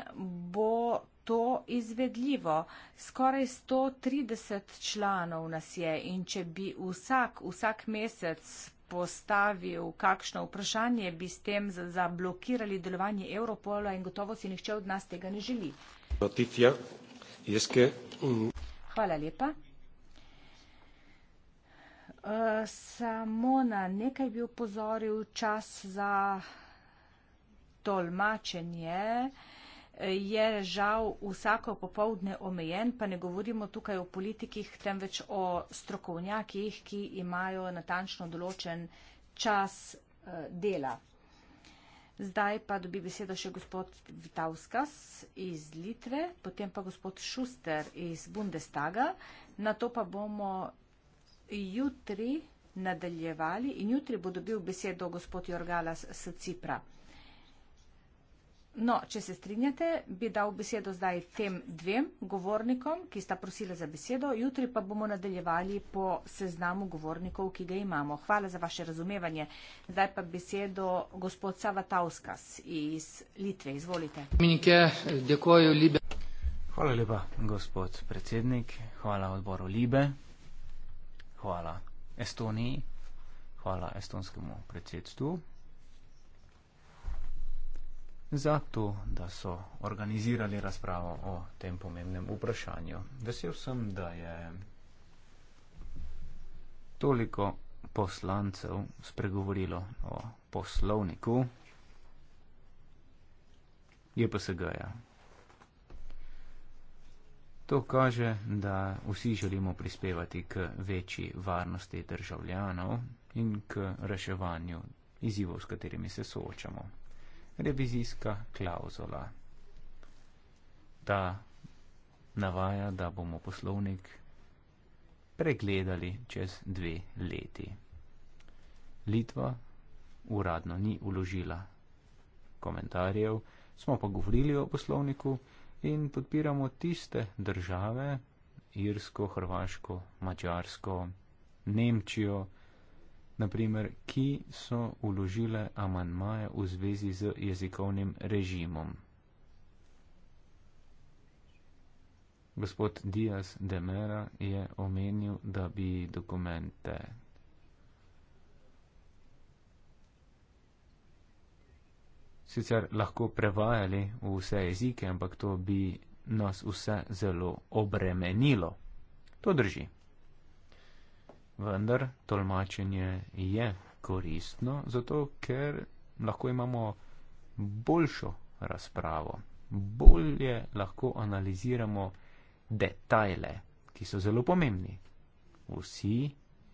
bo to izvedljivo. Skoraj 130 članov nas je in če bi vsak, vsak mesec postavil kakšno vprašanje, bi s tem zablokirali delovanje Europola in gotovo si nihče od nas tega ne želi. Hvala lepa. Eh, samo na nekaj bi upozoril čas za tolmačenje. Eh, je žal vsako popovdne omejen, pa ne govorimo tukaj o politikih, temveč o strokovnjakih, ki imajo natančno določen čas eh, dela. Zdaj pa dobi besedo še gospod Vitauskas iz Litve, potem pa gospod Šuster iz Bundestaga, na to pa bomo jutri nadaljevali in jutri bo dobil besedo gospod Jorgalas s Cipra. No, če se strinjate, bi dal besedo zdaj tem dvem govornikom, ki sta prosila za besedo, jutri pa bomo nadaljevali po seznamu govornikov, ki ga imamo. Hvala za vaše razumevanje. Zdaj pa besedo gospod Savatauskas iz Litve. Izvolite. Hvala lepa, gospod predsednik. Hvala odboru Libe hvala Estoniji, hvala estonskemu predsedstvu za to, da so organizirali razpravo o tem pomembnem vprašanju. Vesel sem, da je toliko poslancev spregovorilo o poslovniku JPSG-ja. To kaže, da vsi želimo prispevati k večji varnosti državljanov in k reševanju izzivov, s katerimi se soočamo. Revizijska klauzula. Ta navaja, da bomo poslovnik pregledali čez dve leti. Litva uradno ni uložila komentarjev, smo pa govorili o poslovniku in podpiramo tiste države, Irsko, Hrvaško, Mačarsko, Nemčijo, naprimer, ki so uložile amanmaje v zvezi z jezikovnim režimom. Gospod Dias de Mera je omenil, da bi dokumente sicer lahko prevajali v vse jezike, ampak to bi nas vse zelo obremenilo. To drži. Vendar tolmačenje je koristno, zato ker lahko imamo boljšo razpravo, bolje lahko analiziramo detajle, ki so zelo pomembni. Vsi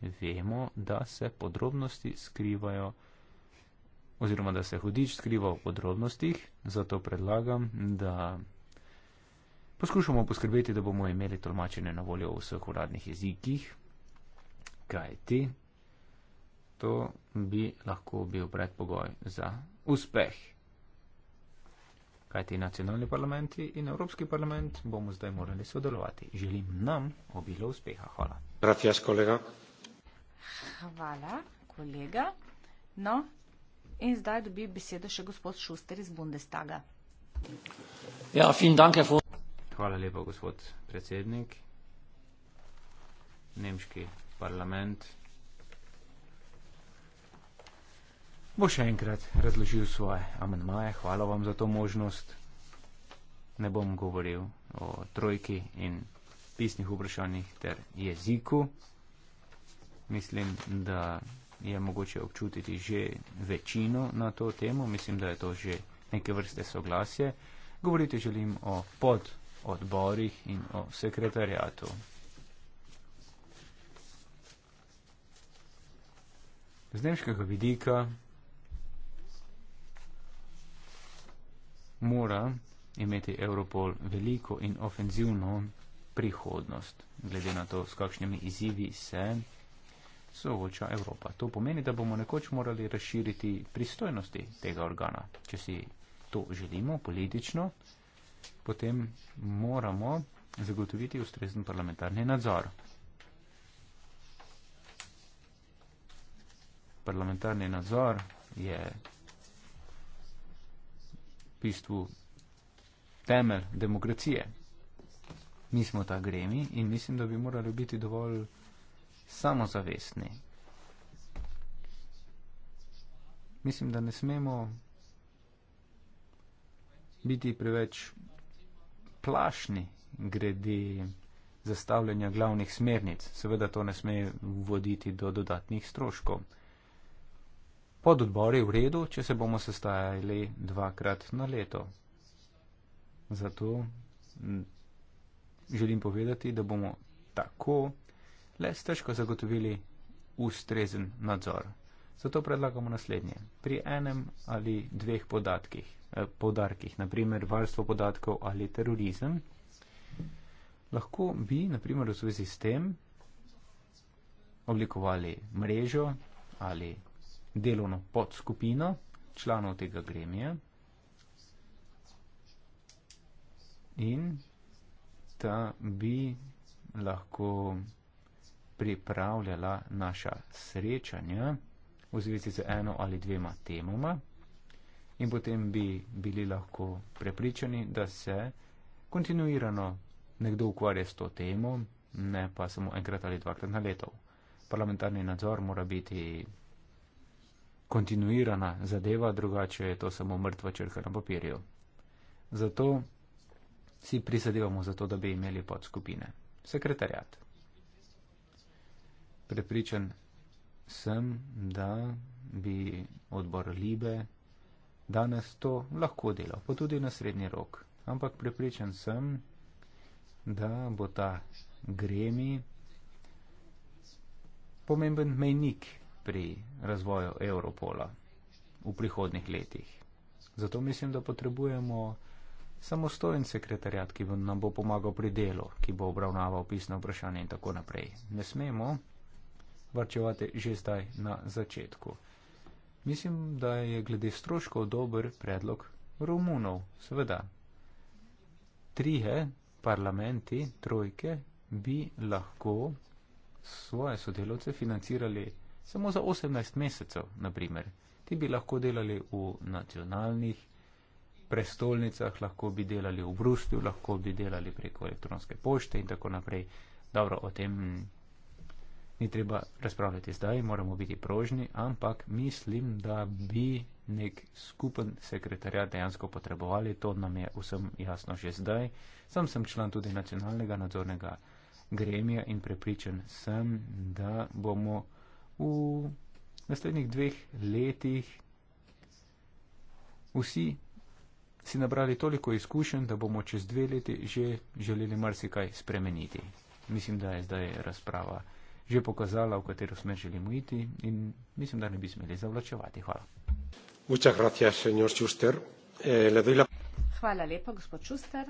vemo, da se podrobnosti skrivajo oziroma da se hudič skriva v podrobnostih, zato predlagam, da poskušamo poskrbeti, da bomo imeli tolmačenje na voljo v vseh uradnih jezikih, kaj ti, to bi lahko bil predpogoj za uspeh. Kaj ti nacionalni parlamenti in Evropski parlament bomo zdaj morali sodelovati. Želim nam obilo uspeha. Hvala. Gracias, kolega. Hvala, kolega. No, In zdaj dobi besedo še gospod Šuster iz Bundestaga. Ja, danke, Hvala lepa, gospod predsednik. Nemški parlament bo še enkrat razložil svoje amenmaje. Hvala vam za to možnost. Ne bom govoril o trojki in pisnih vprašanjih ter jeziku. Mislim, da je mogoče občutiti že večino na to temo, mislim, da je to že neke vrste soglasje. Govoriti želim o pododborih in o sekretarjatu. Z nemškega vidika mora imeti Europol veliko in ofenzivno prihodnost, glede na to, s kakšnimi izzivi se sooča Evropa. To pomeni, da bomo nekoč morali razširiti pristojnosti tega organa. Če si to želimo politično, potem moramo zagotoviti ustrezen parlamentarni nadzor. Parlamentarni nadzor je v bistvu temelj demokracije. Mi smo ta gremi in mislim, da bi morali biti dovolj samozavestni. Mislim, da ne smemo biti preveč plašni grede zastavljanja glavnih smernic. Seveda to ne sme voditi do dodatnih stroškov. Pod odbor je v redu, če se bomo sestajali dvakrat na leto. Zato želim povedati, da bomo tako le stežko zagotovili ustrezen nadzor. Zato predlagamo naslednje. Pri enem ali dveh podatkih, eh, podarkih, naprimer varstvo podatkov ali terorizem, lahko bi, naprimer v zvezi s tem, oblikovali mrežo ali delovno podskupino članov tega gremija in da bi lahko pripravljala naša srečanja v zvezi z eno ali dvema temama in potem bi bili lahko prepričani, da se kontinuirano nekdo ukvarja s to temo, ne pa samo enkrat ali dvakrat na leto. Parlamentarni nadzor mora biti kontinuirana zadeva, drugače je to samo mrtva črka na papirju. Zato si prizadevamo za to, da bi imeli podskupine. Sekretarjat prepričan sem, da bi odbor Libe danes to lahko delal, pa tudi na srednji rok. Ampak prepričan sem, da bo ta gremi pomemben mejnik pri razvoju Evropola v prihodnih letih. Zato mislim, da potrebujemo samostojen sekretarjat, ki nam bo pomagal pri delu, ki bo obravnaval pisne vprašanje in tako naprej. Ne smemo varčevati že zdaj na začetku. Mislim, da je glede stroškov dober predlog Romunov, seveda. Trije parlamenti, trojke, bi lahko svoje sodelovce financirali samo za 18 mesecev, naprimer. Ti bi lahko delali v nacionalnih prestolnicah, lahko bi delali v Bruslju, lahko bi delali preko elektronske pošte in tako naprej. Dobro, o tem ni treba razpravljati zdaj, moramo biti prožni, ampak mislim, da bi nek skupen sekretarjat dejansko potrebovali, to nam je vsem jasno že zdaj. Sam sem član tudi nacionalnega nadzornega gremija in prepričan sem, da bomo v naslednjih dveh letih vsi si nabrali toliko izkušenj, da bomo čez dve leti že želeli marsikaj spremeniti. Mislim, da je zdaj razprava že pokazala, v katero smer želimo iti in mislim, da ne bi smeli zavlačevati. Hvala. Eh, Hvala lepa, gospod Šuster.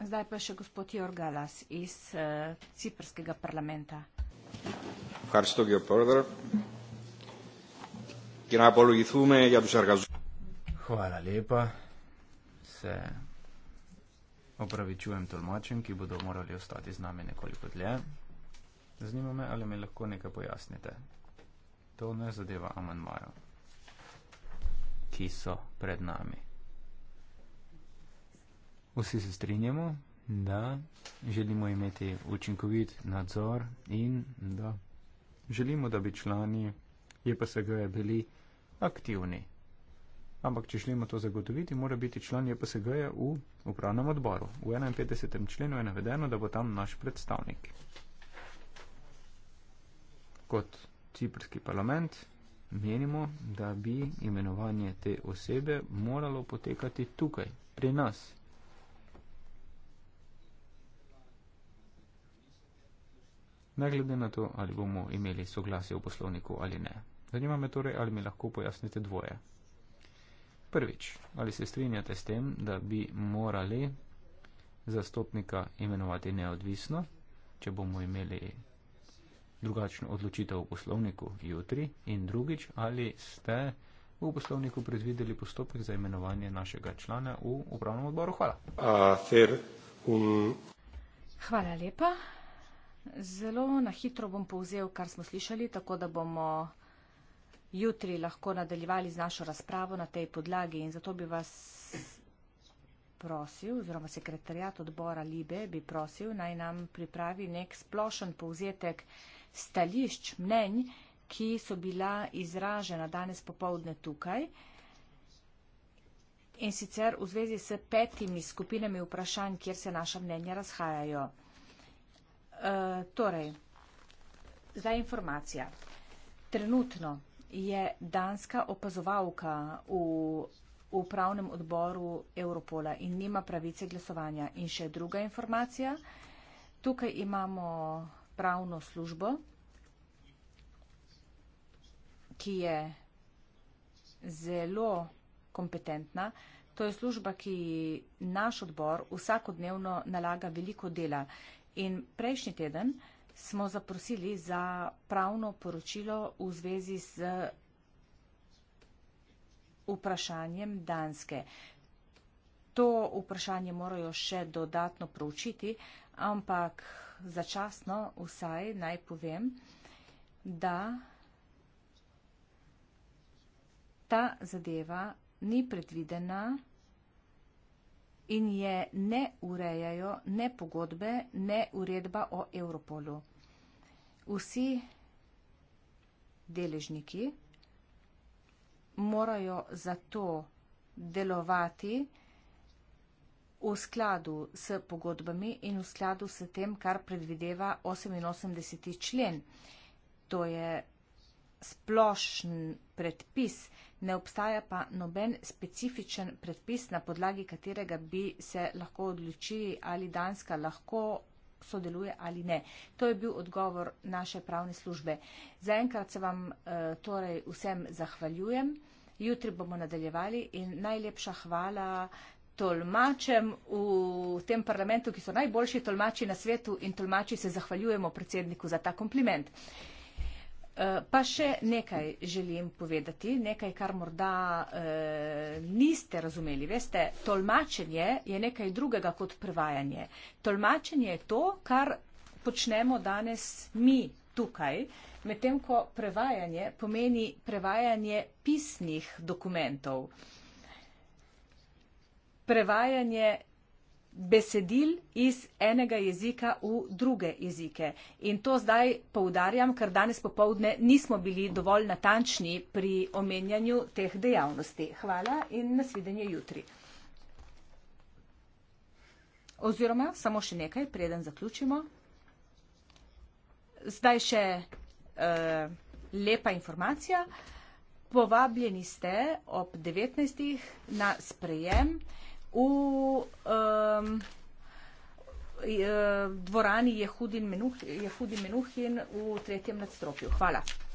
Zdaj pa še gospod Jorgalas iz uh, ciprskega parlamenta. Hvala lepa. Se opravičujem tolmačem, ki bodo morali ostati z nami nekoliko dlje. Zanima me, ali mi lahko nekaj pojasnite. To ne zadeva amanmajo, ki so pred nami. Vsi se strinjamo, da želimo imeti učinkovit nadzor in da želimo, da bi člani JPSG bili aktivni. Ampak, če želimo to zagotoviti, mora biti član JPSG v upravnem odboru. V 51. členu je navedeno, da bo tam naš predstavnik kot ciprski parlament menimo, da bi imenovanje te osebe moralo potekati tukaj, pri nas. Ne glede na to, ali bomo imeli soglasje v poslovniku ali ne. Zanima me torej, ali mi lahko pojasnite dvoje. Prvič, ali se strinjate s tem, da bi morali zastopnika imenovati neodvisno, če bomo imeli drugačno odločitev v poslovniku jutri in drugič, ali ste v poslovniku predvideli postopek za imenovanje našega člana v upravnem odboru. Hvala. A, un... Hvala lepa. Zelo na hitro bom povzel, kar smo slišali, tako da bomo jutri lahko nadaljevali z našo razpravo na tej podlagi in zato bi vas prosil, oziroma sekretarjat odbora Libe bi prosil, naj nam pripravi nek splošen povzetek stališč, mnenj, ki so bila izražena danes popovdne tukaj. In sicer v zvezi s petimi skupinami vprašanj, kjer se naša mnenja razhajajo. E, torej, zdaj informacija. Trenutno je danska opazovalka v upravnem odboru Europola in nima pravice glasovanja. In še druga informacija. Tukaj imamo pravno službo, ki je zelo kompetentna. To je služba, ki naš odbor vsakodnevno nalaga veliko dela. In prejšnji teden smo zaprosili za pravno poročilo v zvezi z vprašanjem Danske. To vprašanje morajo še dodatno proučiti, ampak začasno vsaj naj povem, da ta zadeva ni predvidena in je ne urejajo ne pogodbe, ne uredba o Europolu. Vsi deležniki morajo zato delovati, da je to, v skladu s pogodbami in v skladu s tem, kar predvideva 88. člen. To je splošen predpis, ne obstaja pa noben specifičen predpis, na podlagi katerega bi se lahko odločili, ali Danska lahko sodeluje ali ne. To je bil odgovor naše pravne službe. Zaenkrat se vam eh, torej vsem zahvaljujem. Jutri bomo nadaljevali in najlepša hvala tolmačem v tem parlamentu, ki so najboljši tolmači na svetu in tolmači se zahvaljujemo predsedniku za ta kompliment. Eh, pa še nekaj želim povedati, nekaj, kar morda eh, niste razumeli. Veste, tolmačenje je nekaj drugega kot prevajanje. Tolmačenje je to, kar počnemo danes mi tukaj, medtem ko prevajanje pomeni prevajanje pisnih dokumentov. Eh, prevajanje besedil iz enega jezika v druge jezike. In to zdaj poudarjam, ker danes popovdne nismo bili dovolj natančni pri omenjanju teh dejavnosti. Hvala in nasvidenje jutri. Oziroma, samo še nekaj, preden zaključimo. Zdaj še uh, lepa informacija. Povabljeni ste ob 19. na sprejem v um, dvorani Jehudin Menuhin, Jehudin Menuhin v tretjem nadstropju. Hvala.